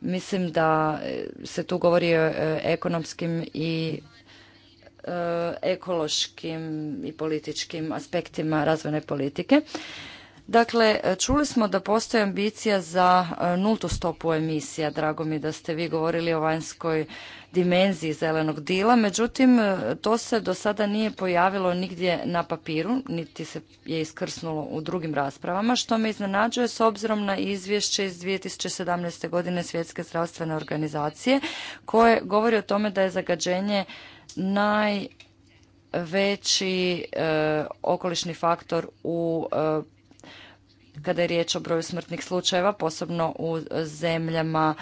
Mislim da e, se tu govori o e, ekonomskim i ekološkim i političkim aspektima razvojne politike. Dakle, čuli smo da postoji ambicija za e, nultu stopu emisija. Drago mi da ste vi govorili o vanjskoj dimenziji zelenog dila, međutim, e, to se do sada nije pojavilo nigdje na papiru, niti se je iskrsnulo u drugim raspravama, što me iznenađuje s obzirom na izvješće iz 2017. godine Svjetske zdravstvene organizacije, koje govori o tome da je zagađenje naj e, okolišni faktor u kada je riječ o broju smrtnih slučajeva, posebno u zemljama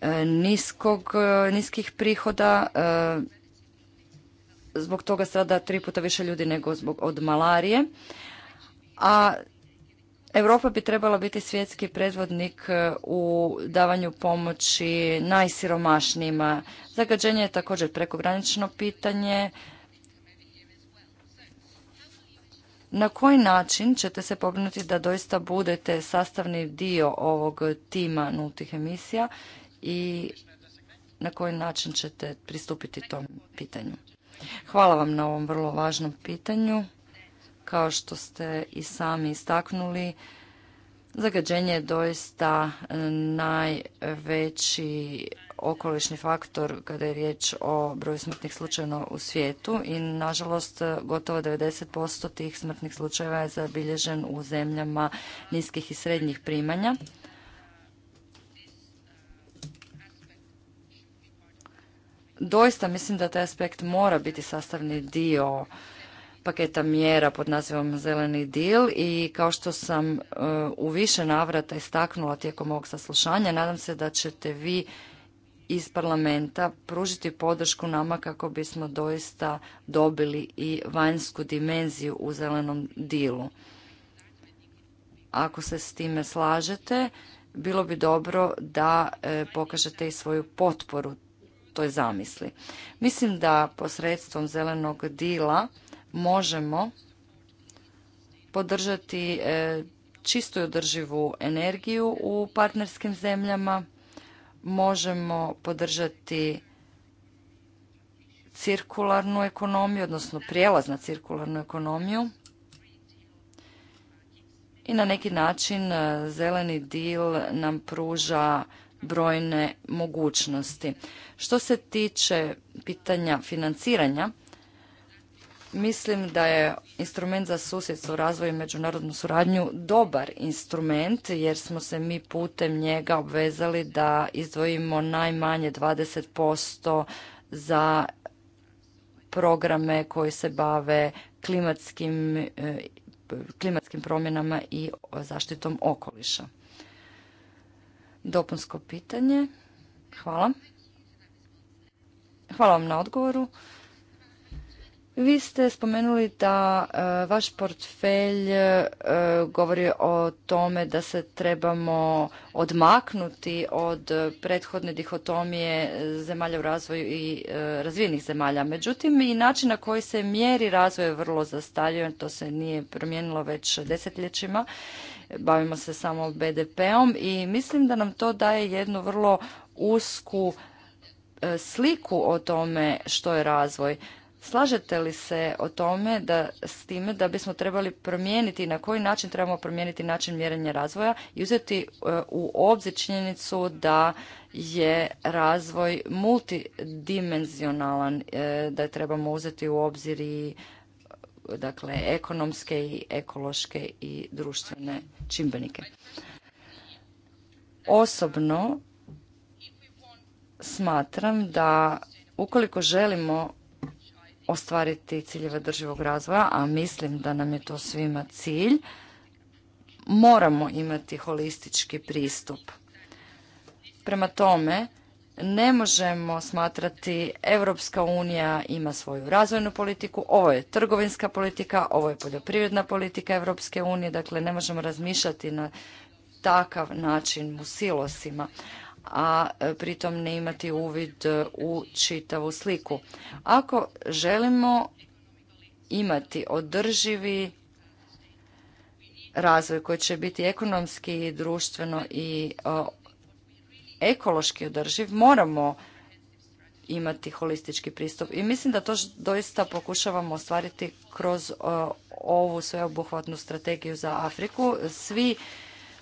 e, niskog, e, niskih prihoda. E, zbog toga strada tri puta više ljudi nego zbog od malarije. A Europa bi trebala biti svjetski predvodnik u davanju pomoći najsiromašnijima. Zagađenje je također prekogranično pitanje na koji način ćete se pobrinuti da doista budete sastavni dio ovog tima nultih emisija i na koji način ćete pristupiti tom pitanju? Hvala vam na ovom vrlo važnom pitanju. Kao što ste i sami istaknuli, zagađenje je doista eh, najveći okolišni faktor kada je riječ o broju smrtnih slučajeva u svijetu i nažalost gotovo 90% tih smrtnih slučajeva je zabilježen u zemljama niskih i srednjih primanja. Doista mislim da taj aspekt mora biti sastavni dio paketa mjera pod nazivom Zeleni dil i kao što sam e, u više navrata istaknula tijekom ovog saslušanja, nadam se da ćete vi iz parlamenta pružiti podršku nama kako bismo doista dobili i vanjsku dimenziju u zelenom dilu. Ako se s time slažete, bilo bi dobro da e, pokažete i svoju potporu toj zamisli. Mislim da posredstvom zelenog dila možemo podržati e, čistu i održivu energiju u partnerskim zemljama možemo podržati cirkularnu ekonomiju, odnosno prijelaz na cirkularnu ekonomiju. I na neki način e, zeleni dil nam pruža brojne mogućnosti. Što se tiče pitanja financiranja, Mislim da je instrument za susjedstvo, razvoj i međunarodnu suradnju dobar instrument jer smo se mi putem njega obvezali da izdvojimo najmanje 20% za programe koji se bave klimatskim, eh, klimatskim promjenama i zaštitom okoliša. Dopunsko pitanje. Hvala. Hvala vam na odgovoru. Vi ste spomenuli da e, vaš portfelj e, govori o tome da se trebamo odmaknuti od prethodne dihotomije zemalja u razvoju i e, razvijenih zemalja. Međutim, i način na koji se mjeri razvoj je vrlo zastario, to se nije promijenilo već desetljećima. Bavimo se samo BDP-om i mislim da nam to daje jednu vrlo usku sliku o tome što je razvoj Slažete li se o tome da s time da bismo trebali promijeniti na koji način trebamo promijeniti način mjerenja razvoja i uzeti e, u obzir činjenicu da je razvoj multidimenzionalan, e, da trebamo uzeti u obzir i dakle ekonomske i ekološke i društvene čimbenike. Osobno smatram da ukoliko želimo ostvariti ciljeve održivog razvoja, a mislim da nam je to svima cilj, moramo imati holistički pristup. Prema tome, ne možemo smatrati Evropska unija ima svoju razvojnu politiku, ovo je trgovinska politika, ovo je poljoprivredna politika Evropske unije, dakle ne možemo razmišljati na takav način u silosima a e, pritom ne imati uvid e, u čitavu sliku. Ako želimo imati održivi razvoj koji će biti ekonomski, društveno i e, ekološki održiv, moramo imati holistički pristup. I mislim da to doista pokušavamo ostvariti kroz ovu sveobuhvatnu strategiju za Afriku. Svi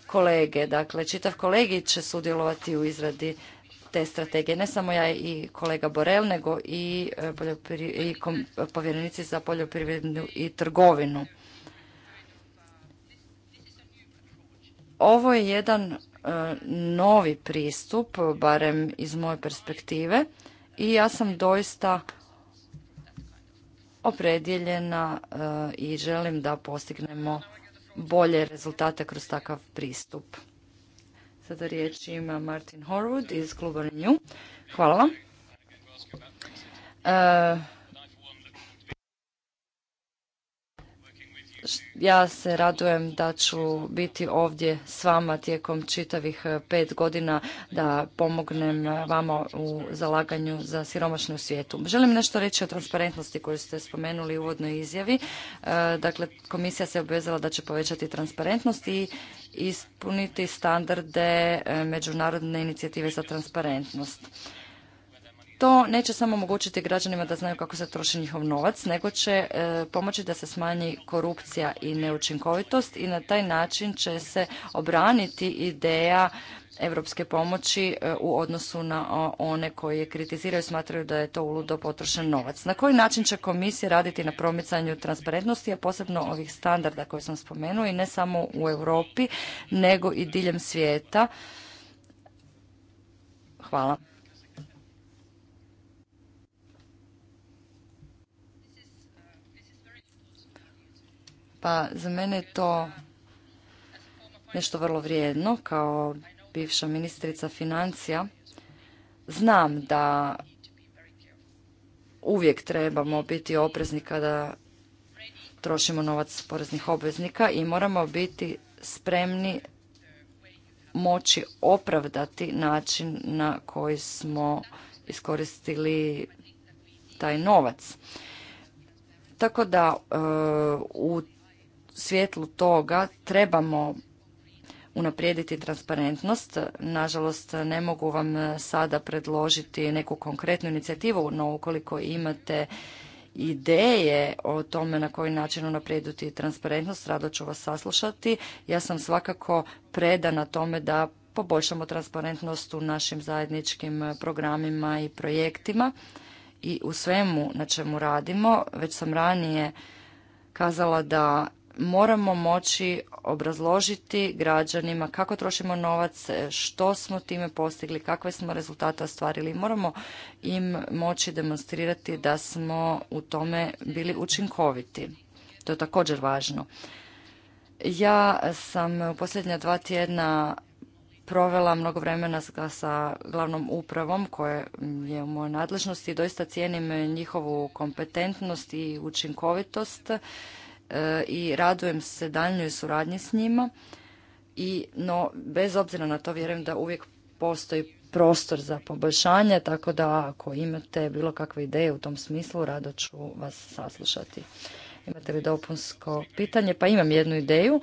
kolege. Dakle, čitav kolegi će sudjelovati u izradi te strategije. Ne samo ja i kolega Borel, nego i, e, i povjerenici za poljoprivrednu i trgovinu. Ovo je jedan e, novi pristup, barem iz moje perspektive, i ja sam doista opredjeljena e, i želim da postignemo bolje rezultate kroz takav pristup. Sada riječ ima Martin Horwood iz kluba Renew. Hvala vam. E, Ja se radujem da ću biti ovdje s vama tijekom čitavih e, pet godina da pomognem e, vama u zalaganju za siromašne svijetu. Želim nešto reći o transparentnosti koju ste spomenuli u uvodnoj izjavi. E, dakle, komisija se obvezala da će povećati transparentnost i ispuniti standarde međunarodne inicijative za transparentnost. To neće samo omogućiti građanima da znaju kako se troši njihov novac, nego će e, pomoći da se smanji korupcija i neučinkovitost i na taj način će se obraniti ideja europske pomoći e, u odnosu na one koje je kritiziraju smatraju da je to uludo potrošen novac. Na koji način će komisija raditi na promicanju transparentnosti, a posebno ovih standarda koje sam spomenuo i ne samo u Europi, nego i diljem svijeta? Hvala. Pa za mene je to nešto vrlo vrijedno kao bivša ministrica financija. Znam da uvijek trebamo biti oprezni kada trošimo novac poreznih obveznika i moramo biti spremni moći opravdati način na koji smo iskoristili taj novac. Tako da e, u svjetlu toga trebamo unaprijediti transparentnost. Nažalost, ne mogu vam sada predložiti neku konkretnu inicijativu, no ukoliko imate ideje o tome na koji način unaprijediti transparentnost, rado ću vas saslušati. Ja sam svakako predana tome da poboljšamo transparentnost u našim zajedničkim programima i projektima i u svemu na čemu radimo. Već sam ranije kazala da moramo moći obrazložiti građanima kako trošimo novac, što smo time postigli, kakve smo rezultate ostvarili. Moramo im moći demonstrirati da smo u tome bili učinkoviti. To je također važno. Ja sam u posljednja dva tjedna provela mnogo vremena sa glavnom upravom koja je u mojoj nadležnosti i doista cijenim njihovu kompetentnost i učinkovitost E, i radujem se daljnjoj suradnji s njima. I, no, bez obzira na to vjerujem da uvijek postoji prostor za poboljšanje, tako da ako imate bilo kakve ideje u tom smislu, rado ću vas saslušati. Imate li dopunsko pitanje? Pa imam jednu ideju.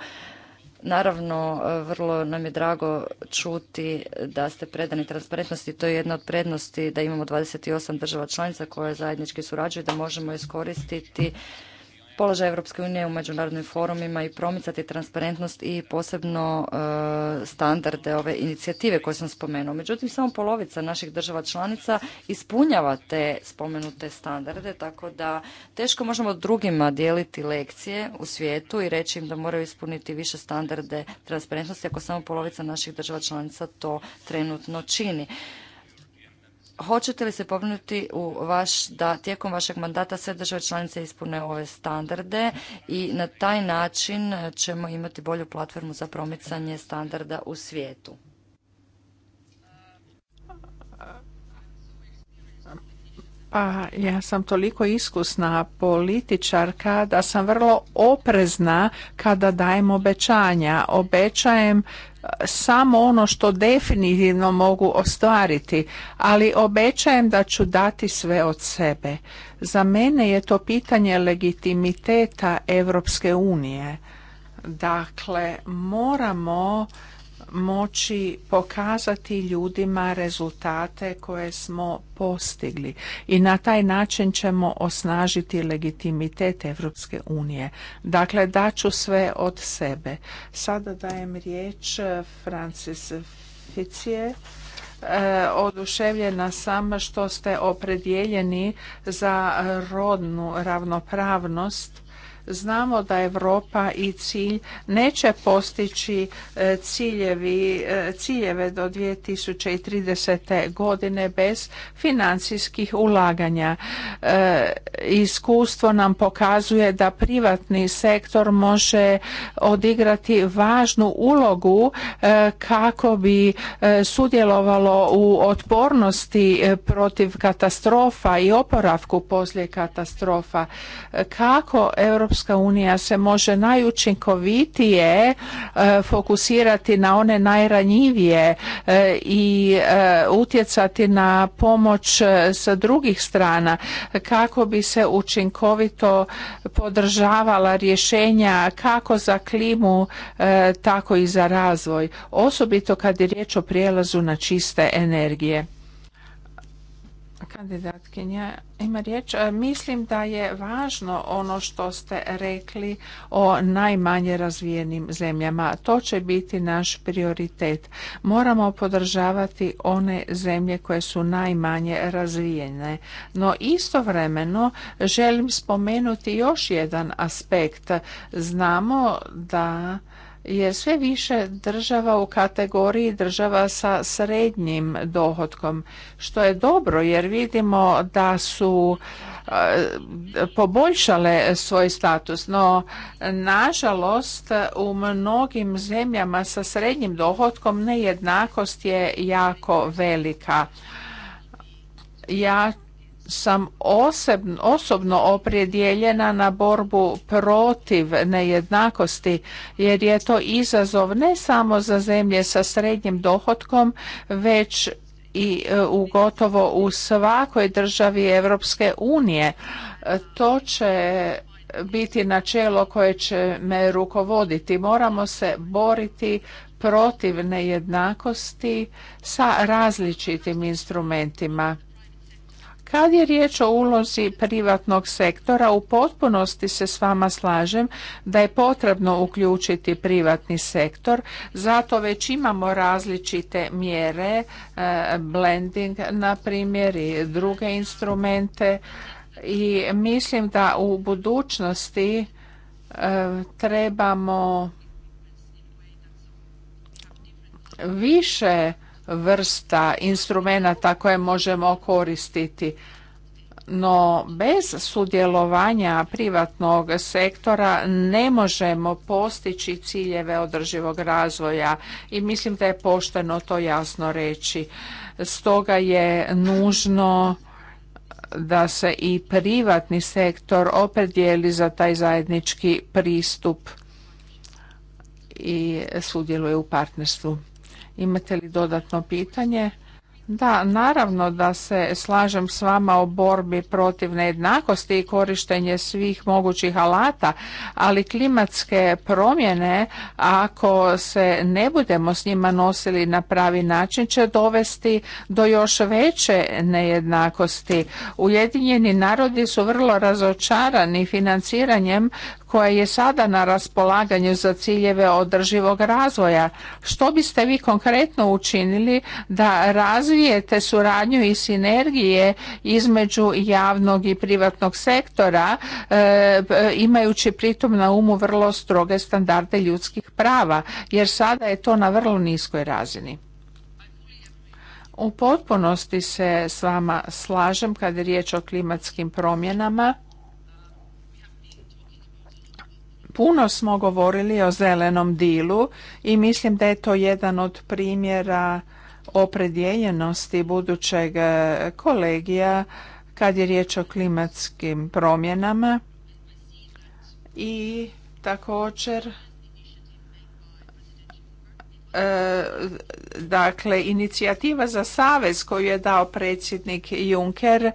Naravno, vrlo nam je drago čuti da ste predani transparentnosti. To je jedna od prednosti da imamo 28 država članica koje zajednički surađuju, da možemo iskoristiti položaj Europske unije u međunarodnim forumima i promicati transparentnost i posebno e, standarde ove inicijative koje sam spomenuo. Međutim, samo polovica naših država članica ispunjava te spomenute standarde, tako da teško možemo drugima dijeliti lekcije u svijetu i reći im da moraju ispuniti više standarde transparentnosti ako samo polovica naših država članica to trenutno čini. Hoćete li se pobrinuti u vaš, da tijekom vašeg mandata sve države članice ispune ove standarde i na taj način ćemo imati bolju platformu za promicanje standarda u svijetu? ja sam toliko iskusna političarka da sam vrlo oprezna kada dajem obećanja. Obećajem e, samo ono što definitivno mogu ostvariti, ali obećajem da ću dati sve od sebe. Za mene je to pitanje legitimiteta Europske unije. Dakle, moramo moći pokazati ljudima rezultate koje smo postigli i na taj način ćemo osnažiti legitimitet Europske unije. Dakle, daću sve od sebe. Sada dajem riječ Francis Ficije. E, oduševljena sam što ste opredjeljeni za rodnu ravnopravnost Znamo da Europa i cilj neće postići e, ciljevi, e, ciljeve do 2030. godine bez financijskih ulaganja. E, iskustvo nam pokazuje da privatni sektor može odigrati važnu ulogu kako bi sudjelovalo u otpornosti protiv katastrofa i oporavku poslije katastrofa. Kako Europska Europska unija se može najučinkovitije e, fokusirati na one najranjivije e, i e, utjecati na pomoć sa drugih strana kako bi se učinkovito podržavala rješenja kako za klimu tako i za razvoj osobito kad je riječ o prijelazu na čiste energije kandidatkinja ima riječ. E, mislim da je važno ono što ste rekli o najmanje razvijenim zemljama. To će biti naš prioritet. Moramo podržavati one zemlje koje su najmanje razvijene. No istovremeno želim spomenuti još jedan aspekt. Znamo da je sve više država u kategoriji država sa srednjim dohodkom, što je dobro jer vidimo da su e, poboljšale svoj status, no nažalost u mnogim zemljama sa srednjim dohodkom nejednakost je jako velika. Ja sam osobno opredijeljena na borbu protiv nejednakosti jer je to izazov ne samo za zemlje sa srednjim dohotkom već i e, ugotovo gotovo u svakoj državi Europske unije. To će biti načelo koje će me rukovoditi. Moramo se boriti protiv nejednakosti sa različitim instrumentima. Kad je riječ o ulozi privatnog sektora, u potpunosti se s vama slažem da je potrebno uključiti privatni sektor, zato već imamo različite mjere, e, blending na primjer i druge instrumente i mislim da u budućnosti e, trebamo više vrsta instrumenta koje možemo koristiti. No bez sudjelovanja privatnog sektora ne možemo postići ciljeve održivog razvoja i mislim da je pošteno to jasno reći. Stoga je nužno da se i privatni sektor opredijeli za taj zajednički pristup i sudjeluje u partnerstvu. Imate li dodatno pitanje? Da, naravno da se slažem s vama o borbi protiv nejednakosti i korištenje svih mogućih alata, ali klimatske promjene, ako se ne budemo s njima nosili na pravi način, će dovesti do još veće nejednakosti. Ujedinjeni narodi su vrlo razočarani financiranjem koja je sada na raspolaganju za ciljeve održivog razvoja. Što biste vi konkretno učinili da razvijete suradnju i sinergije između javnog i privatnog sektora e, imajući pritom na umu vrlo stroge standarde ljudskih prava jer sada je to na vrlo niskoj razini. U potpunosti se s vama slažem kad je riječ o klimatskim promjenama Puno smo govorili o zelenom dilu i mislim da je to jedan od primjera opredjeljenosti budućeg e, kolegija kad je riječ o klimatskim promjenama i također E, dakle inicijativa za savez koju je dao predsjednik Juncker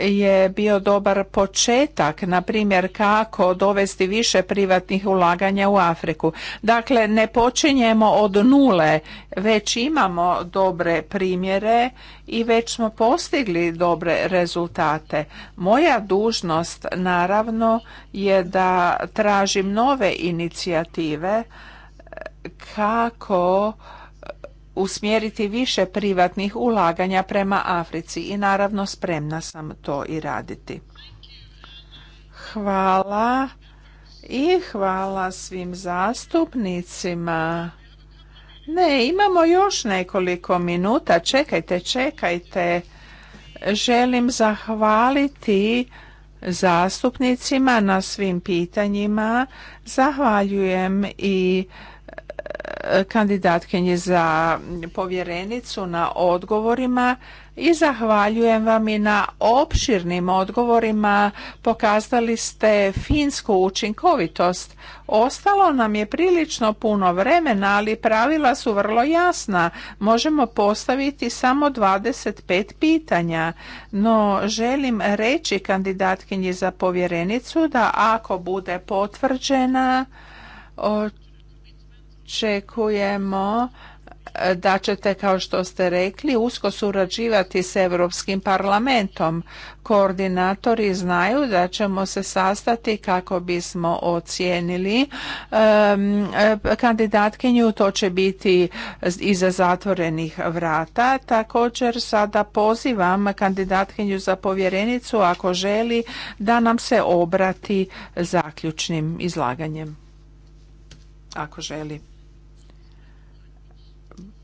je bio dobar početak, na primjer kako dovesti više privatnih ulaganja u Afriku. Dakle, ne počinjemo od nule, već imamo dobre primjere i već smo postigli dobre rezultate. Moja dužnost naravno je da tražim nove inicijative kako uh, usmjeriti više privatnih ulaganja prema Africi i naravno spremna sam to i raditi. Hvala i hvala svim zastupnicima. Ne, imamo još nekoliko minuta. Čekajte, čekajte. Želim zahvaliti zastupnicima na svim pitanjima. Zahvaljujem i kandidatkinji za povjerenicu na odgovorima i zahvaljujem vam i na opširnim odgovorima. Pokazali ste finsku učinkovitost. Ostalo nam je prilično puno vremena, ali pravila su vrlo jasna. Možemo postaviti samo 25 pitanja, no želim reći kandidatkinji za povjerenicu da ako bude potvrđena, očekujemo eh, da ćete, kao što ste rekli, usko surađivati s Europskim parlamentom. Koordinatori znaju da ćemo se sastati kako bismo ocijenili eh, kandidatkinju. To će biti iza zatvorenih vrata. Također sada pozivam kandidatkinju za povjerenicu ako želi da nam se obrati zaključnim izlaganjem. Ako želi.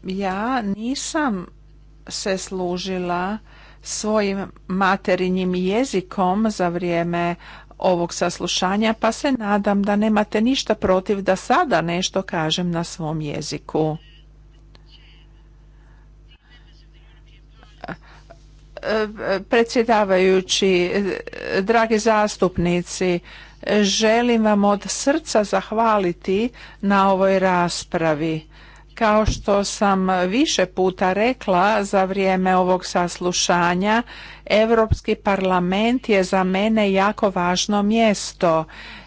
Ja nisam se služila svojim materinjim jezikom za vrijeme ovog saslušanja, pa se nadam da nemate ništa protiv da sada nešto kažem na svom jeziku. Predsjedavajući, dragi zastupnici, želim vam od srca zahvaliti na ovoj raspravi. Kao što sam više puta rekla za vrijeme ovog saslušanja, Europski parlament je za mene jako važno mjesto.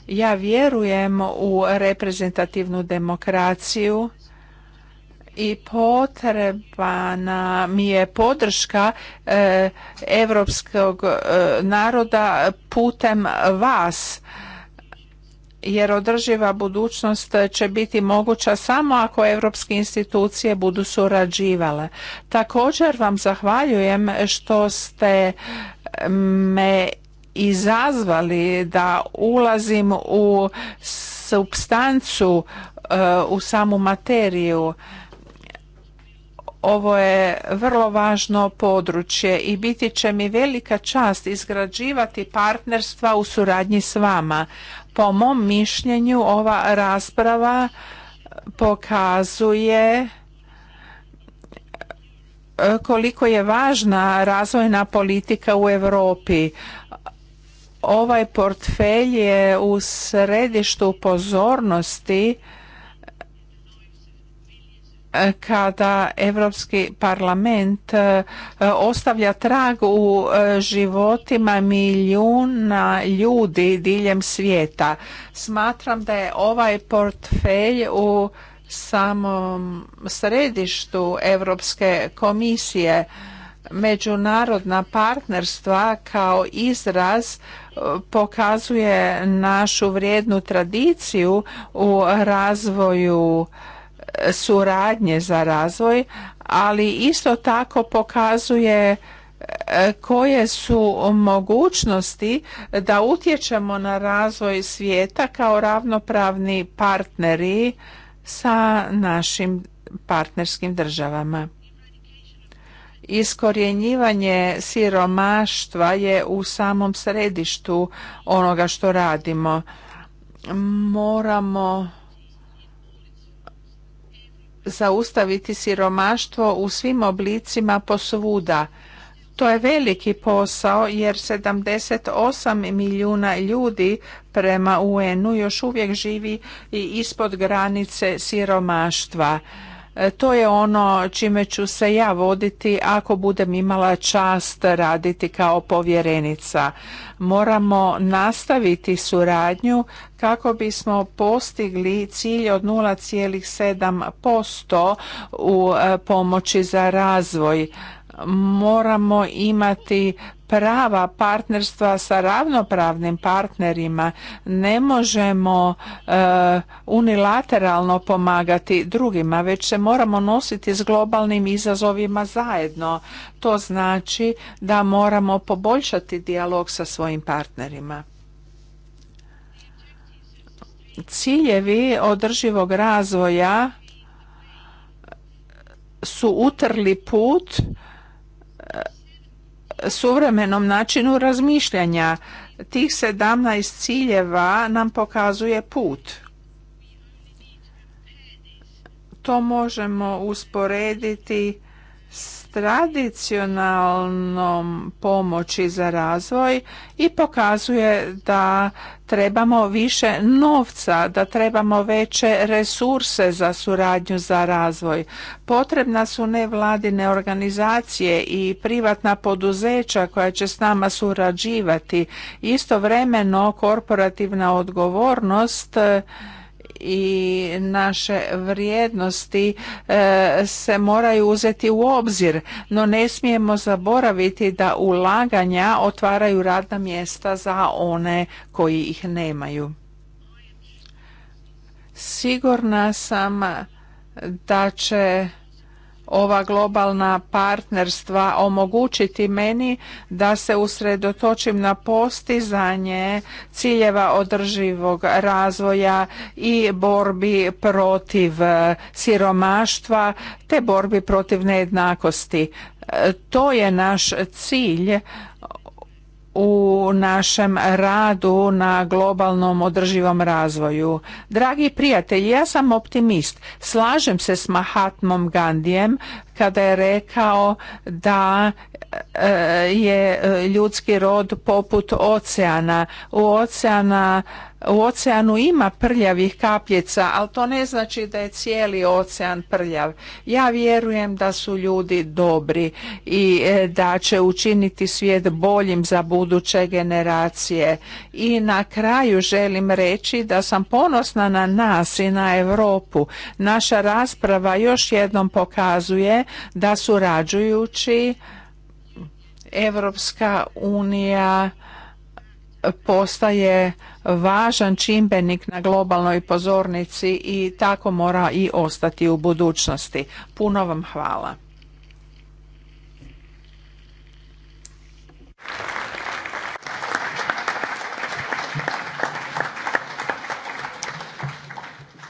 Ja vjerujem u reprezentativnu demokraciju i potreba mi je podrška europskog eh, eh, naroda putem vas jer održiva budućnost će biti moguća samo ako europske institucije budu surađivale. Također vam zahvaljujem što ste me izazvali da ulazim u substancu, eh, u samu materiju. Ovo je vrlo važno područje i biti će mi velika čast izgrađivati partnerstva u suradnji s vama. Po mom mišljenju ova rasprava pokazuje e, koliko je važna razvojna politika u Europi. Ovaj portfelj je u središtu pozornosti kada Europski parlament e, ostavlja trag u e, životima milijuna ljudi diljem svijeta. Smatram da je ovaj portfelj u samom središtu Europske komisije međunarodna partnerstva kao izraz e, pokazuje našu vrijednu tradiciju u razvoju suradnje za razvoj, ali isto tako pokazuje e, koje su mogućnosti da utječemo na razvoj svijeta kao ravnopravni partneri sa našim partnerskim državama. Iskorjenjivanje siromaštva je u samom središtu onoga što radimo. Moramo zaustaviti siromaštvo u svim oblicima posvuda. To je veliki posao jer 78 milijuna ljudi prema UN-u još uvijek živi i ispod granice siromaštva. E, to je ono čime ću se ja voditi ako budem imala čast raditi kao povjerenica. Moramo nastaviti suradnju kako bismo postigli cilj od 0,7% u e, pomoći za razvoj moramo imati prava partnerstva sa ravnopravnim partnerima ne možemo e, unilateralno pomagati drugima već se moramo nositi s globalnim izazovima zajedno to znači da moramo poboljšati dijalog sa svojim partnerima ciljevi održivog razvoja su utrli put suvremenom načinu razmišljanja. Tih sedamnaest ciljeva nam pokazuje put. To možemo usporediti s tradicionalnom pomoći za razvoj i pokazuje da trebamo više novca, da trebamo veće resurse za suradnju za razvoj. Potrebna su nevladine organizacije i privatna poduzeća koja će s nama surađivati. Istovremeno korporativna odgovornost i naše vrijednosti e, se moraju uzeti u obzir, no ne smijemo zaboraviti da ulaganja otvaraju radna mjesta za one koji ih nemaju. Sigurna sam da će ova globalna partnerstva omogućiti meni da se usredotočim na postizanje ciljeva održivog razvoja i borbi protiv e, siromaštva te borbi protiv nejednakosti. E, to je naš cilj u našem radu na globalnom održivom razvoju. Dragi prijatelji, ja sam optimist. Slažem se s Mahatmom Gandijem kada je rekao da e, je e, ljudski rod poput oceana. U, oceana, u oceanu ima prljavih kapljica, ali to ne znači da je cijeli ocean prljav. Ja vjerujem da su ljudi dobri i e, da će učiniti svijet boljim za buduće generacije. I na kraju želim reći da sam ponosna na nas i na Europu. Naša rasprava još jednom pokazuje da surađujući Evropska unija postaje važan čimbenik na globalnoj pozornici i tako mora i ostati u budućnosti. Puno vam hvala.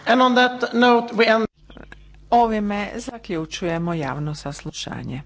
And on that note we Ovime zaključujemo javno saslušanje.